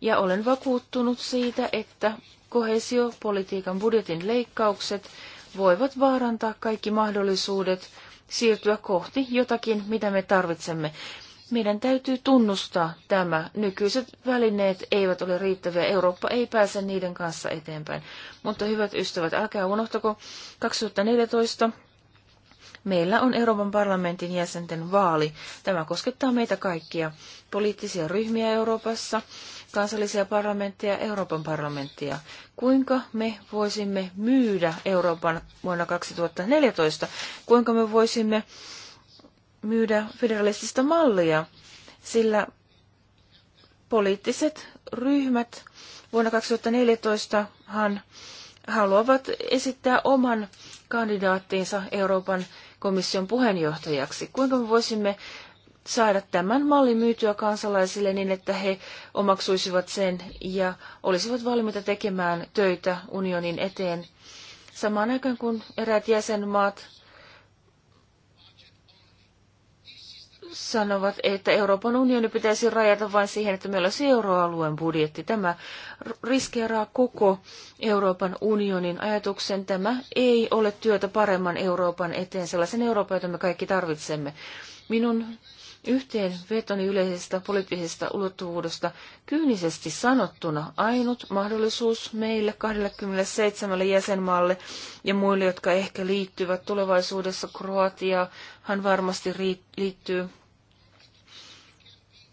ja olen vakuuttunut siitä, että kohesiopolitiikan budjetin leikkaukset voivat vaarantaa kaikki mahdollisuudet siirtyä kohti jotakin, mitä me tarvitsemme. Meidän täytyy tunnustaa tämä. Nykyiset välineet eivät ole riittäviä. Eurooppa ei pääse niiden kanssa eteenpäin. Mutta hyvät ystävät, älkää unohtako 2014 meillä on Euroopan parlamentin jäsenten vaali. Tämä koskettaa meitä kaikkia, poliittisia ryhmiä Euroopassa, kansallisia parlamentteja, Euroopan parlamenttia. Kuinka me voisimme myydä Euroopan vuonna 2014? Kuinka me voisimme myydä federalistista mallia, sillä poliittiset ryhmät vuonna 2014han haluavat esittää oman kandidaattiinsa Euroopan komission puheenjohtajaksi. Kuinka me voisimme saada tämän mallin myytyä kansalaisille niin, että he omaksuisivat sen ja olisivat valmiita tekemään töitä unionin eteen. Samaan aikaan kun eräät jäsenmaat sanovat, että Euroopan unioni pitäisi rajata vain siihen, että meillä olisi euroalueen budjetti. Tämä riskeeraa koko Euroopan unionin ajatuksen. Tämä ei ole työtä paremman Euroopan eteen, sellaisen Euroopan, jota me kaikki tarvitsemme. Minun yhteenvetoni yleisestä poliittisesta ulottuvuudesta kyynisesti sanottuna ainut mahdollisuus meille 27 jäsenmaalle ja muille, jotka ehkä liittyvät tulevaisuudessa Kroatiaan, hän varmasti liittyy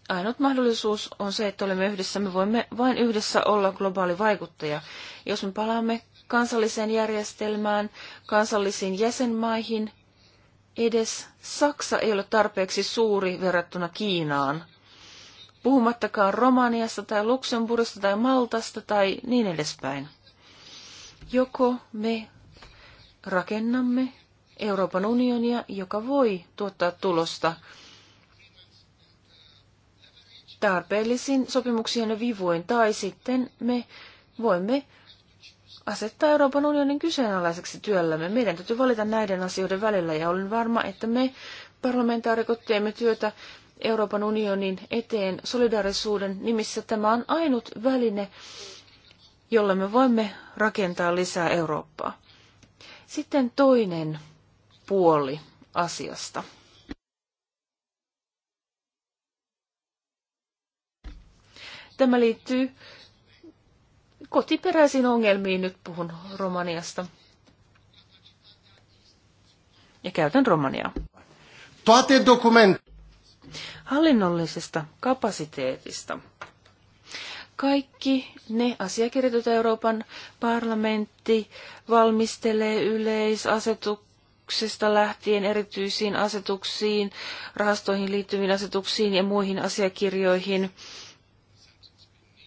ainut mahdollisuus on se, että olemme yhdessä. Me voimme vain yhdessä olla globaali vaikuttaja. Jos me palaamme kansalliseen järjestelmään, kansallisiin jäsenmaihin, edes Saksa ei ole tarpeeksi suuri verrattuna Kiinaan. Puhumattakaan Romaniasta tai Luxemburgista tai Maltasta tai niin edespäin. Joko me rakennamme Euroopan unionia, joka voi tuottaa tulosta – tarpeellisin sopimuksien ja vivuin, tai sitten me voimme asettaa Euroopan unionin kyseenalaiseksi työllämme. Meidän täytyy valita näiden asioiden välillä, ja olen varma, että me parlamentaarikot teemme työtä Euroopan unionin eteen solidaarisuuden nimissä. Tämä on ainut väline, jolla me voimme rakentaa lisää Eurooppaa. Sitten toinen puoli asiasta. Tämä liittyy kotiperäisiin ongelmiin. Nyt puhun Romaniasta. Ja käytän Romaniaa. Toate dokument. Hallinnollisesta kapasiteetista. Kaikki ne asiakirjat, joita Euroopan parlamentti valmistelee yleisasetuksesta lähtien erityisiin asetuksiin, rahastoihin liittyviin asetuksiin ja muihin asiakirjoihin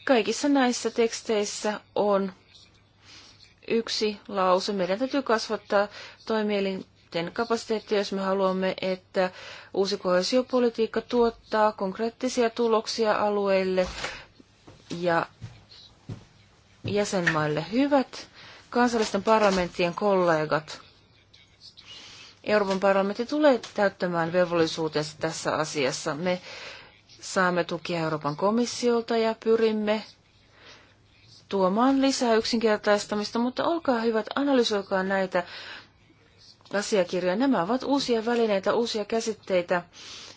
Kaikissa näissä teksteissä on yksi lause. Meidän täytyy kasvattaa toimielinten kapasiteettia, jos me haluamme, että uusi kohesiopolitiikka tuottaa konkreettisia tuloksia alueille ja jäsenmaille. Hyvät kansallisten parlamenttien kollegat, Euroopan parlamentti tulee täyttämään velvollisuutensa tässä asiassa. Me Saamme tukea Euroopan komissiolta ja pyrimme tuomaan lisää yksinkertaistamista, mutta olkaa hyvät, analysoikaa näitä asiakirjoja. Nämä ovat uusia välineitä, uusia käsitteitä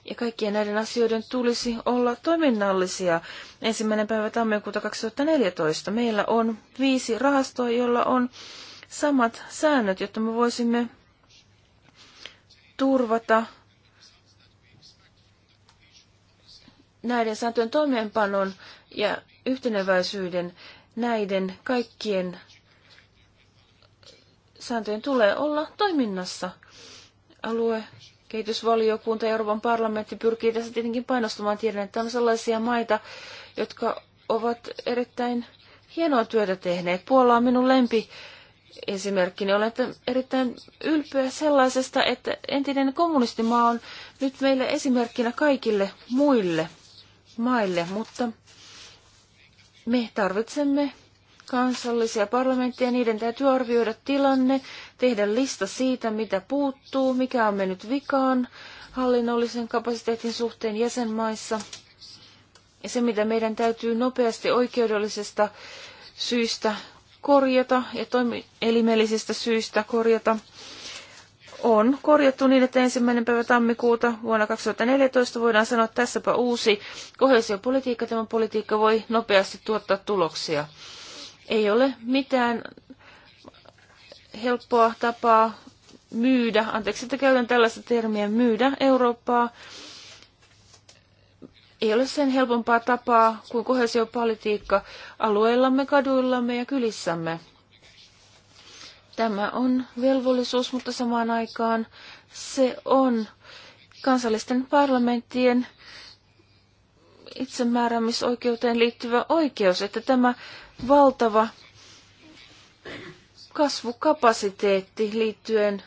ja kaikkien näiden asioiden tulisi olla toiminnallisia. Ensimmäinen päivä tammikuuta 2014 meillä on viisi rahastoa, jolla on samat säännöt, jotta me voisimme turvata näiden sääntöjen toimeenpanon ja yhteneväisyyden näiden kaikkien sääntöjen tulee olla toiminnassa. Alue, kehitysvaliokunta ja Euroopan parlamentti pyrkii tässä tietenkin painostamaan. Tiedän, että on sellaisia maita, jotka ovat erittäin hienoa työtä tehneet. Puola on minun lempi esimerkkini. Olen erittäin ylpeä sellaisesta, että entinen kommunistimaa on nyt meille esimerkkinä kaikille muille maille, mutta me tarvitsemme kansallisia parlamentteja, niiden täytyy arvioida tilanne, tehdä lista siitä, mitä puuttuu, mikä on mennyt vikaan hallinnollisen kapasiteetin suhteen jäsenmaissa. Ja se, mitä meidän täytyy nopeasti oikeudellisesta syystä korjata ja toimielimellisistä syistä korjata – on korjattu niin, että ensimmäinen päivä tammikuuta vuonna 2014 voidaan sanoa, että tässäpä uusi kohesiopolitiikka. Tämä politiikka voi nopeasti tuottaa tuloksia. Ei ole mitään helppoa tapaa myydä, anteeksi, että käytän tällaista termiä, myydä Eurooppaa. Ei ole sen helpompaa tapaa kuin kohesiopolitiikka alueillamme, kaduillamme ja kylissämme. Tämä on velvollisuus, mutta samaan aikaan se on kansallisten parlamenttien itsemääräämisoikeuteen liittyvä oikeus, että tämä valtava kasvukapasiteetti liittyen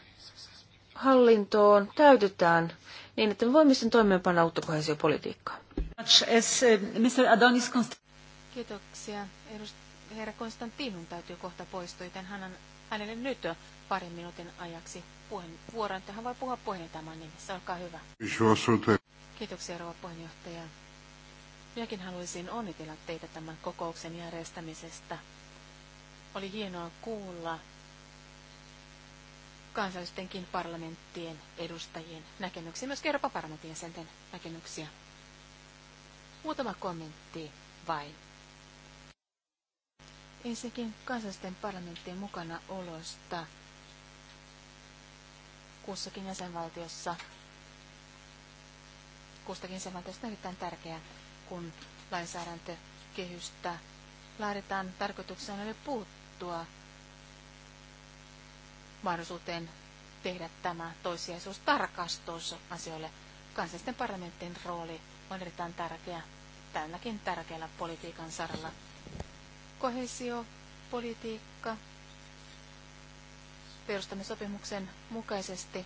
hallintoon täytetään niin, että me voimme sen toimeenpanna uutta kohesiopolitiikkaa. Kiitoksia. Herra Konstantinun täytyy kohta poistua, joten hän hänelle nyt parin minuutin ajaksi puheen, vuoron, että hän voi puhua puheenjohtajan nimessä. Olkaa hyvä. Kiitoksia, rouva puheenjohtaja. Minäkin haluaisin onnitella teitä tämän kokouksen järjestämisestä. Oli hienoa kuulla kansallistenkin parlamenttien edustajien näkemyksiä, myös Euroopan parlamentin jäsenten näkemyksiä. Muutama kommentti vain. Ensinnäkin kansallisten parlamenttien mukana olosta kussakin jäsenvaltiossa. Kustakin jäsenvaltiosta on erittäin tärkeää, kun lainsäädäntökehystä laaditaan tarkoituksena oli puuttua mahdollisuuteen tehdä tämä toissijaisuustarkastus asioille. Kansallisten parlamenttien rooli on erittäin tärkeä tälläkin tärkeällä politiikan saralla. Kohesiopolitiikka perustamissopimuksen mukaisesti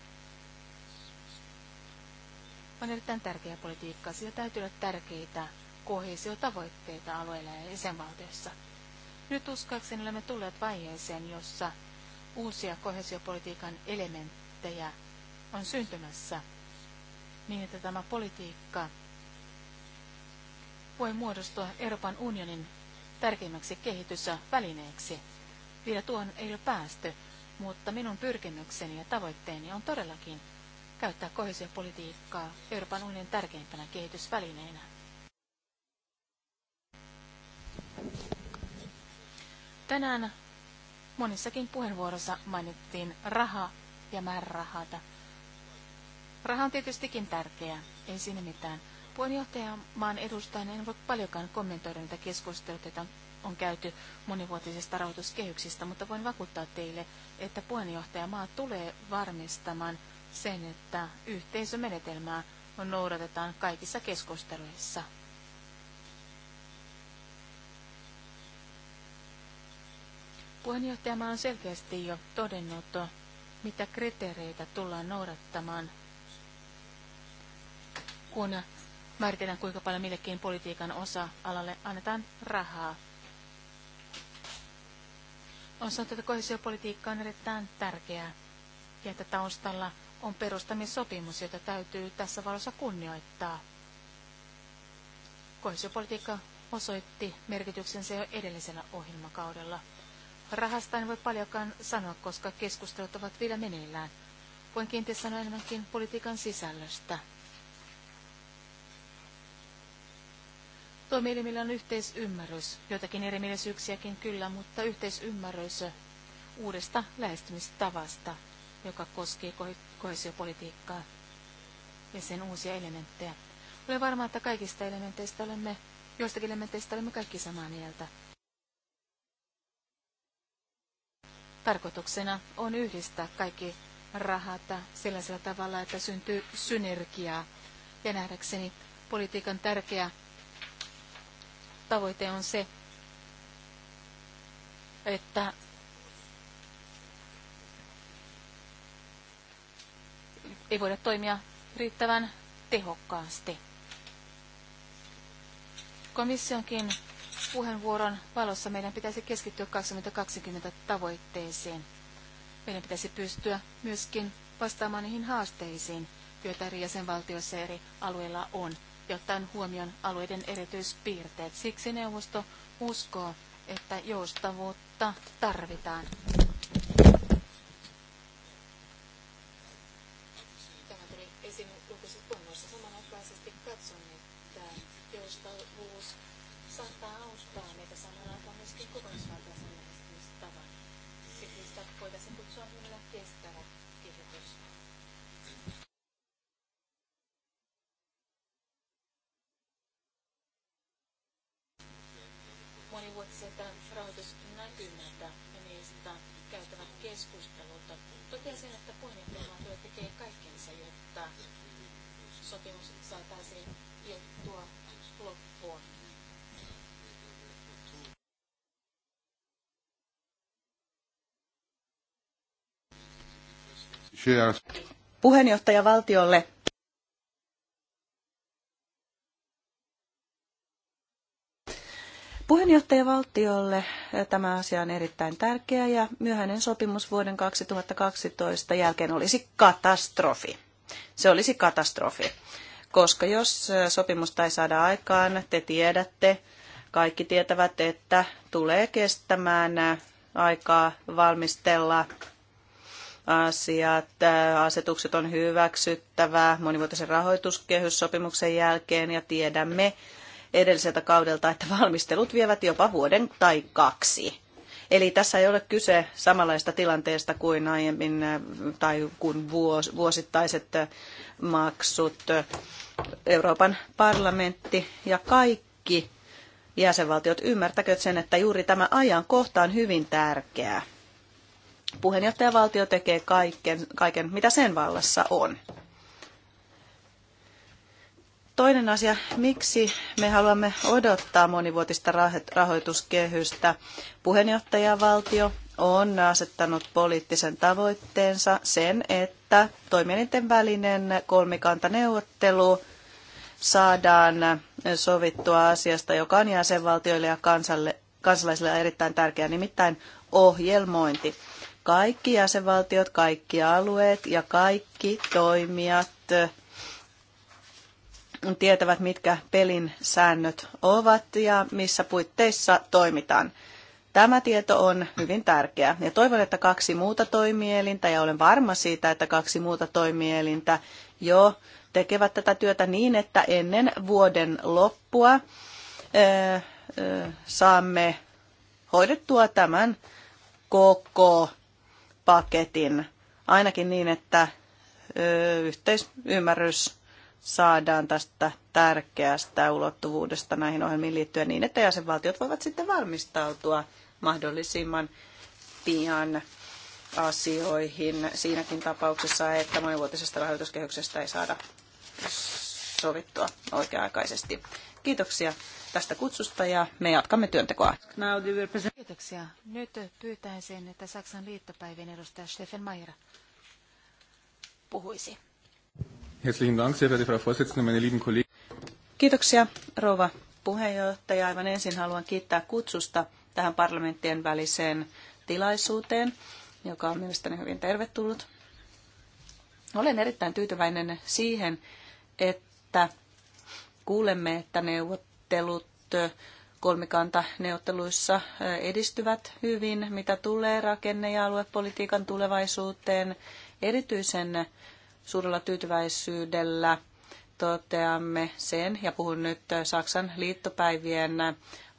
on erittäin tärkeä politiikka. Sillä täytyy olla tärkeitä kohesiotavoitteita alueilla ja jäsenvaltioissa. Nyt uskoakseni olemme tulleet vaiheeseen, jossa uusia kohesiopolitiikan elementtejä on syntymässä niin, että tämä politiikka voi muodostua Euroopan unionin tärkeimmäksi kehitysvälineeksi. Vielä tuohon ei ole päästy, mutta minun pyrkimykseni ja tavoitteeni on todellakin käyttää kohesiopolitiikkaa Euroopan unionin tärkeimpänä kehitysvälineenä. Tänään monissakin puheenvuorossa mainittiin raha ja määrärahata. Raha on tietystikin tärkeä, ei siinä mitään, Puheenjohtajamaan edustajana en voi paljonkaan kommentoida niitä keskusteluita, joita on käyty monivuotisista rahoituskehyksistä, mutta voin vakuuttaa teille, että puheenjohtajamaa tulee varmistamaan sen, että yhteisömenetelmää noudatetaan kaikissa keskusteluissa. Puheenjohtajamaa on selkeästi jo todennut, mitä kriteereitä tullaan noudattamaan, kun määritellään, kuinka paljon millekin politiikan osa-alalle annetaan rahaa. On sanottu, että kohesiopolitiikka on erittäin tärkeää ja että taustalla on perustamissopimus, jota täytyy tässä valossa kunnioittaa. Kohesiopolitiikka osoitti merkityksensä jo edellisellä ohjelmakaudella. Rahasta en voi paljonkaan sanoa, koska keskustelut ovat vielä meneillään. Voin kiinteä sanoa enemmänkin politiikan sisällöstä. Toimielimillä on yhteisymmärrys, joitakin erimielisyyksiäkin kyllä, mutta yhteisymmärrys uudesta lähestymistavasta, joka koskee koesiopolitiikkaa ja sen uusia elementtejä. Olen varma, että kaikista elementeistä olemme, joistakin elementeistä olemme kaikki samaa mieltä. Tarkoituksena on yhdistää kaikki rahat sellaisella tavalla, että syntyy synergiaa. Ja nähdäkseni politiikan tärkeä tavoite on se, että ei voida toimia riittävän tehokkaasti. Komissionkin puheenvuoron valossa meidän pitäisi keskittyä 2020 tavoitteeseen. Meidän pitäisi pystyä myöskin vastaamaan niihin haasteisiin, joita eri jäsenvaltioissa eri alueilla on ja ottaen huomioon alueiden erityispiirteet. Siksi neuvosto uskoo, että joustavuutta tarvitaan. Tämä tuli esiin Samanaikaisesti katson, että joustavuus saattaa auttaa meitä myöskin kokonaisvaltaisen lähestymistavan. voitaisiin kutsua monivuotiset rahoitusnäkymät ja niistä käytävät keskustelut. Totesin, että työ tekee kaikkensa, jotta sopimus saataisiin viettua loppuun. valtiolle Puheenjohtajavaltiolle tämä asia on erittäin tärkeä ja myöhäinen sopimus vuoden 2012 jälkeen olisi katastrofi. Se olisi katastrofi, koska jos sopimusta ei saada aikaan, te tiedätte, kaikki tietävät, että tulee kestämään aikaa valmistella asiat, asetukset on hyväksyttävä monivuotisen rahoituskehyssopimuksen jälkeen ja tiedämme, edelliseltä kaudelta, että valmistelut vievät jopa vuoden tai kaksi. Eli tässä ei ole kyse samanlaista tilanteesta kuin aiemmin äh, tai kuin vuosittaiset äh, maksut. Äh, Euroopan parlamentti ja kaikki jäsenvaltiot ymmärtäkööt sen, että juuri tämä ajankohta on hyvin tärkeää. Puheenjohtajavaltio tekee kaiken, kaiken, mitä sen vallassa on. Toinen asia, miksi me haluamme odottaa monivuotista rahoituskehystä. Puheenjohtajavaltio on asettanut poliittisen tavoitteensa sen, että toimielinten välinen kolmikantaneuvottelu saadaan sovittua asiasta, joka on jäsenvaltioille ja kansalle, kansalaisille erittäin tärkeä, nimittäin ohjelmointi. Kaikki jäsenvaltiot, kaikki alueet ja kaikki toimijat tietävät, mitkä pelin säännöt ovat ja missä puitteissa toimitaan. Tämä tieto on hyvin tärkeä ja toivon, että kaksi muuta toimielintä ja olen varma siitä, että kaksi muuta toimielintä jo tekevät tätä työtä niin, että ennen vuoden loppua saamme hoidettua tämän koko paketin, ainakin niin, että yhteisymmärrys saadaan tästä tärkeästä ulottuvuudesta näihin ohjelmiin liittyen niin, että jäsenvaltiot voivat sitten valmistautua mahdollisimman pian asioihin siinäkin tapauksessa, että monivuotisesta rahoituskehyksestä ei saada sovittua oikea-aikaisesti. Kiitoksia tästä kutsusta ja me jatkamme työntekoa. Kiitoksia. Nyt pyytäisin, että Saksan liittopäivien edustaja Steffen Mayer puhuisi. Herzlichen Dank, sehr verehrte Frau Vorsitzende, meine lieben Kollegen. Kiitoksia, rouva puheenjohtaja. Aivan ensin haluan kiittää kutsusta tähän parlamenttien väliseen tilaisuuteen, joka on mielestäni hyvin tervetullut. Olen erittäin tyytyväinen siihen, että kuulemme, että neuvottelut kolmikantaneuvotteluissa edistyvät hyvin, mitä tulee rakenne- ja aluepolitiikan tulevaisuuteen. Erityisen suurella tyytyväisyydellä toteamme sen, ja puhun nyt Saksan liittopäivien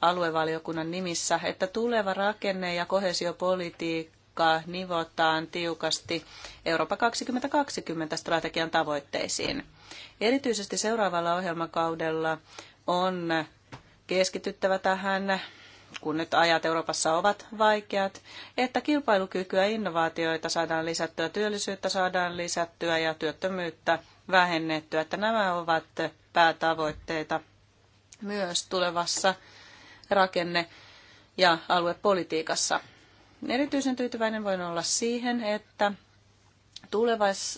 aluevaliokunnan nimissä, että tuleva rakenne- ja kohesiopolitiikka nivotaan tiukasti Eurooppa 2020 strategian tavoitteisiin. Erityisesti seuraavalla ohjelmakaudella on keskityttävä tähän kun nyt ajat Euroopassa ovat vaikeat, että kilpailukykyä, innovaatioita saadaan lisättyä, työllisyyttä saadaan lisättyä ja työttömyyttä vähennettyä, että nämä ovat päätavoitteita myös tulevassa rakenne- ja aluepolitiikassa. Erityisen tyytyväinen voin olla siihen, että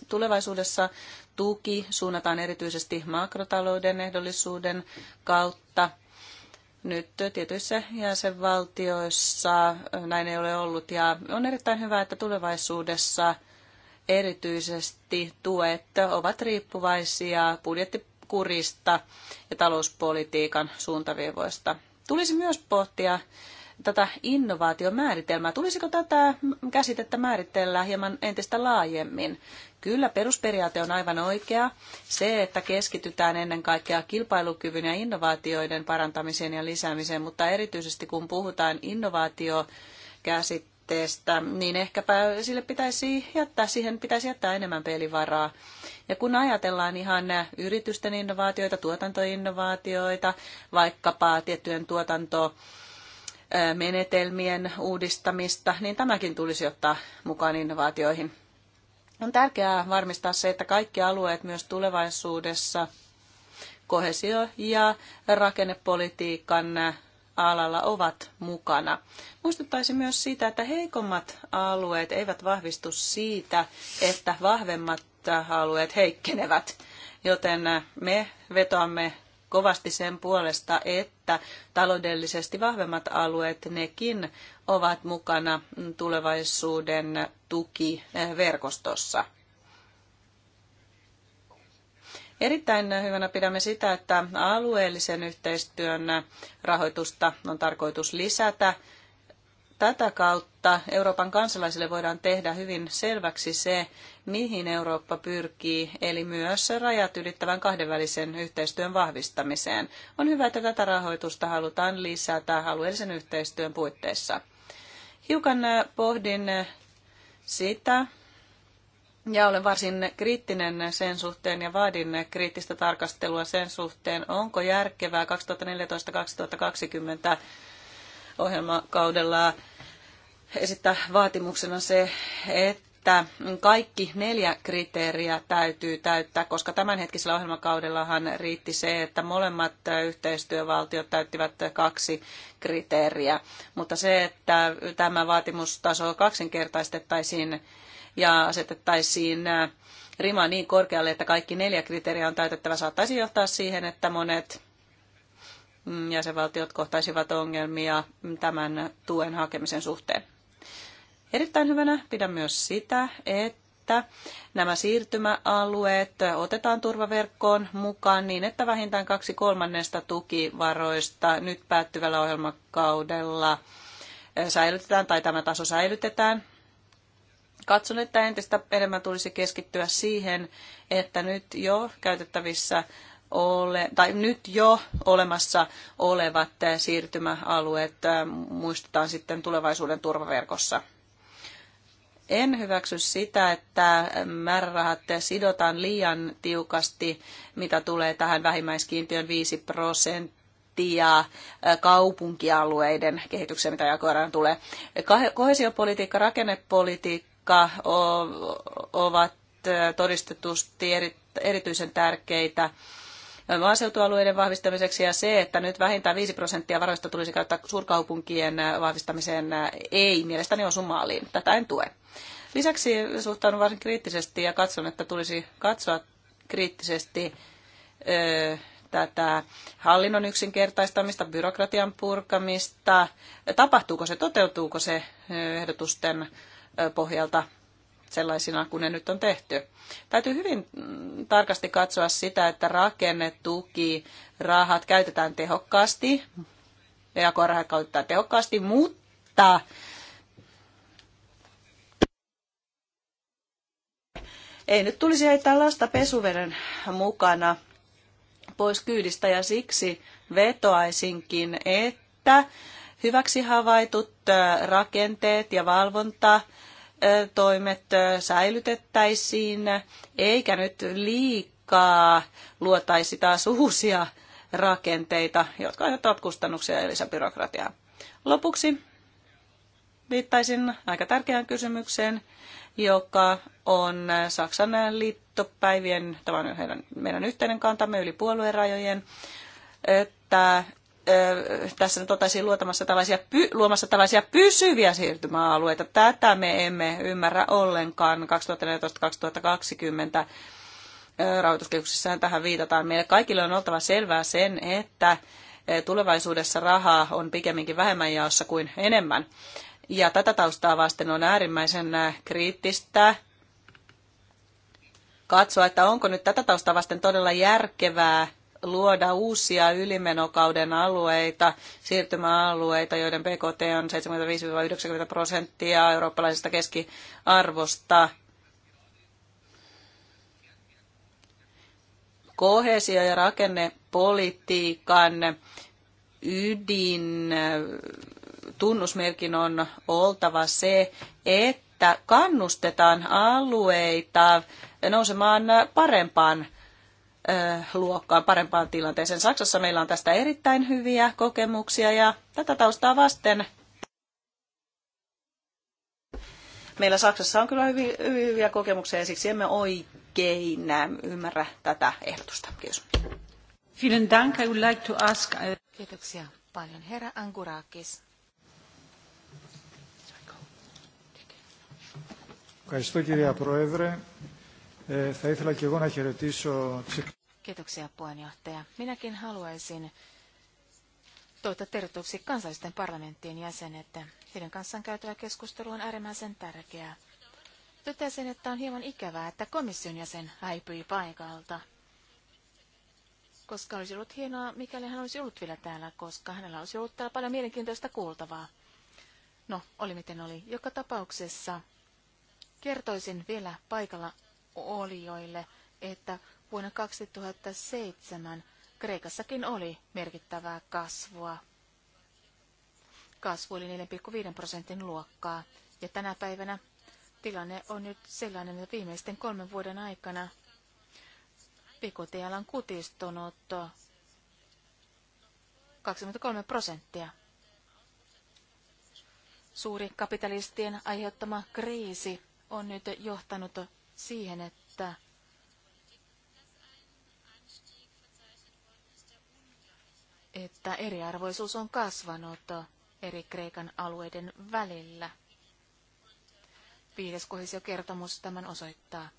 tulevaisuudessa tuki suunnataan erityisesti makrotalouden ehdollisuuden kautta nyt tietyissä jäsenvaltioissa näin ei ole ollut ja on erittäin hyvä, että tulevaisuudessa erityisesti tuet ovat riippuvaisia budjettikurista ja talouspolitiikan suuntaviivoista. Tulisi myös pohtia tätä innovaatiomääritelmää. Tulisiko tätä käsitettä määritellä hieman entistä laajemmin? Kyllä perusperiaate on aivan oikea. Se, että keskitytään ennen kaikkea kilpailukyvyn ja innovaatioiden parantamiseen ja lisäämiseen, mutta erityisesti kun puhutaan innovaatiokäsitteestä, niin ehkäpä sille pitäisi jättää, siihen pitäisi jättää enemmän pelivaraa. Ja kun ajatellaan ihan yritysten innovaatioita, tuotantoinnovaatioita, vaikkapa tiettyjen tuotanto menetelmien uudistamista, niin tämäkin tulisi ottaa mukaan innovaatioihin. On tärkeää varmistaa se, että kaikki alueet myös tulevaisuudessa kohesio- ja rakennepolitiikan alalla ovat mukana. Muistuttaisin myös siitä, että heikommat alueet eivät vahvistu siitä, että vahvemmat alueet heikkenevät, joten me vetoamme kovasti sen puolesta, että taloudellisesti vahvemmat alueet, nekin ovat mukana tulevaisuuden tukiverkostossa. Erittäin hyvänä pidämme sitä, että alueellisen yhteistyön rahoitusta on tarkoitus lisätä tätä kautta Euroopan kansalaisille voidaan tehdä hyvin selväksi se, mihin Eurooppa pyrkii, eli myös rajat ylittävän kahdenvälisen yhteistyön vahvistamiseen. On hyvä, että tätä rahoitusta halutaan lisätä alueellisen yhteistyön puitteissa. Hiukan pohdin sitä, ja olen varsin kriittinen sen suhteen ja vaadin kriittistä tarkastelua sen suhteen, onko järkevää 2014-2020 ohjelmakaudella esittää vaatimuksena se, että kaikki neljä kriteeriä täytyy täyttää, koska tämänhetkisellä ohjelmakaudellahan riitti se, että molemmat yhteistyövaltiot täyttivät kaksi kriteeriä. Mutta se, että tämä vaatimustaso kaksinkertaistettaisiin ja asetettaisiin rima niin korkealle, että kaikki neljä kriteeriä on täytettävä, saattaisi johtaa siihen, että monet jäsenvaltiot kohtaisivat ongelmia tämän tuen hakemisen suhteen. Erittäin hyvänä pidän myös sitä, että nämä siirtymäalueet otetaan turvaverkkoon mukaan niin, että vähintään kaksi kolmannesta tukivaroista nyt päättyvällä ohjelmakaudella eh, säilytetään tai tämä taso säilytetään katson, että entistä enemmän tulisi keskittyä siihen, että nyt jo käytettävissä ole, tai nyt jo olemassa olevat eh, siirtymäalueet eh, muistetaan sitten tulevaisuuden turvaverkossa en hyväksy sitä, että määrärahat sidotaan liian tiukasti, mitä tulee tähän vähimmäiskiintiön 5 prosenttia ja kaupunkialueiden kehitykseen, mitä jakoidaan tulee. Kohesiopolitiikka, rakennepolitiikka ovat todistetusti erityisen tärkeitä maaseutualueiden vahvistamiseksi ja se, että nyt vähintään 5 prosenttia varoista tulisi käyttää suurkaupunkien vahvistamiseen, ei mielestäni osu maaliin. Tätä en tue. Lisäksi suhtaudun varsin kriittisesti ja katson, että tulisi katsoa kriittisesti tätä hallinnon yksinkertaistamista, byrokratian purkamista, tapahtuuko se, toteutuuko se ehdotusten pohjalta sellaisina kuin ne nyt on tehty. Täytyy hyvin mm, tarkasti katsoa sitä, että rakennetuki, rahat käytetään tehokkaasti, EAK-rahat käytetään tehokkaasti, mutta ei nyt tulisi heittää lasta pesuveden mukana pois kyydistä ja siksi vetoaisinkin, että hyväksi havaitut rakenteet ja valvonta toimet säilytettäisiin, eikä nyt liikaa luotaisi taas uusia rakenteita, jotka aiheuttavat kustannuksia ja lisäbyrokratiaa. Lopuksi viittaisin aika tärkeään kysymykseen, joka on Saksan liittopäivien, tämä on heidän, meidän yhteinen kantamme yli puolue-rajojen, että tässä nyt oltaisiin luomassa tällaisia, py, luomassa tällaisia pysyviä siirtymäalueita. Tätä me emme ymmärrä ollenkaan 2014-2020 rahoituskehyksessään tähän viitataan. Meille kaikille on oltava selvää sen, että tulevaisuudessa rahaa on pikemminkin vähemmän jaossa kuin enemmän. Ja tätä taustaa vasten on äärimmäisen kriittistä katsoa, että onko nyt tätä taustaa vasten todella järkevää luoda uusia ylimenokauden alueita, siirtymäalueita, joiden BKT on 75-90 prosenttia eurooppalaisesta keskiarvosta. Kohesio- ja rakennepolitiikan ydin äh, tunnusmerkin on oltava se, että kannustetaan alueita nousemaan parempaan luokkaan, parempaan tilanteeseen. Saksassa meillä on tästä erittäin hyviä kokemuksia ja tätä taustaa vasten meillä Saksassa on kyllä hyvin, hyvin hyviä kokemuksia ja siksi emme oikein ymmärrä tätä ehdotusta. Kiitos. Vielen Dank. I would like to ask... Uh, Kiitoksia paljon. Herra Angurakis. Kiitos, κυρία Proevre. Θα ήθελα και εγώ να χαιρετήσω... puheenjohtaja. Minäkin haluaisin toivottaa tervetulleeksi kansallisten parlamenttien jäsenet. Heidän kanssaan käytävä keskustelu on äärimmäisen tärkeää. Totesin, että on hieman ikävää, että komission jäsen häipyi paikalta. Koska olisi ollut hienoa, mikäli hän olisi ollut vielä täällä, koska hänellä olisi ollut täällä paljon mielenkiintoista kuultavaa. No, oli miten oli. Joka tapauksessa kertoisin vielä paikalla olijoille, että vuonna 2007 Kreikassakin oli merkittävää kasvua. Kasvu oli 4,5 prosentin luokkaa, ja tänä päivänä tilanne on nyt sellainen, että viimeisten kolmen vuoden aikana PKTL on kutistunut 23 prosenttia. Suuri kapitalistien aiheuttama kriisi on nyt johtanut siihen, että että eriarvoisuus on kasvanut eri Kreikan alueiden välillä. Viides kohesiokertomus tämän osoittaa.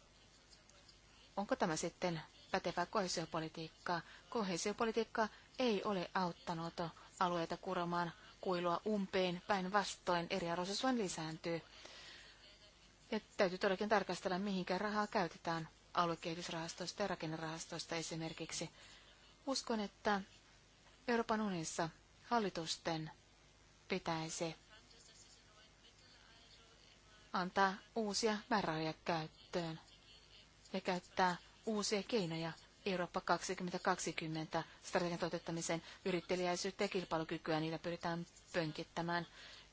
Onko tämä sitten pätevää kohesiopolitiikkaa? Kohesiopolitiikka ei ole auttanut alueita kuromaan kuilua umpeen, päinvastoin eriarvoisuus vain lisääntyy. Ja täytyy todellakin tarkastella, mihinkä rahaa käytetään aluekehitysrahastoista ja rakennerahastoista esimerkiksi. Uskon, että Euroopan unionissa hallitusten pitäisi antaa uusia määrärahoja käyttöön ja käyttää uusia keinoja Eurooppa 2020 strategian toteuttamisen yrittelijäisyyttä ja kilpailukykyä. Niillä pyritään pönkittämään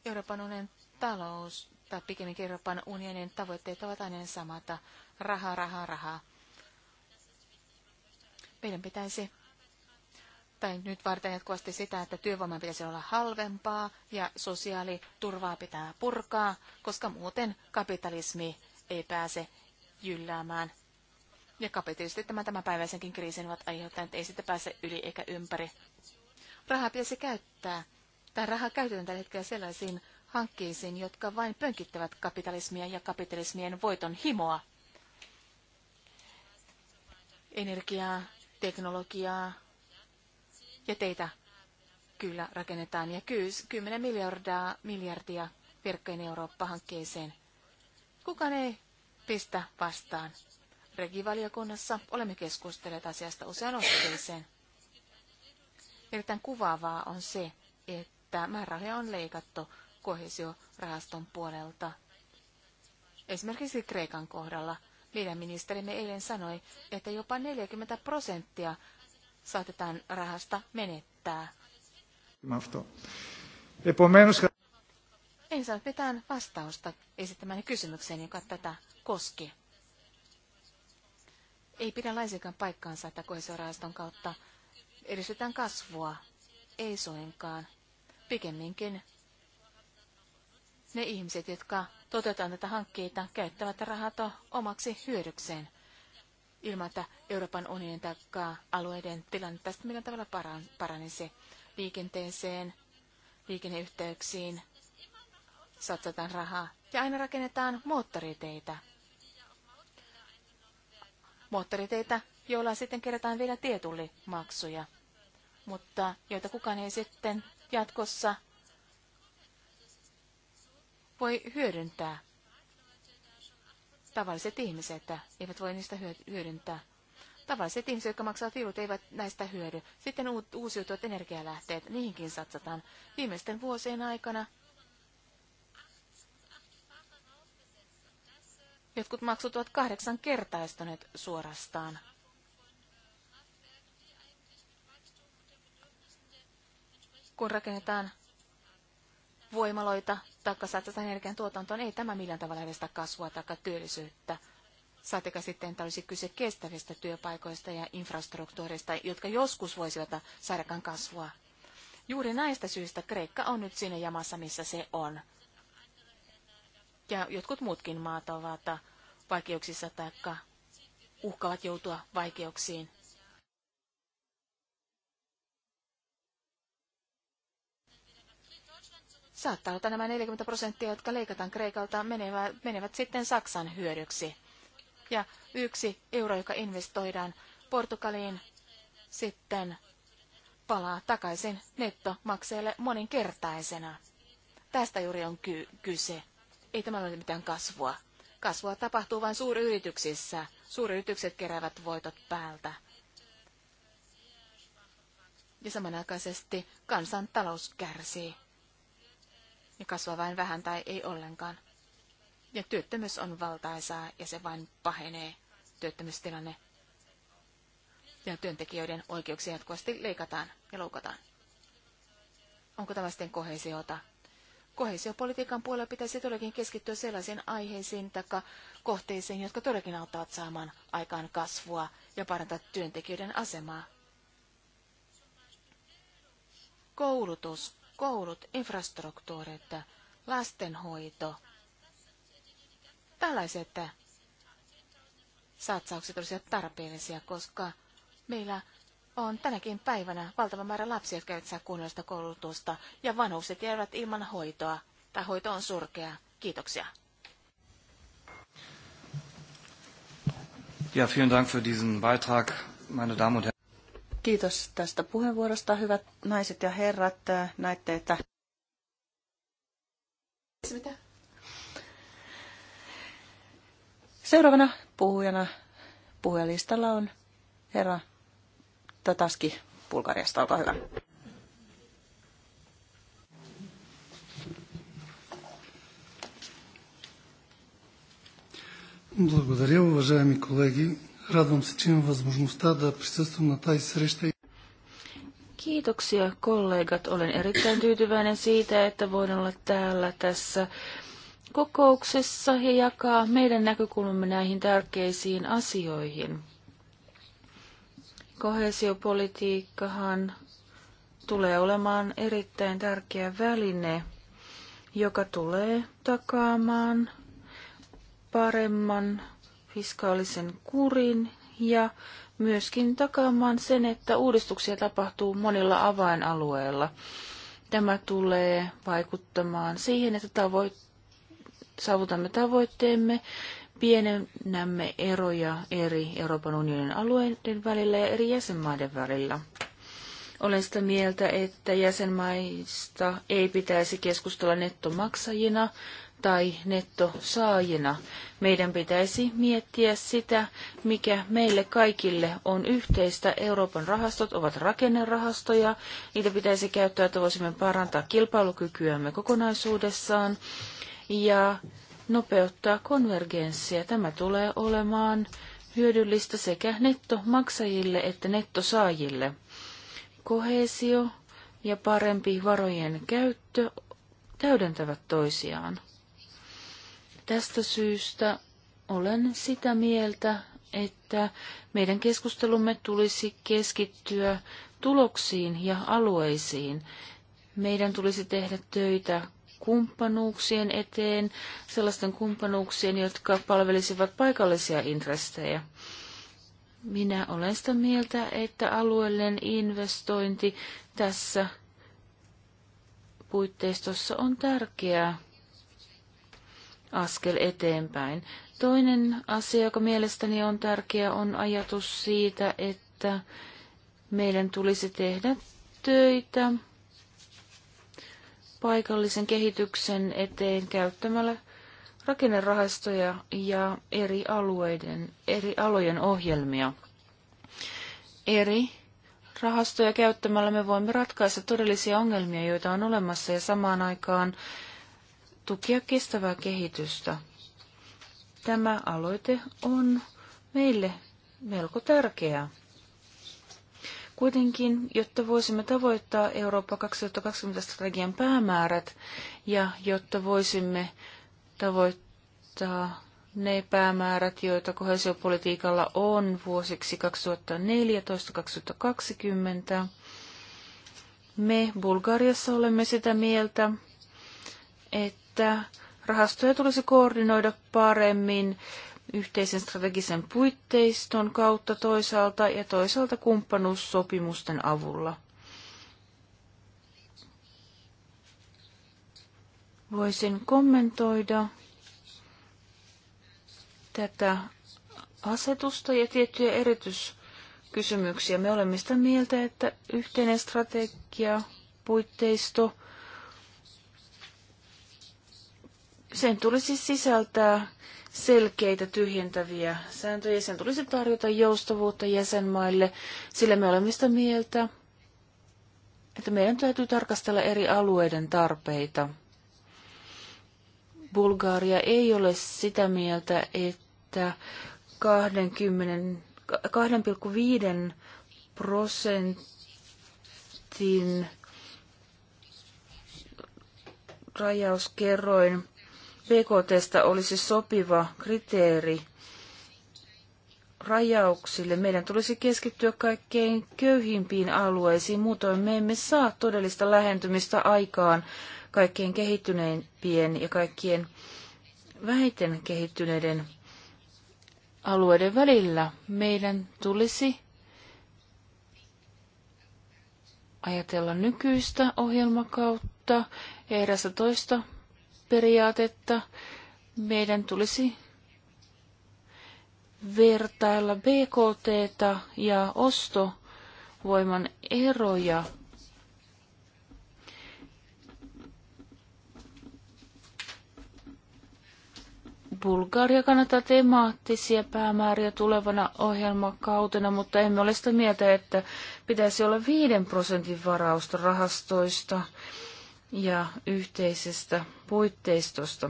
Euroopan unionin talous tai pikemminkin Euroopan unionin tavoitteet ovat aina samata. Rahaa, rahaa, rahaa. Meidän pitäisi, tai nyt varten jatkuvasti sitä, että työvoima pitäisi olla halvempaa ja sosiaaliturvaa pitää purkaa, koska muuten kapitalismi ei pääse jylläämään. Ja kapitalistit tämän tämänpäiväisenkin kriisin ovat aiheuttaneet, ei sitä pääse yli eikä ympäri. Rahaa pitäisi käyttää, Tämä rahaa käytetään tällä hetkellä sellaisiin hankkeisiin, jotka vain pönkittävät kapitalismia ja kapitalismien voiton himoa. Energiaa, teknologiaa ja teitä kyllä rakennetaan. Ja kyys, 10 miljardia, miljardia verkkojen Eurooppa-hankkeeseen. Kukaan ei pistä vastaan. Regivaliokunnassa olemme keskustelleet asiasta usean otteeseen. Erittäin kuvaavaa on se, että määrärahoja on leikattu kohesiorahaston puolelta. Esimerkiksi Kreikan kohdalla meidän ministerimme eilen sanoi, että jopa 40 prosenttia saatetaan rahasta menettää. En saanut mitään vastausta esittämään kysymykseen, joka tätä koski. Ei pidä laisinkaan paikkaansa, että kohesiorahaston kautta edistetään kasvua. Ei suinkaan. Pikemminkin ne ihmiset, jotka toteuttavat näitä hankkeita, käyttävät rahat omaksi hyödykseen ilman, että Euroopan unionin takaa alueiden tilanne tästä millään tavalla paranisi liikenteeseen, liikenneyhteyksiin, satsataan rahaa ja aina rakennetaan moottoriteitä. Moottoriteitä, joilla sitten kerätään vielä tietullimaksuja, mutta joita kukaan ei sitten jatkossa voi hyödyntää. Tavalliset ihmiset eivät voi niistä hyödyntää. Tavalliset ihmiset, jotka maksavat viulut, eivät näistä hyödy. Sitten uusiutuvat energialähteet, niihinkin satsataan. Viimeisten vuosien aikana Jotkut maksut ovat kahdeksan kertaistuneet suorastaan. Kun rakennetaan voimaloita tai satsata energian tuotantoon, ei tämä millään tavalla edistä kasvua tai työllisyyttä. Saatika sitten olisi kyse kestävistä työpaikoista ja infrastruktuurista, jotka joskus voisivat saadakaan kasvua. Juuri näistä syistä Kreikka on nyt siinä jamassa, missä se on. Ja jotkut muutkin maat ovat vaikeuksissa tai uhkaavat joutua vaikeuksiin. Saattaa olla, että nämä 40 prosenttia, jotka leikataan Kreikalta, menevät, menevät sitten Saksan hyödyksi. Ja yksi euro, joka investoidaan Portugaliin, sitten palaa takaisin nettomaksajalle moninkertaisena. Tästä juuri on ky- kyse. Ei tämä ole mitään kasvua. Kasvua tapahtuu vain suuryrityksissä. Suuryritykset keräävät voitot päältä. Ja samanaikaisesti kansantalous kärsii ja kasvaa vain vähän tai ei ollenkaan. Ja työttömyys on valtaisaa ja se vain pahenee, työttömyystilanne. Ja työntekijöiden oikeuksia jatkuvasti leikataan ja loukataan. Onko tämä sitten kohesiota? Kohesiopolitiikan puolella pitäisi todellakin keskittyä sellaisiin aiheisiin tai kohteisiin, jotka todellakin auttavat saamaan aikaan kasvua ja parantaa työntekijöiden asemaa. Koulutus koulut, infrastruktuurit, lastenhoito. Tällaiset satsaukset olisivat tarpeellisia, koska meillä on tänäkin päivänä valtava määrä lapsia, jotka eivät saa kunnollista koulutusta, ja vanhukset jäävät ilman hoitoa, tai hoito on surkea. Kiitoksia. Ja, vielen Dank für diesen Beitrag, meine Damen und Herren. Kiitos tästä puheenvuorosta, hyvät naiset ja herrat. Näitte, että... Mitä? Seuraavana puhujana puhujalistalla on herra Tataski Bulgariasta. Olkaa hyvä. Благодаря, уважаеми колеги. Радвам се, че имам възможността да присъствам на тази среща. Kiitoksia kollegat. Olen erittäin tyytyväinen siitä, että voin olla täällä tässä kokouksessa ja jakaa meidän näkökulmamme näihin tärkeisiin asioihin. Kohesiopolitiikkahan tulee olemaan erittäin tärkeä väline, joka tulee takaamaan paremman fiskaalisen kurin ja myöskin takaamaan sen, että uudistuksia tapahtuu monilla avainalueilla. Tämä tulee vaikuttamaan siihen, että tavoit- saavutamme tavoitteemme, pienennämme eroja eri Euroopan unionin alueiden välillä ja eri jäsenmaiden välillä. Olen sitä mieltä, että jäsenmaista ei pitäisi keskustella nettomaksajina tai nettosaajina. Meidän pitäisi miettiä sitä, mikä meille kaikille on yhteistä. Euroopan rahastot ovat rakennerahastoja. Niitä pitäisi käyttää, että voisimme parantaa kilpailukykyämme kokonaisuudessaan ja nopeuttaa konvergenssia. Tämä tulee olemaan hyödyllistä sekä nettomaksajille että nettosaajille. Kohesio ja parempi varojen käyttö täydentävät toisiaan. Tästä syystä olen sitä mieltä, että meidän keskustelumme tulisi keskittyä tuloksiin ja alueisiin. Meidän tulisi tehdä töitä kumppanuuksien eteen, sellaisten kumppanuuksien, jotka palvelisivat paikallisia intressejä. Minä olen sitä mieltä, että alueellinen investointi tässä puitteistossa on tärkeää askel eteenpäin. Toinen asia, joka mielestäni on tärkeä, on ajatus siitä, että meidän tulisi tehdä töitä paikallisen kehityksen eteen käyttämällä rakennerahastoja ja eri alueiden, eri alojen ohjelmia. Eri rahastoja käyttämällä me voimme ratkaista todellisia ongelmia, joita on olemassa ja samaan aikaan tukea kestävää kehitystä. Tämä aloite on meille melko tärkeä. Kuitenkin, jotta voisimme tavoittaa Eurooppa 2020-strategian päämäärät ja jotta voisimme tavoittaa ne päämäärät, joita kohesiopolitiikalla on vuosiksi 2014-2020, me Bulgariassa olemme sitä mieltä, että että rahastoja tulisi koordinoida paremmin yhteisen strategisen puitteiston kautta toisaalta ja toisaalta kumppanuussopimusten avulla. Voisin kommentoida tätä asetusta ja tiettyjä erityiskysymyksiä. Me olemme sitä mieltä, että yhteinen strategia, puitteisto – sen tulisi sisältää selkeitä tyhjentäviä sääntöjä. Sen tulisi tarjota joustavuutta jäsenmaille, sillä me olemme sitä mieltä, että meidän täytyy tarkastella eri alueiden tarpeita. Bulgaria ei ole sitä mieltä, että 20, 2,5 prosentin rajauskerroin BKTstä olisi sopiva kriteeri rajauksille. Meidän tulisi keskittyä kaikkein köyhimpiin alueisiin, muutoin me emme saa todellista lähentymistä aikaan kaikkein kehittyneimpien ja kaikkien vähiten kehittyneiden alueiden välillä. Meidän tulisi ajatella nykyistä ohjelmakautta ja erästä toista periaatetta meidän tulisi vertailla BKT ja ostovoiman eroja. Bulgaria kannattaa temaattisia päämääriä tulevana ohjelmakautena, mutta emme ole sitä mieltä, että pitäisi olla 5 prosentin varausta rahastoista ja yhteisestä puitteistosta.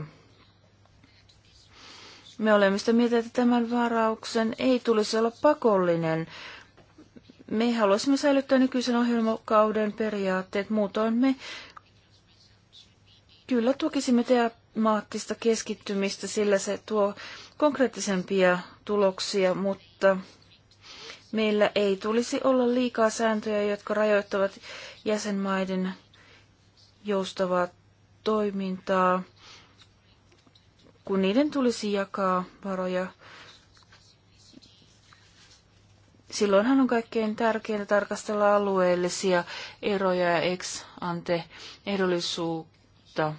Me olemme sitä mieltä, että tämän varauksen ei tulisi olla pakollinen. Me haluaisimme säilyttää nykyisen ohjelmakauden periaatteet, muutoin me kyllä tukisimme teemaattista keskittymistä, sillä se tuo konkreettisempia tuloksia, mutta meillä ei tulisi olla liikaa sääntöjä, jotka rajoittavat jäsenmaiden joustavaa toimintaa, kun niiden tulisi jakaa varoja. Silloinhan on kaikkein tärkeintä tarkastella alueellisia eroja ja ex ante ehdollisuutta.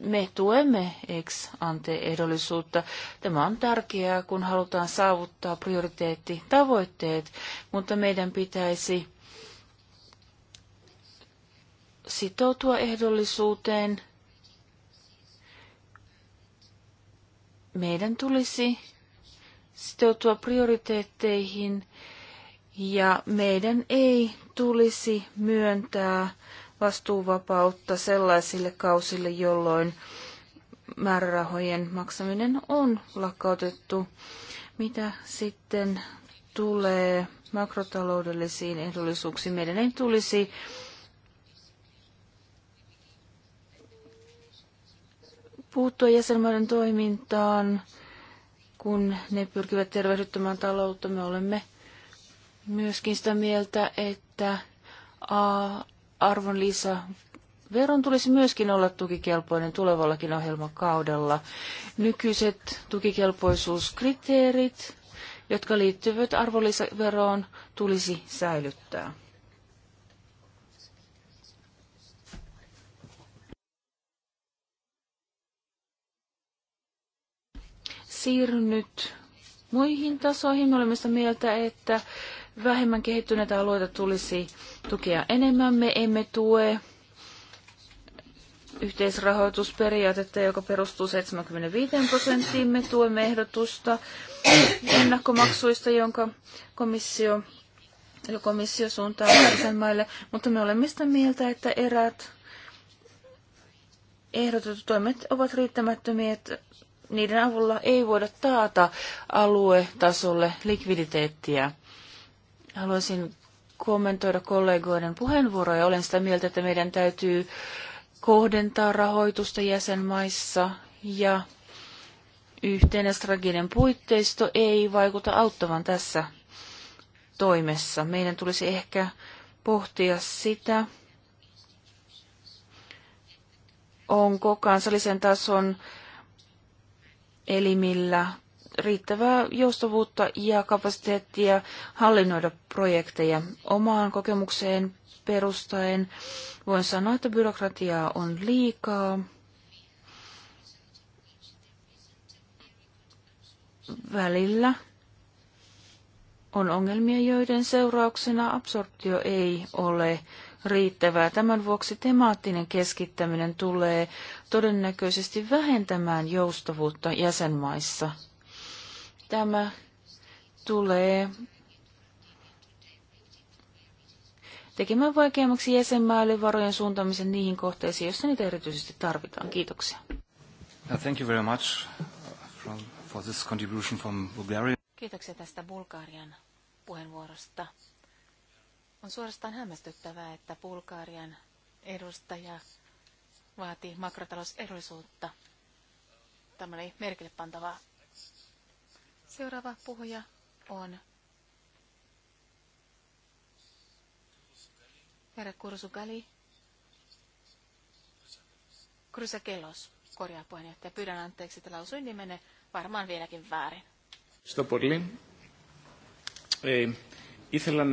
Me tuemme ex ante ehdollisuutta. Tämä on tärkeää, kun halutaan saavuttaa prioriteettitavoitteet, mutta meidän pitäisi sitoutua ehdollisuuteen, meidän tulisi sitoutua prioriteetteihin ja meidän ei tulisi myöntää vastuuvapautta sellaisille kausille, jolloin määrärahojen maksaminen on lakkautettu. Mitä sitten tulee makrotaloudellisiin ehdollisuuksiin, meidän ei tulisi puuttua jäsenmaiden toimintaan, kun ne pyrkivät tervehdyttämään taloutta. Me olemme myöskin sitä mieltä, että arvonlisä veron tulisi myöskin olla tukikelpoinen tulevallakin ohjelmakaudella. Nykyiset tukikelpoisuuskriteerit, jotka liittyvät arvonlisäveroon, tulisi säilyttää. siirnyt muihin tasoihin. Me olemme sitä mieltä, että vähemmän kehittyneitä alueita tulisi tukea enemmän. Me emme tue yhteisrahoitusperiaatetta, joka perustuu 75 prosenttiin. Me tuemme ehdotusta ennakkomaksuista, jonka komissio, joka komissio suuntaa jäsenmaille, mutta me olemme sitä mieltä, että erät ehdotetut toimet ovat riittämättömiä, että niiden avulla ei voida taata aluetasolle likviditeettiä. Haluaisin kommentoida kollegoiden puheenvuoroja. Olen sitä mieltä, että meidän täytyy kohdentaa rahoitusta jäsenmaissa ja yhteinen strateginen puitteisto ei vaikuta auttavan tässä toimessa. Meidän tulisi ehkä pohtia sitä, onko kansallisen tason elimillä riittävää joustavuutta ja kapasiteettia hallinnoida projekteja omaan kokemukseen perustaen. Voin sanoa, että byrokratiaa on liikaa. Välillä on ongelmia, joiden seurauksena absorptio ei ole riittävää. Tämän vuoksi temaattinen keskittäminen tulee todennäköisesti vähentämään joustavuutta jäsenmaissa. Tämä tulee tekemään vaikeammaksi jäsenmaille varojen suuntaamisen niihin kohteisiin, joissa niitä erityisesti tarvitaan. Kiitoksia. Uh, thank you very much uh, for this contribution from Bulgaria. Kiitoksia tästä Bulgarian puheenvuorosta. On suorastaan hämmästyttävää, että Bulgarian edustaja vaatii makrotalousedullisuutta. Tämä oli merkille pantavaa. Seuraava puhuja on herra Kursugali Krysäkelos, korjaa puheenjohtaja. Pyydän anteeksi, että lausuin nimenne varmaan vieläkin väärin. Stopodlin. Ei, ήθελα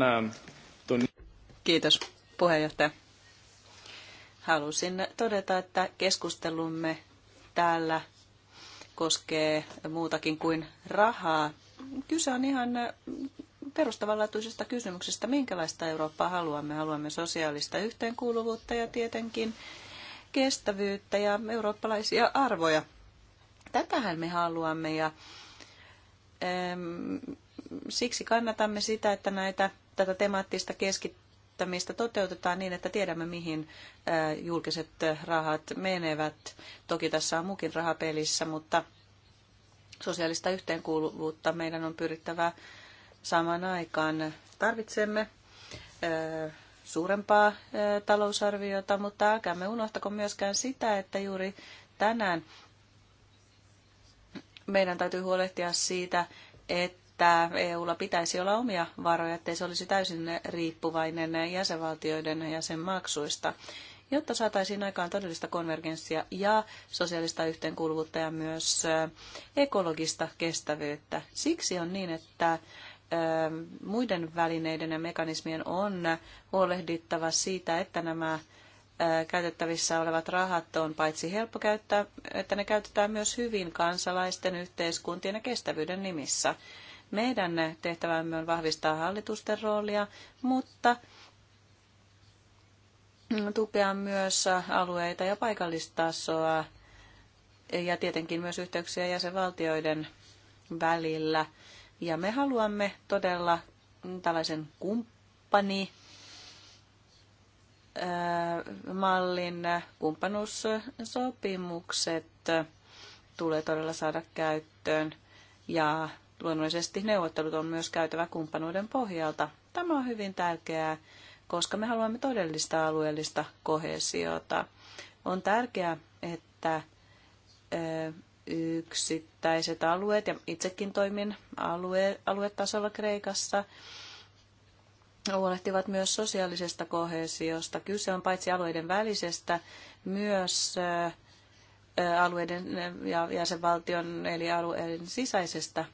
Kiitos puheenjohtaja. Halusin todeta, että keskustelumme täällä koskee muutakin kuin rahaa. Kyse on ihan perustavanlaatuisesta kysymyksestä, minkälaista Eurooppaa haluamme. Haluamme sosiaalista yhteenkuuluvuutta ja tietenkin kestävyyttä ja eurooppalaisia arvoja. Tätähän me haluamme ja siksi kannatamme sitä, että näitä, tätä temaattista keskittymistä käyttämistä toteutetaan niin, että tiedämme, mihin julkiset rahat menevät. Toki tässä on mukin rahapelissä, mutta sosiaalista yhteenkuuluvuutta meidän on pyrittävä samaan aikaan. Tarvitsemme suurempaa talousarviota, mutta älkäämme unohtako myöskään sitä, että juuri tänään meidän täytyy huolehtia siitä, että että EUlla pitäisi olla omia varoja, ettei se olisi täysin riippuvainen jäsenvaltioiden jäsenmaksuista, jotta saataisiin aikaan todellista konvergenssia ja sosiaalista yhteenkuuluvuutta ja myös ekologista kestävyyttä. Siksi on niin, että muiden välineiden ja mekanismien on huolehdittava siitä, että nämä käytettävissä olevat rahat on paitsi helppo käyttää, että ne käytetään myös hyvin kansalaisten, yhteiskuntien ja kestävyyden nimissä. Meidän tehtävämme on vahvistaa hallitusten roolia, mutta tukea myös alueita ja paikallistasoa ja tietenkin myös yhteyksiä jäsenvaltioiden välillä. Ja me haluamme todella tällaisen kumppani äh, mallin kumppanuussopimukset tulee todella saada käyttöön ja luonnollisesti neuvottelut on myös käytävä kumppanuuden pohjalta. Tämä on hyvin tärkeää, koska me haluamme todellista alueellista kohesiota. On tärkeää, että yksittäiset alueet, ja itsekin toimin alue, aluetasolla Kreikassa, huolehtivat myös sosiaalisesta kohesiosta. Kyse on paitsi alueiden välisestä, myös alueiden ja jäsenvaltion eli alueiden sisäisestä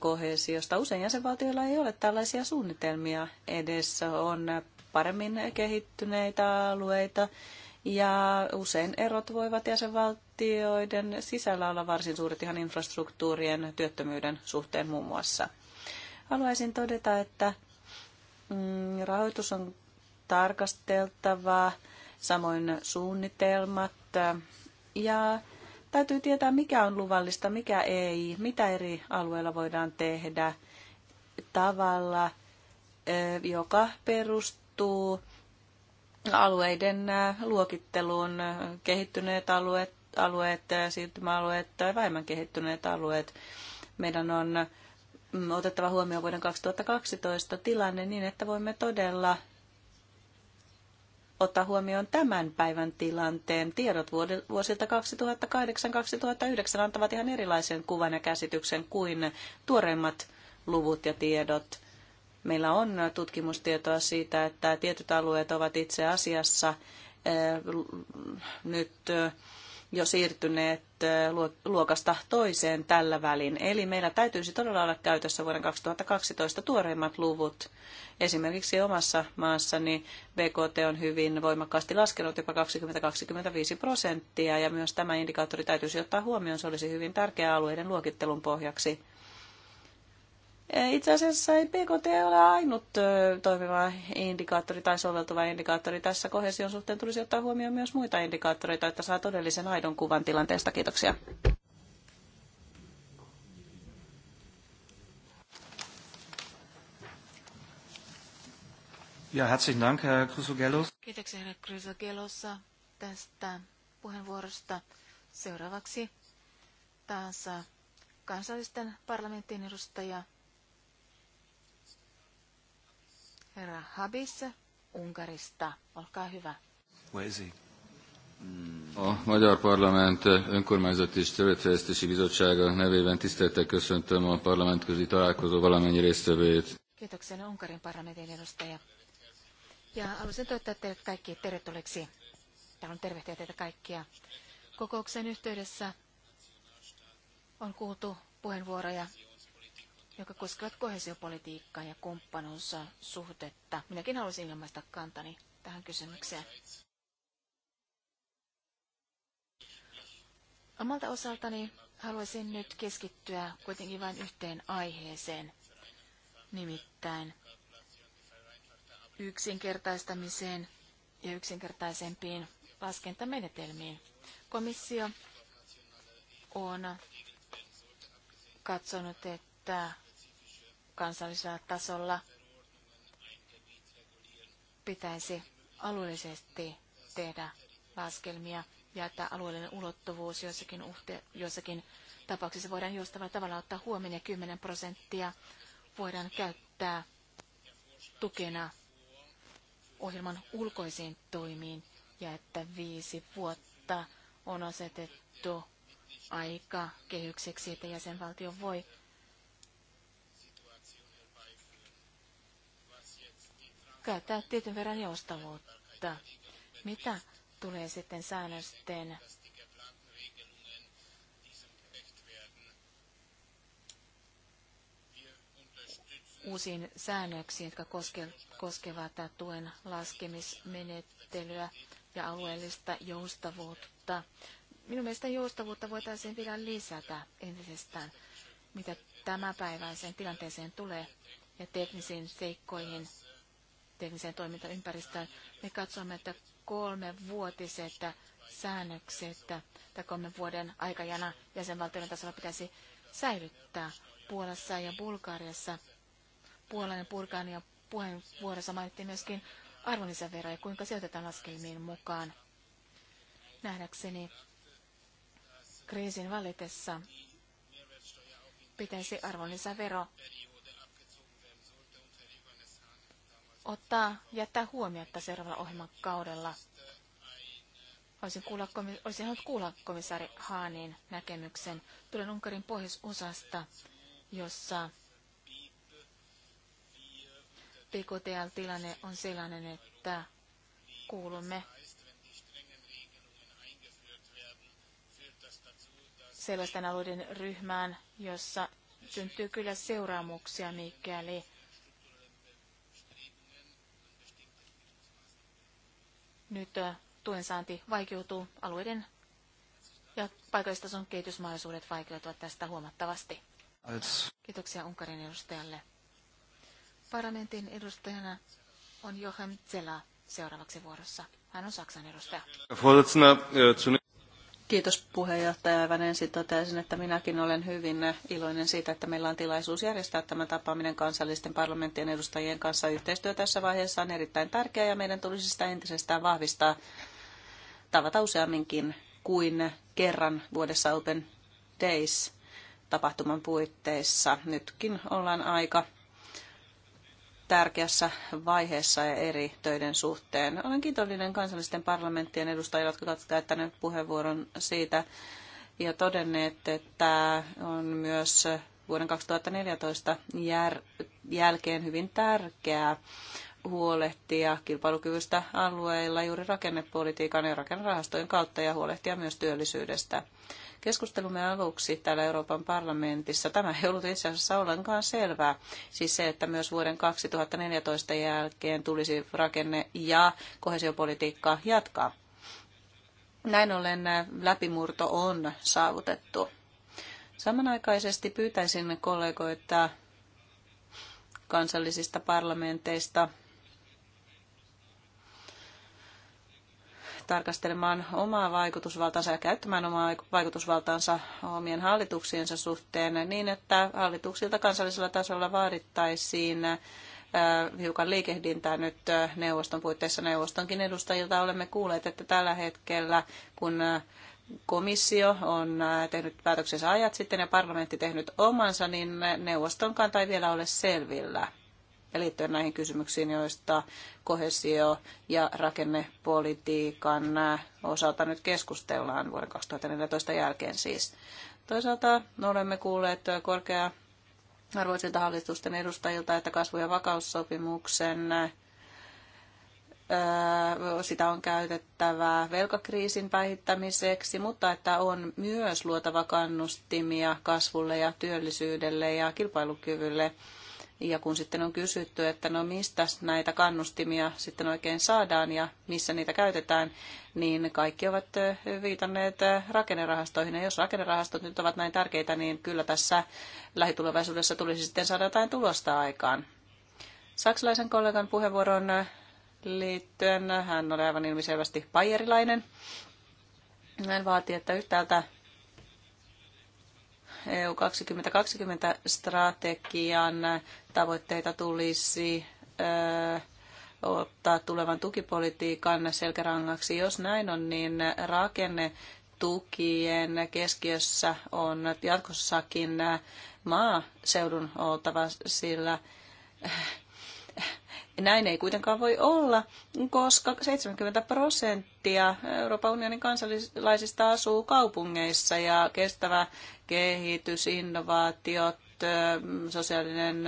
kohesiosta. Usein jäsenvaltioilla ei ole tällaisia suunnitelmia edessä. On paremmin kehittyneitä alueita ja usein erot voivat jäsenvaltioiden sisällä olla varsin suuret ihan infrastruktuurien työttömyyden suhteen muun muassa. Haluaisin todeta, että mm, rahoitus on tarkasteltava, samoin suunnitelmat äh, ja Täytyy tietää, mikä on luvallista, mikä ei, mitä eri alueilla voidaan tehdä tavalla, joka perustuu alueiden luokitteluun, kehittyneet alueet, alueet, siirtymäalueet tai vähemmän kehittyneet alueet. Meidän on mm, otettava huomioon vuoden 2012 tilanne niin, että voimme todella ottaa huomioon tämän päivän tilanteen. Tiedot vuosilta 2008-2009 antavat ihan erilaisen kuvan ja käsityksen kuin tuoreimmat luvut ja tiedot. Meillä on tutkimustietoa siitä, että tietyt alueet ovat itse asiassa eh, nyt eh, jo siirtyneet luokasta toiseen tällä välin. Eli meillä täytyisi todella olla käytössä vuoden 2012 tuoreimmat luvut. Esimerkiksi omassa maassani BKT on hyvin voimakkaasti laskenut jopa 20-25 prosenttia, ja myös tämä indikaattori täytyisi ottaa huomioon. Se olisi hyvin tärkeä alueiden luokittelun pohjaksi. Itse asiassa ei PKT ole ainut toimiva indikaattori tai soveltuva indikaattori. Tässä kohesion suhteen tulisi ottaa huomioon myös muita indikaattoreita, että saa todellisen aidon kuvan tilanteesta. Kiitoksia. Ja herzlichen Dank, Herr Chrysogelos. Kiitoksia, Herra Chrysogelos, tästä puheenvuorosta. Seuraavaksi taas kansallisten parlamenttien edustaja Herra Habis Unkarista, olkaa hyvä. Where is he? A Magyar Parlament Önkormányzati és Területfejlesztési Bizottsága nevében tisztelettel köszöntöm a parlamentközi találkozó valamennyi résztvevőjét. Kiitoksia no, Unkarin parlamentin edustaja. Ja haluaisin toivottaa teille kaikki tervetulleeksi. Täällä on tervehtiä teitä kaikkia. Kokouksen yhteydessä on kuultu puheenvuoroja joka koskevat kohesiopolitiikkaa ja kumppanuussuhdetta. Minäkin haluaisin ilmaista kantani tähän kysymykseen. Omalta osaltani haluaisin nyt keskittyä kuitenkin vain yhteen aiheeseen, nimittäin yksinkertaistamiseen ja yksinkertaisempiin laskentamenetelmiin. Komissio on katsonut, että kansallisella tasolla pitäisi alueellisesti tehdä laskelmia ja että alueellinen ulottuvuus jossakin, uhte, jossakin tapauksessa voidaan joustavalla tavalla ottaa huomioon ja 10 prosenttia voidaan käyttää tukena ohjelman ulkoisiin toimiin ja että viisi vuotta on asetettu aika kehykseksi, että jäsenvaltio voi käyttää tietyn verran joustavuutta. Mitä tulee sitten säännösten uusiin säännöksiin, jotka koskevat tuen laskemismenettelyä ja alueellista joustavuutta. Minun mielestä joustavuutta voitaisiin vielä lisätä entisestään, mitä tämänpäiväiseen tilanteeseen tulee ja teknisiin seikkoihin tekniseen toimintaympäristöön, me katsomme, että kolme vuotiset säännökset tai kolmen vuoden aikajana jäsenvaltioiden tasolla pitäisi säilyttää Puolassa ja Bulgariassa. Puolan ja Bulgarian puheenvuorossa mainittiin myöskin arvonlisävero ja kuinka se otetaan laskelmiin mukaan. Nähdäkseni kriisin valitessa pitäisi arvonlisävero ottaa, jättää huomiota seuraavalla ohjelmakaudella. Olisin, kuulla, olisin halunnut kuulla komissaari Haanin näkemyksen. Tulen Unkarin pohjoisosasta, jossa PKTL-tilanne on sellainen, että kuulumme sellaisten alueiden ryhmään, jossa syntyy kyllä seuraamuksia, mikäli nyt äh, tuen saanti vaikeutuu alueiden ja paikallistason kehitysmahdollisuudet vaikeutuvat tästä huomattavasti. Kiitoksia Unkarin edustajalle. Parlamentin edustajana on Johan Zela seuraavaksi vuorossa. Hän on Saksan edustaja. Kiitos puheenjohtaja. Aivan ensin toteaisin, että minäkin olen hyvin iloinen siitä, että meillä on tilaisuus järjestää tämä tapaaminen kansallisten parlamenttien edustajien kanssa. Yhteistyö tässä vaiheessa on erittäin tärkeää ja meidän tulisi sitä entisestään vahvistaa tavata useamminkin kuin kerran vuodessa Open Days tapahtuman puitteissa. Nytkin ollaan aika tärkeässä vaiheessa ja eri töiden suhteen. Olen kiitollinen kansallisten parlamenttien edustajille, jotka ovat käyttäneet puheenvuoron siitä ja todenneet, että on myös vuoden 2014 jär, jälkeen hyvin tärkeää huolehtia kilpailukyvystä alueilla juuri rakennepolitiikan ja rakennerahastojen kautta ja huolehtia myös työllisyydestä. Keskustelumme aluksi täällä Euroopan parlamentissa, tämä ei ollut itse asiassa ollenkaan selvää, siis se, että myös vuoden 2014 jälkeen tulisi rakenne- ja kohesiopolitiikka jatkaa. Näin ollen läpimurto on saavutettu. Samanaikaisesti pyytäisin kollegoita kansallisista parlamenteista – tarkastelemaan omaa vaikutusvaltaansa ja käyttämään omaa vaikutusvaltaansa omien hallituksiensa suhteen niin, että hallituksilta kansallisella tasolla vaadittaisiin äh, hiukan liikehdintää nyt äh, neuvoston puitteissa. Neuvostonkin edustajilta olemme kuulleet, että tällä hetkellä, kun äh, komissio on tehnyt päätöksensä ajat sitten ja parlamentti tehnyt omansa, niin neuvoston kanta ei vielä ole selvillä ja liittyen näihin kysymyksiin, joista kohesio- ja rakennepolitiikan äh, osalta nyt keskustellaan vuoden 2014 jälkeen siis. Toisaalta me olemme kuulleet korkea arvoisilta hallitusten edustajilta, että kasvu- ja vakaussopimuksen äh, sitä on käytettävä velkakriisin päihittämiseksi, mutta että on myös luotava kannustimia kasvulle ja työllisyydelle ja kilpailukyvylle ja kun sitten on kysytty, että no mistä näitä kannustimia sitten oikein saadaan ja missä niitä käytetään, niin kaikki ovat viitanneet rakennerahastoihin. Ja jos rakennerahastot nyt ovat näin tärkeitä, niin kyllä tässä lähitulevaisuudessa tulisi sitten saada jotain tulosta aikaan. Saksalaisen kollegan puheenvuoron liittyen hän oli aivan ilmiselvästi pajerilainen. Hän vaati, että yhtäältä EU 2020-strategian tavoitteita tulisi ottaa tulevan tukipolitiikan selkärangaksi. Jos näin on, niin rakenne tukien keskiössä on jatkossakin maaseudun oltava, sillä näin ei kuitenkaan voi olla, koska 70 prosenttia Euroopan unionin kansalaisista asuu kaupungeissa ja kestävä kehitys, innovaatiot, sosiaalinen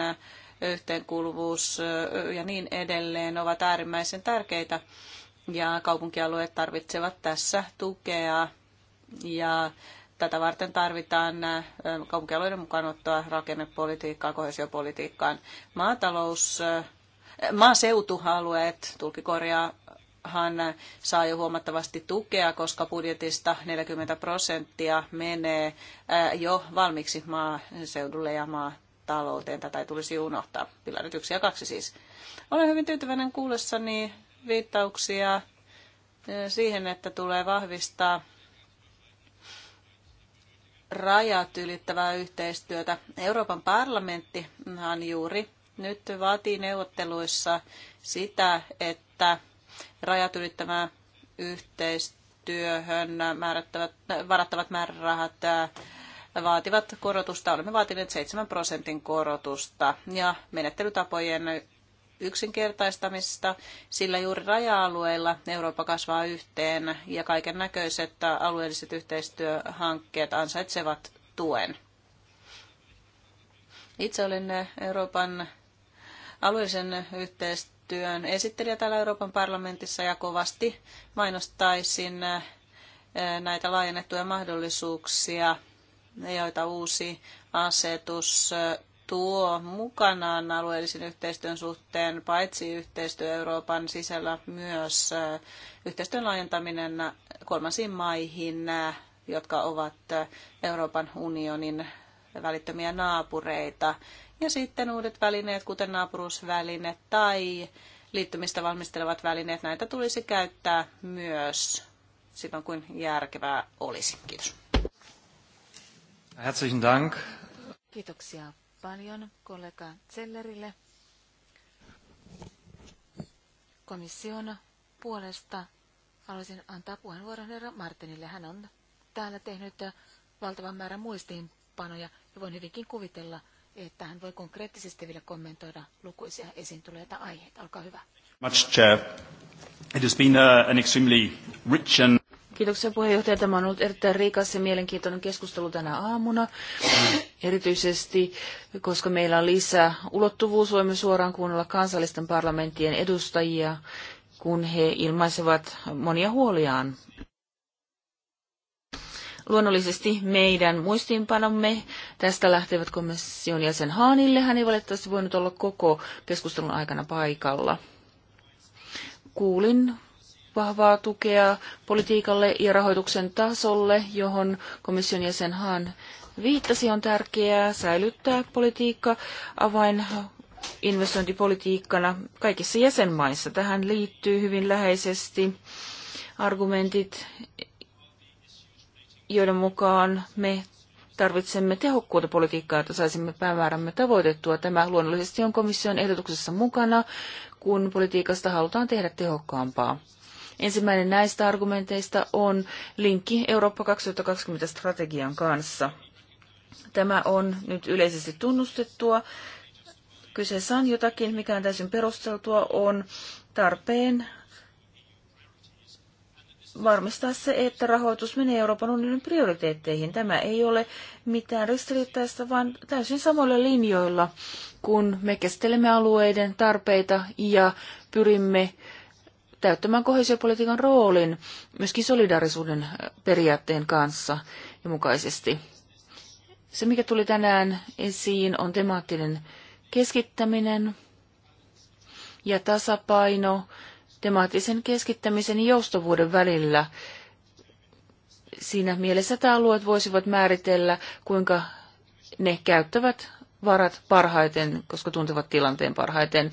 yhteenkuuluvuus ja niin edelleen ovat äärimmäisen tärkeitä ja kaupunkialueet tarvitsevat tässä tukea ja tätä varten tarvitaan kaupunkialueiden mukaanottoa rakennepolitiikkaan, kohesiopolitiikkaan. Maatalous maaseutualueet, tulkikorjaahan saa jo huomattavasti tukea, koska budjetista 40 prosenttia menee jo valmiiksi maaseudulle ja maatalouteen. Tätä ei tulisi unohtaa. nyt yksi ja kaksi, siis. Olen hyvin tyytyväinen kuullessani viittauksia siihen, että tulee vahvistaa rajat ylittävää yhteistyötä. Euroopan parlamentti on juuri nyt vaatii neuvotteluissa sitä, että rajat ylittämään yhteistyöhön määrättävät, varattavat määrärahat vaativat korotusta. Olemme vaatineet 7 prosentin korotusta ja menettelytapojen yksinkertaistamista, sillä juuri raja-alueilla Eurooppa kasvaa yhteen ja kaiken näköiset alueelliset yhteistyöhankkeet ansaitsevat tuen. Itse olen Euroopan alueellisen yhteistyön esittelijä täällä Euroopan parlamentissa ja kovasti mainostaisin äh, näitä laajennettuja mahdollisuuksia, joita uusi asetus äh, tuo mukanaan alueellisen yhteistyön suhteen, paitsi yhteistyö Euroopan sisällä, myös äh, yhteistyön laajentaminen kolmansiin maihin, jotka ovat Euroopan unionin välittömiä naapureita. Ja sitten uudet välineet, kuten naapuruusväline tai liittymistä valmistelevat välineet, näitä tulisi käyttää myös silloin, kun järkevää olisi. Kiitos. Herzlichen Dank. Kiitoksia paljon kollega Zellerille. Komission puolesta haluaisin antaa puheenvuoron herra Martinille. Hän on täällä tehnyt valtavan määrän muistiinpanoja ja voin hyvinkin kuvitella, että hän voi konkreettisesti vielä kommentoida lukuisia esiin tulleita aiheita. Olkaa hyvä. Much, Chair. It has been uh, an extremely rich and... Kiitoksia puheenjohtaja. Tämä on ollut erittäin rikas ja mielenkiintoinen keskustelu tänä aamuna. Erityisesti, koska meillä on lisää ulottuvuus, voimme suoraan kuunnella kansallisten parlamenttien edustajia, kun he ilmaisevat monia huoliaan luonnollisesti meidän muistiinpanomme. Tästä lähtevät komission jäsen Haanille. Hän ei valitettavasti voinut olla koko keskustelun aikana paikalla. Kuulin vahvaa tukea politiikalle ja rahoituksen tasolle, johon komission jäsen Haan viittasi, on tärkeää säilyttää politiikka avain investointipolitiikkana kaikissa jäsenmaissa. Tähän liittyy hyvin läheisesti argumentit joiden mukaan me tarvitsemme tehokkuutta politiikkaa, että saisimme päämäärämme tavoitettua. Tämä luonnollisesti on komission ehdotuksessa mukana, kun politiikasta halutaan tehdä tehokkaampaa. Ensimmäinen näistä argumenteista on linkki Eurooppa 2020 strategian kanssa. Tämä on nyt yleisesti tunnustettua. Kyseessä on jotakin, mikä on täysin perusteltua, on tarpeen varmistaa se, että rahoitus menee Euroopan unionin prioriteetteihin. Tämä ei ole mitään ristiriitaista, vaan täysin samoilla linjoilla, kun me kestelemme alueiden tarpeita ja pyrimme täyttämään kohesiopolitiikan roolin myöskin solidaarisuuden periaatteen kanssa ja mukaisesti. Se, mikä tuli tänään esiin, on temaattinen keskittäminen ja tasapaino temaattisen keskittämisen ja joustavuuden välillä. Siinä mielessä, että alueet voisivat määritellä, kuinka ne käyttävät varat parhaiten, koska tuntevat tilanteen parhaiten.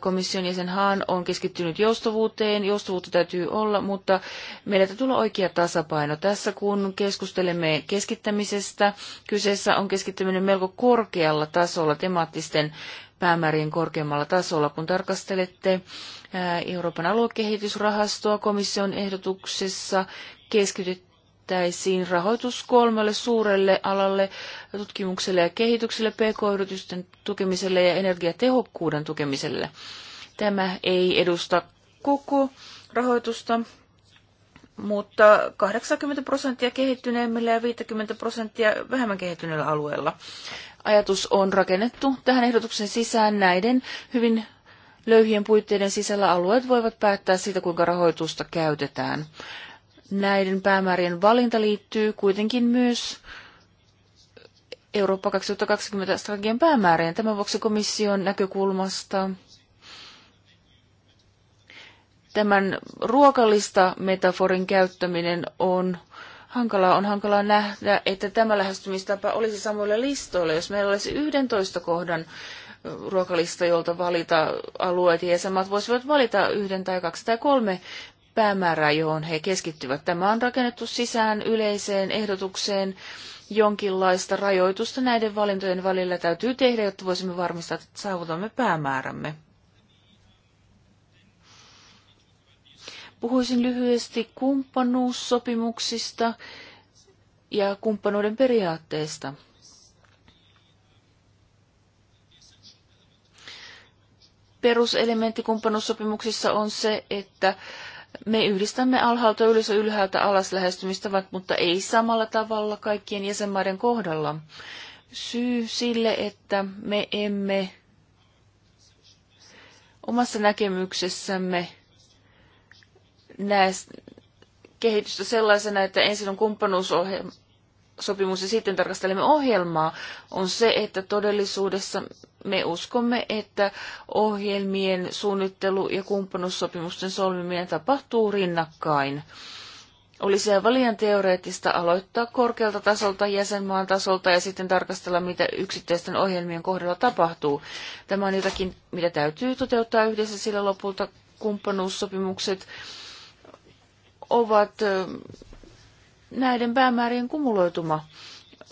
Komission jäsen Haan on keskittynyt joustavuuteen, joustavuutta täytyy olla, mutta meillä täytyy olla oikea tasapaino. Tässä kun keskustelemme keskittämisestä, kyseessä on keskittäminen melko korkealla tasolla, temaattisten päämäärien korkeammalla tasolla. Kun tarkastelette Euroopan aluekehitysrahastoa komission ehdotuksessa keskityttäisiin rahoitus kolmelle suurelle alalle tutkimukselle ja kehitykselle, pk-yritysten tukemiselle ja energiatehokkuuden tukemiselle. Tämä ei edusta koko rahoitusta, mutta 80 prosenttia kehittyneemmillä ja 50 prosenttia vähemmän kehittyneillä alueilla. Ajatus on rakennettu tähän ehdotuksen sisään näiden hyvin löyhien puitteiden sisällä alueet voivat päättää siitä, kuinka rahoitusta käytetään. Näiden päämäärien valinta liittyy kuitenkin myös Eurooppa 2020 strategian päämääriin. Tämän vuoksi komission näkökulmasta tämän ruokalista metaforin käyttäminen on hankalaa. On hankalaa nähdä, että tämä lähestymistapa olisi samoilla listoilla. Jos meillä olisi 11 kohdan ruokalista, jolta valita alueet ja jäsenmaat voisivat valita yhden tai kaksi tai kolme päämäärää, johon he keskittyvät. Tämä on rakennettu sisään yleiseen ehdotukseen. Jonkinlaista rajoitusta näiden valintojen välillä täytyy tehdä, jotta voisimme varmistaa, että saavutamme päämäärämme. Puhuisin lyhyesti kumppanuussopimuksista ja kumppanuuden periaatteista. peruselementti kumppanuussopimuksissa on se, että me yhdistämme alhaalta ylös ja ylhäältä alas lähestymistavat, mutta ei samalla tavalla kaikkien jäsenmaiden kohdalla. Syy sille, että me emme omassa näkemyksessämme näe kehitystä sellaisena, että ensin on kumppanuusohjelma, sopimus ja sitten tarkastelemme ohjelmaa, on se, että todellisuudessa me uskomme, että ohjelmien suunnittelu ja kumppanuussopimusten solmiminen tapahtuu rinnakkain. Olisi aivan liian teoreettista aloittaa korkealta tasolta, jäsenmaan tasolta ja sitten tarkastella, mitä yksittäisten ohjelmien kohdalla tapahtuu. Tämä on jotakin, mitä täytyy toteuttaa yhdessä, sillä lopulta kumppanuussopimukset ovat näiden päämäärien kumuloituma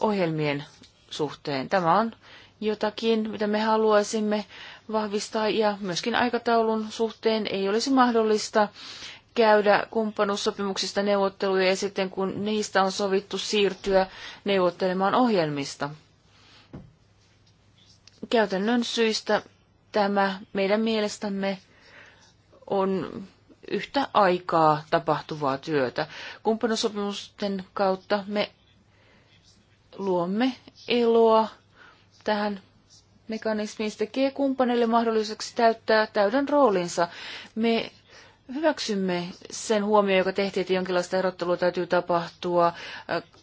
ohjelmien suhteen. Tämä on jotakin, mitä me haluaisimme vahvistaa ja myöskin aikataulun suhteen ei olisi mahdollista käydä kumppanuussopimuksista neuvotteluja ja sitten kun niistä on sovittu siirtyä neuvottelemaan ohjelmista. Käytännön syistä tämä meidän mielestämme on yhtä aikaa tapahtuvaa työtä. Kumppanusopimusten kautta me luomme eloa tähän mekanismiin. Se tekee kumppanille mahdolliseksi täyttää täyden roolinsa. Me hyväksymme sen huomioon, joka tehtiin, että jonkinlaista erottelua täytyy tapahtua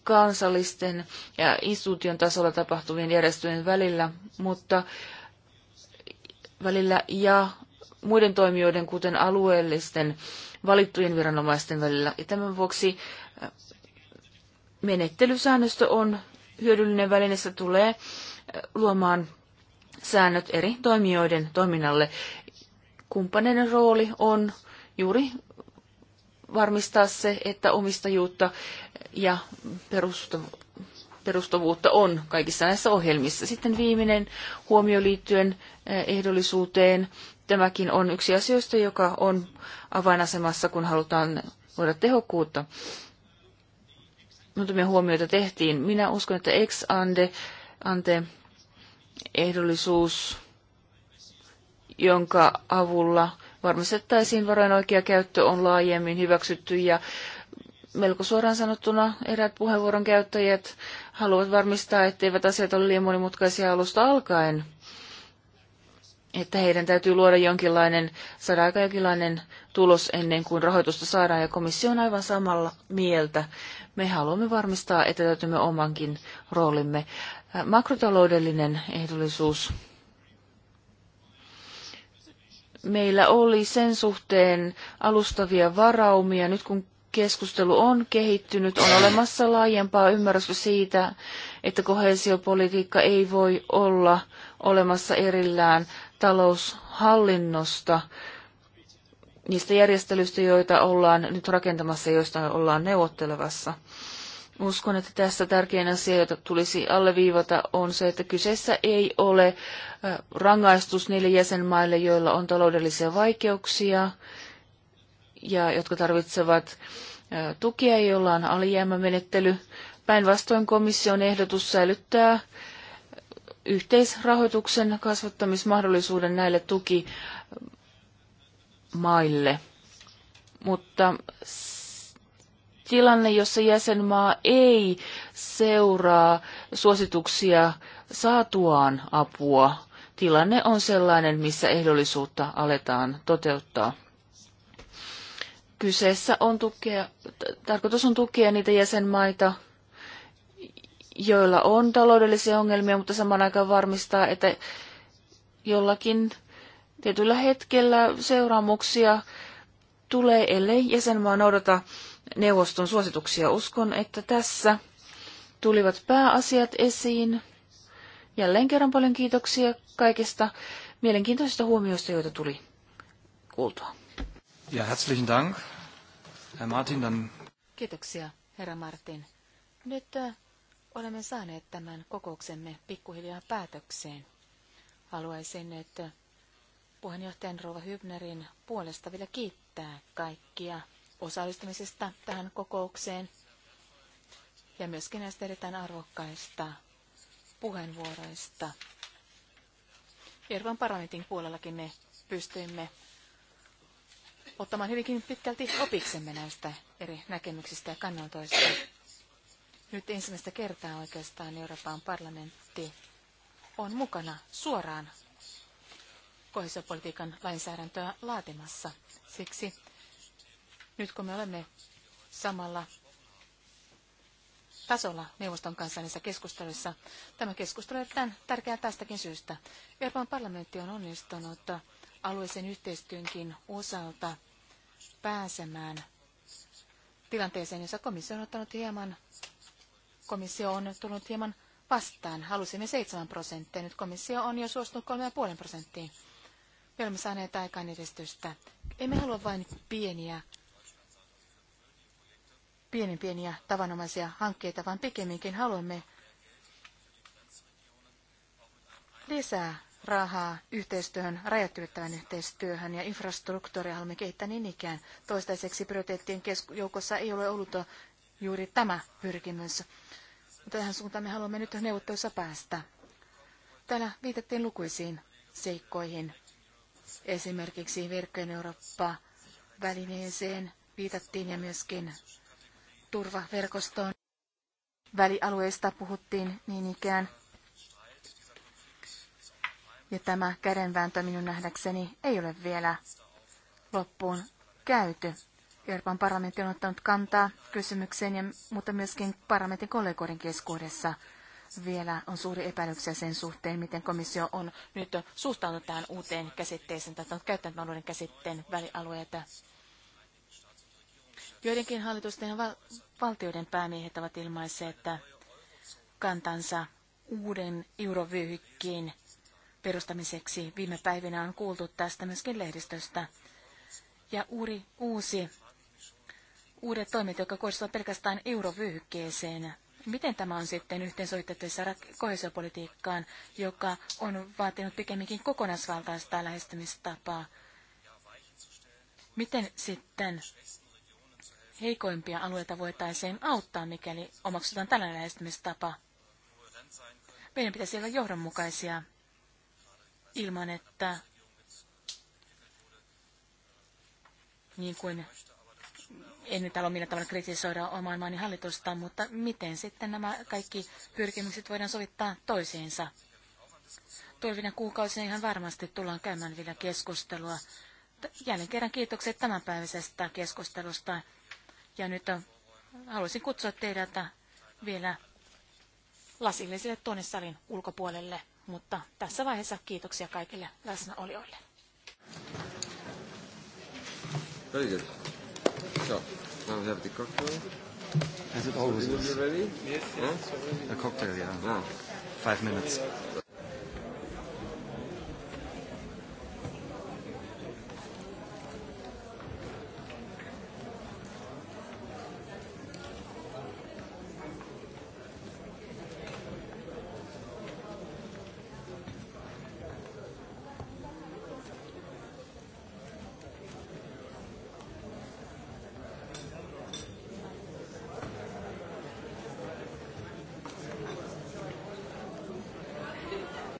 kansallisten ja instituution tasolla tapahtuvien järjestöjen välillä, mutta välillä ja muiden toimijoiden, kuten alueellisten valittujen viranomaisten välillä. Ja tämän vuoksi äh, menettelysäännöstö on hyödyllinen väline, se tulee äh, luomaan säännöt eri toimijoiden toiminnalle. Kumppaneiden rooli on juuri varmistaa se, että omistajuutta ja perustuvuutta on kaikissa näissä ohjelmissa. Sitten viimeinen huomio liittyen äh, ehdollisuuteen tämäkin on yksi asioista, joka on avainasemassa, kun halutaan luoda tehokkuutta. Muutamia huomioita tehtiin. Minä uskon, että ex ante, ante ehdollisuus, jonka avulla varmistettaisiin varojen oikea käyttö, on laajemmin hyväksytty ja melko suoraan sanottuna eräät puheenvuoron käyttäjät haluavat varmistaa, etteivät asiat ole liian monimutkaisia alusta alkaen – että heidän täytyy luoda jonkinlainen, saada aika jonkinlainen tulos ennen kuin rahoitusta saadaan, ja komissio on aivan samalla mieltä. Me haluamme varmistaa, että täytymme omankin roolimme. Makrotaloudellinen ehdollisuus. Meillä oli sen suhteen alustavia varaumia. Nyt kun keskustelu on kehittynyt, on olemassa laajempaa ymmärrystä siitä, että kohesiopolitiikka ei voi olla olemassa erillään taloushallinnosta, niistä järjestelyistä, joita ollaan nyt rakentamassa ja joista ollaan neuvottelevassa. Uskon, että tässä tärkein asia, jota tulisi alleviivata, on se, että kyseessä ei ole rangaistus niille jäsenmaille, joilla on taloudellisia vaikeuksia ja jotka tarvitsevat tukia, joilla on alijäämämenettely. Päinvastoin komission ehdotus säilyttää yhteisrahoituksen kasvattamismahdollisuuden näille tukimaille. Mutta tilanne, jossa jäsenmaa ei seuraa suosituksia saatuaan apua, tilanne on sellainen, missä ehdollisuutta aletaan toteuttaa. Kyseessä on tukea, tarkoitus on tukea niitä jäsenmaita, joilla on taloudellisia ongelmia, mutta samaan aikaan varmistaa, että jollakin tietyllä hetkellä seuraamuksia tulee, ellei jäsenmaa noudata neuvoston suosituksia. Uskon, että tässä tulivat pääasiat esiin. Jälleen kerran paljon kiitoksia kaikista mielenkiintoisista huomioista, joita tuli kuultua. Ja herzlichen Dank, Herr Martin. Dann... Kiitoksia, herra Martin. Nyt äh, Olemme saaneet tämän kokouksemme pikkuhiljaa päätökseen. Haluaisin, että puheenjohtajan Rova Hybnerin puolesta vielä kiittää kaikkia osallistumisesta tähän kokoukseen ja myöskin näistä erittäin arvokkaista puheenvuoroista. Ervan parlamentin puolellakin me pystyimme ottamaan hyvinkin pitkälti opiksemme näistä eri näkemyksistä ja kannanotoista. Nyt ensimmäistä kertaa oikeastaan Euroopan parlamentti on mukana suoraan kohesiopolitiikan lainsäädäntöä laatimassa. Siksi nyt kun me olemme samalla tasolla neuvoston kanssa näissä keskusteluissa, tämä keskustelu on tärkeää tästäkin syystä. Euroopan parlamentti on onnistunut alueisen yhteistyönkin osalta pääsemään tilanteeseen, jossa komissio on ottanut hieman komissio on tullut hieman vastaan. Halusimme 7 prosenttia, nyt komissio on jo suostunut 3,5 prosenttiin. Me olemme saaneet aikaan edistystä. Emme halua vain pieniä, pienen pieniä tavanomaisia hankkeita, vaan pikemminkin haluamme lisää rahaa yhteistyöhön, rajatyöttävän yhteistyöhön ja infrastruktuuria haluamme kehittää niin ikään. Toistaiseksi prioriteettien joukossa ei ole ollut juuri tämä pyrkimys. mutta Tähän suuntaan me haluamme nyt neuvottelussa päästä. Täällä viitattiin lukuisiin seikkoihin. Esimerkiksi Verkkojen Eurooppa-välineeseen viitattiin ja myöskin turvaverkostoon välialueista puhuttiin niin ikään. Ja tämä kädenvääntö minun nähdäkseni ei ole vielä loppuun käyty. Euroopan parlamentti on ottanut kantaa kysymykseen, ja, mutta myöskin parlamentin kollegoiden keskuudessa vielä on suuri epäilyksiä sen suhteen, miten komissio on nyt suhtautunut tähän uuteen käsitteeseen, tai on käyttänyt tämän uuden käsitteen välialueita. Joidenkin hallitusten ja val- valtioiden päämiehet ovat ilmaisseet, että kantansa uuden eurovyöhykkeen perustamiseksi viime päivinä on kuultu tästä myöskin lehdistöstä. Ja uuri, uusi uudet toimet, jotka kohdistuvat pelkästään eurovyöhykkeeseen. Miten tämä on sitten yhteensovitettavissa kohesiopolitiikkaan, joka on vaatinut pikemminkin kokonaisvaltaista lähestymistapaa? Miten sitten heikoimpia alueita voitaisiin auttaa, mikäli omaksutaan tällainen lähestymistapa? Meidän pitäisi olla johdonmukaisia ilman, että niin kuin en nyt halua millään tavalla kritisoida oman maani hallitusta, mutta miten sitten nämä kaikki pyrkimykset voidaan sovittaa toisiinsa? Tulevina kuukausina ihan varmasti tullaan käymään vielä keskustelua. Jälleen kerran kiitokset tämänpäiväisestä keskustelusta. Ja nyt haluaisin kutsua teidät vielä lasillisille tuonne salin ulkopuolelle, mutta tässä vaiheessa kiitoksia kaikille läsnäolijoille. Very good. So, now we have the cocktail. As it always is. Are you ready? Yes, yes. Huh? A cocktail, yeah. Ah. Five minutes.